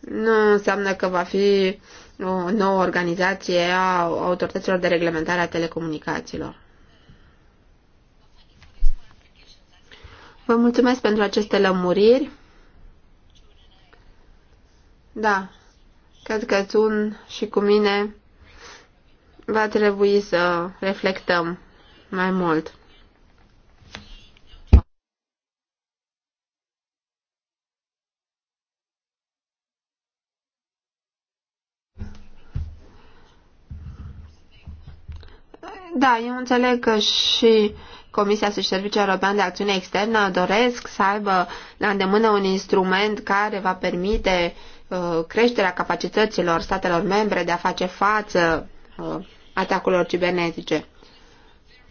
nu înseamnă că va fi o nouă organizație a autorităților de reglementare a telecomunicațiilor. Vă mulțumesc pentru aceste lămuriri. Da, cred că Tun și cu mine va trebui să reflectăm mai mult. Da, eu înțeleg că și Comisia și Serviciul European de Acțiune Externă doresc să aibă la îndemână un instrument care va permite uh, creșterea capacităților statelor membre de a face față uh, atacurilor cibernetice.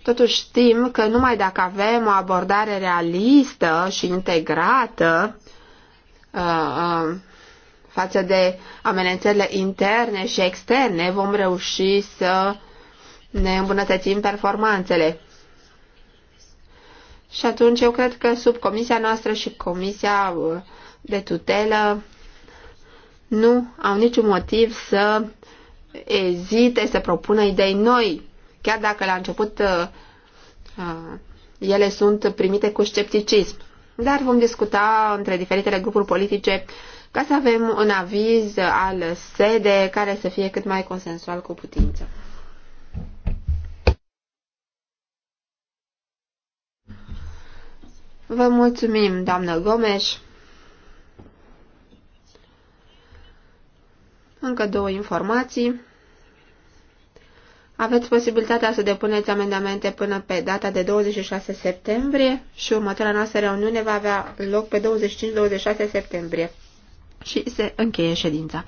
Totuși știm că numai dacă avem o abordare realistă și integrată uh, uh față de amenințările interne și externe, vom reuși să ne îmbunătățim performanțele. Și atunci eu cred că sub comisia noastră și comisia uh, de tutelă nu au niciun motiv să ezite să propună idei noi, chiar dacă la început uh, uh, ele sunt primite cu scepticism. Dar vom discuta între diferitele grupuri politice ca să avem un aviz al sede care să fie cât mai consensual cu putință. Vă mulțumim, doamnă Gomes. Încă două informații. Aveți posibilitatea să depuneți amendamente până pe data de 26 septembrie și următoarea noastră reuniune va avea loc pe 25-26 septembrie. Și se încheie ședința.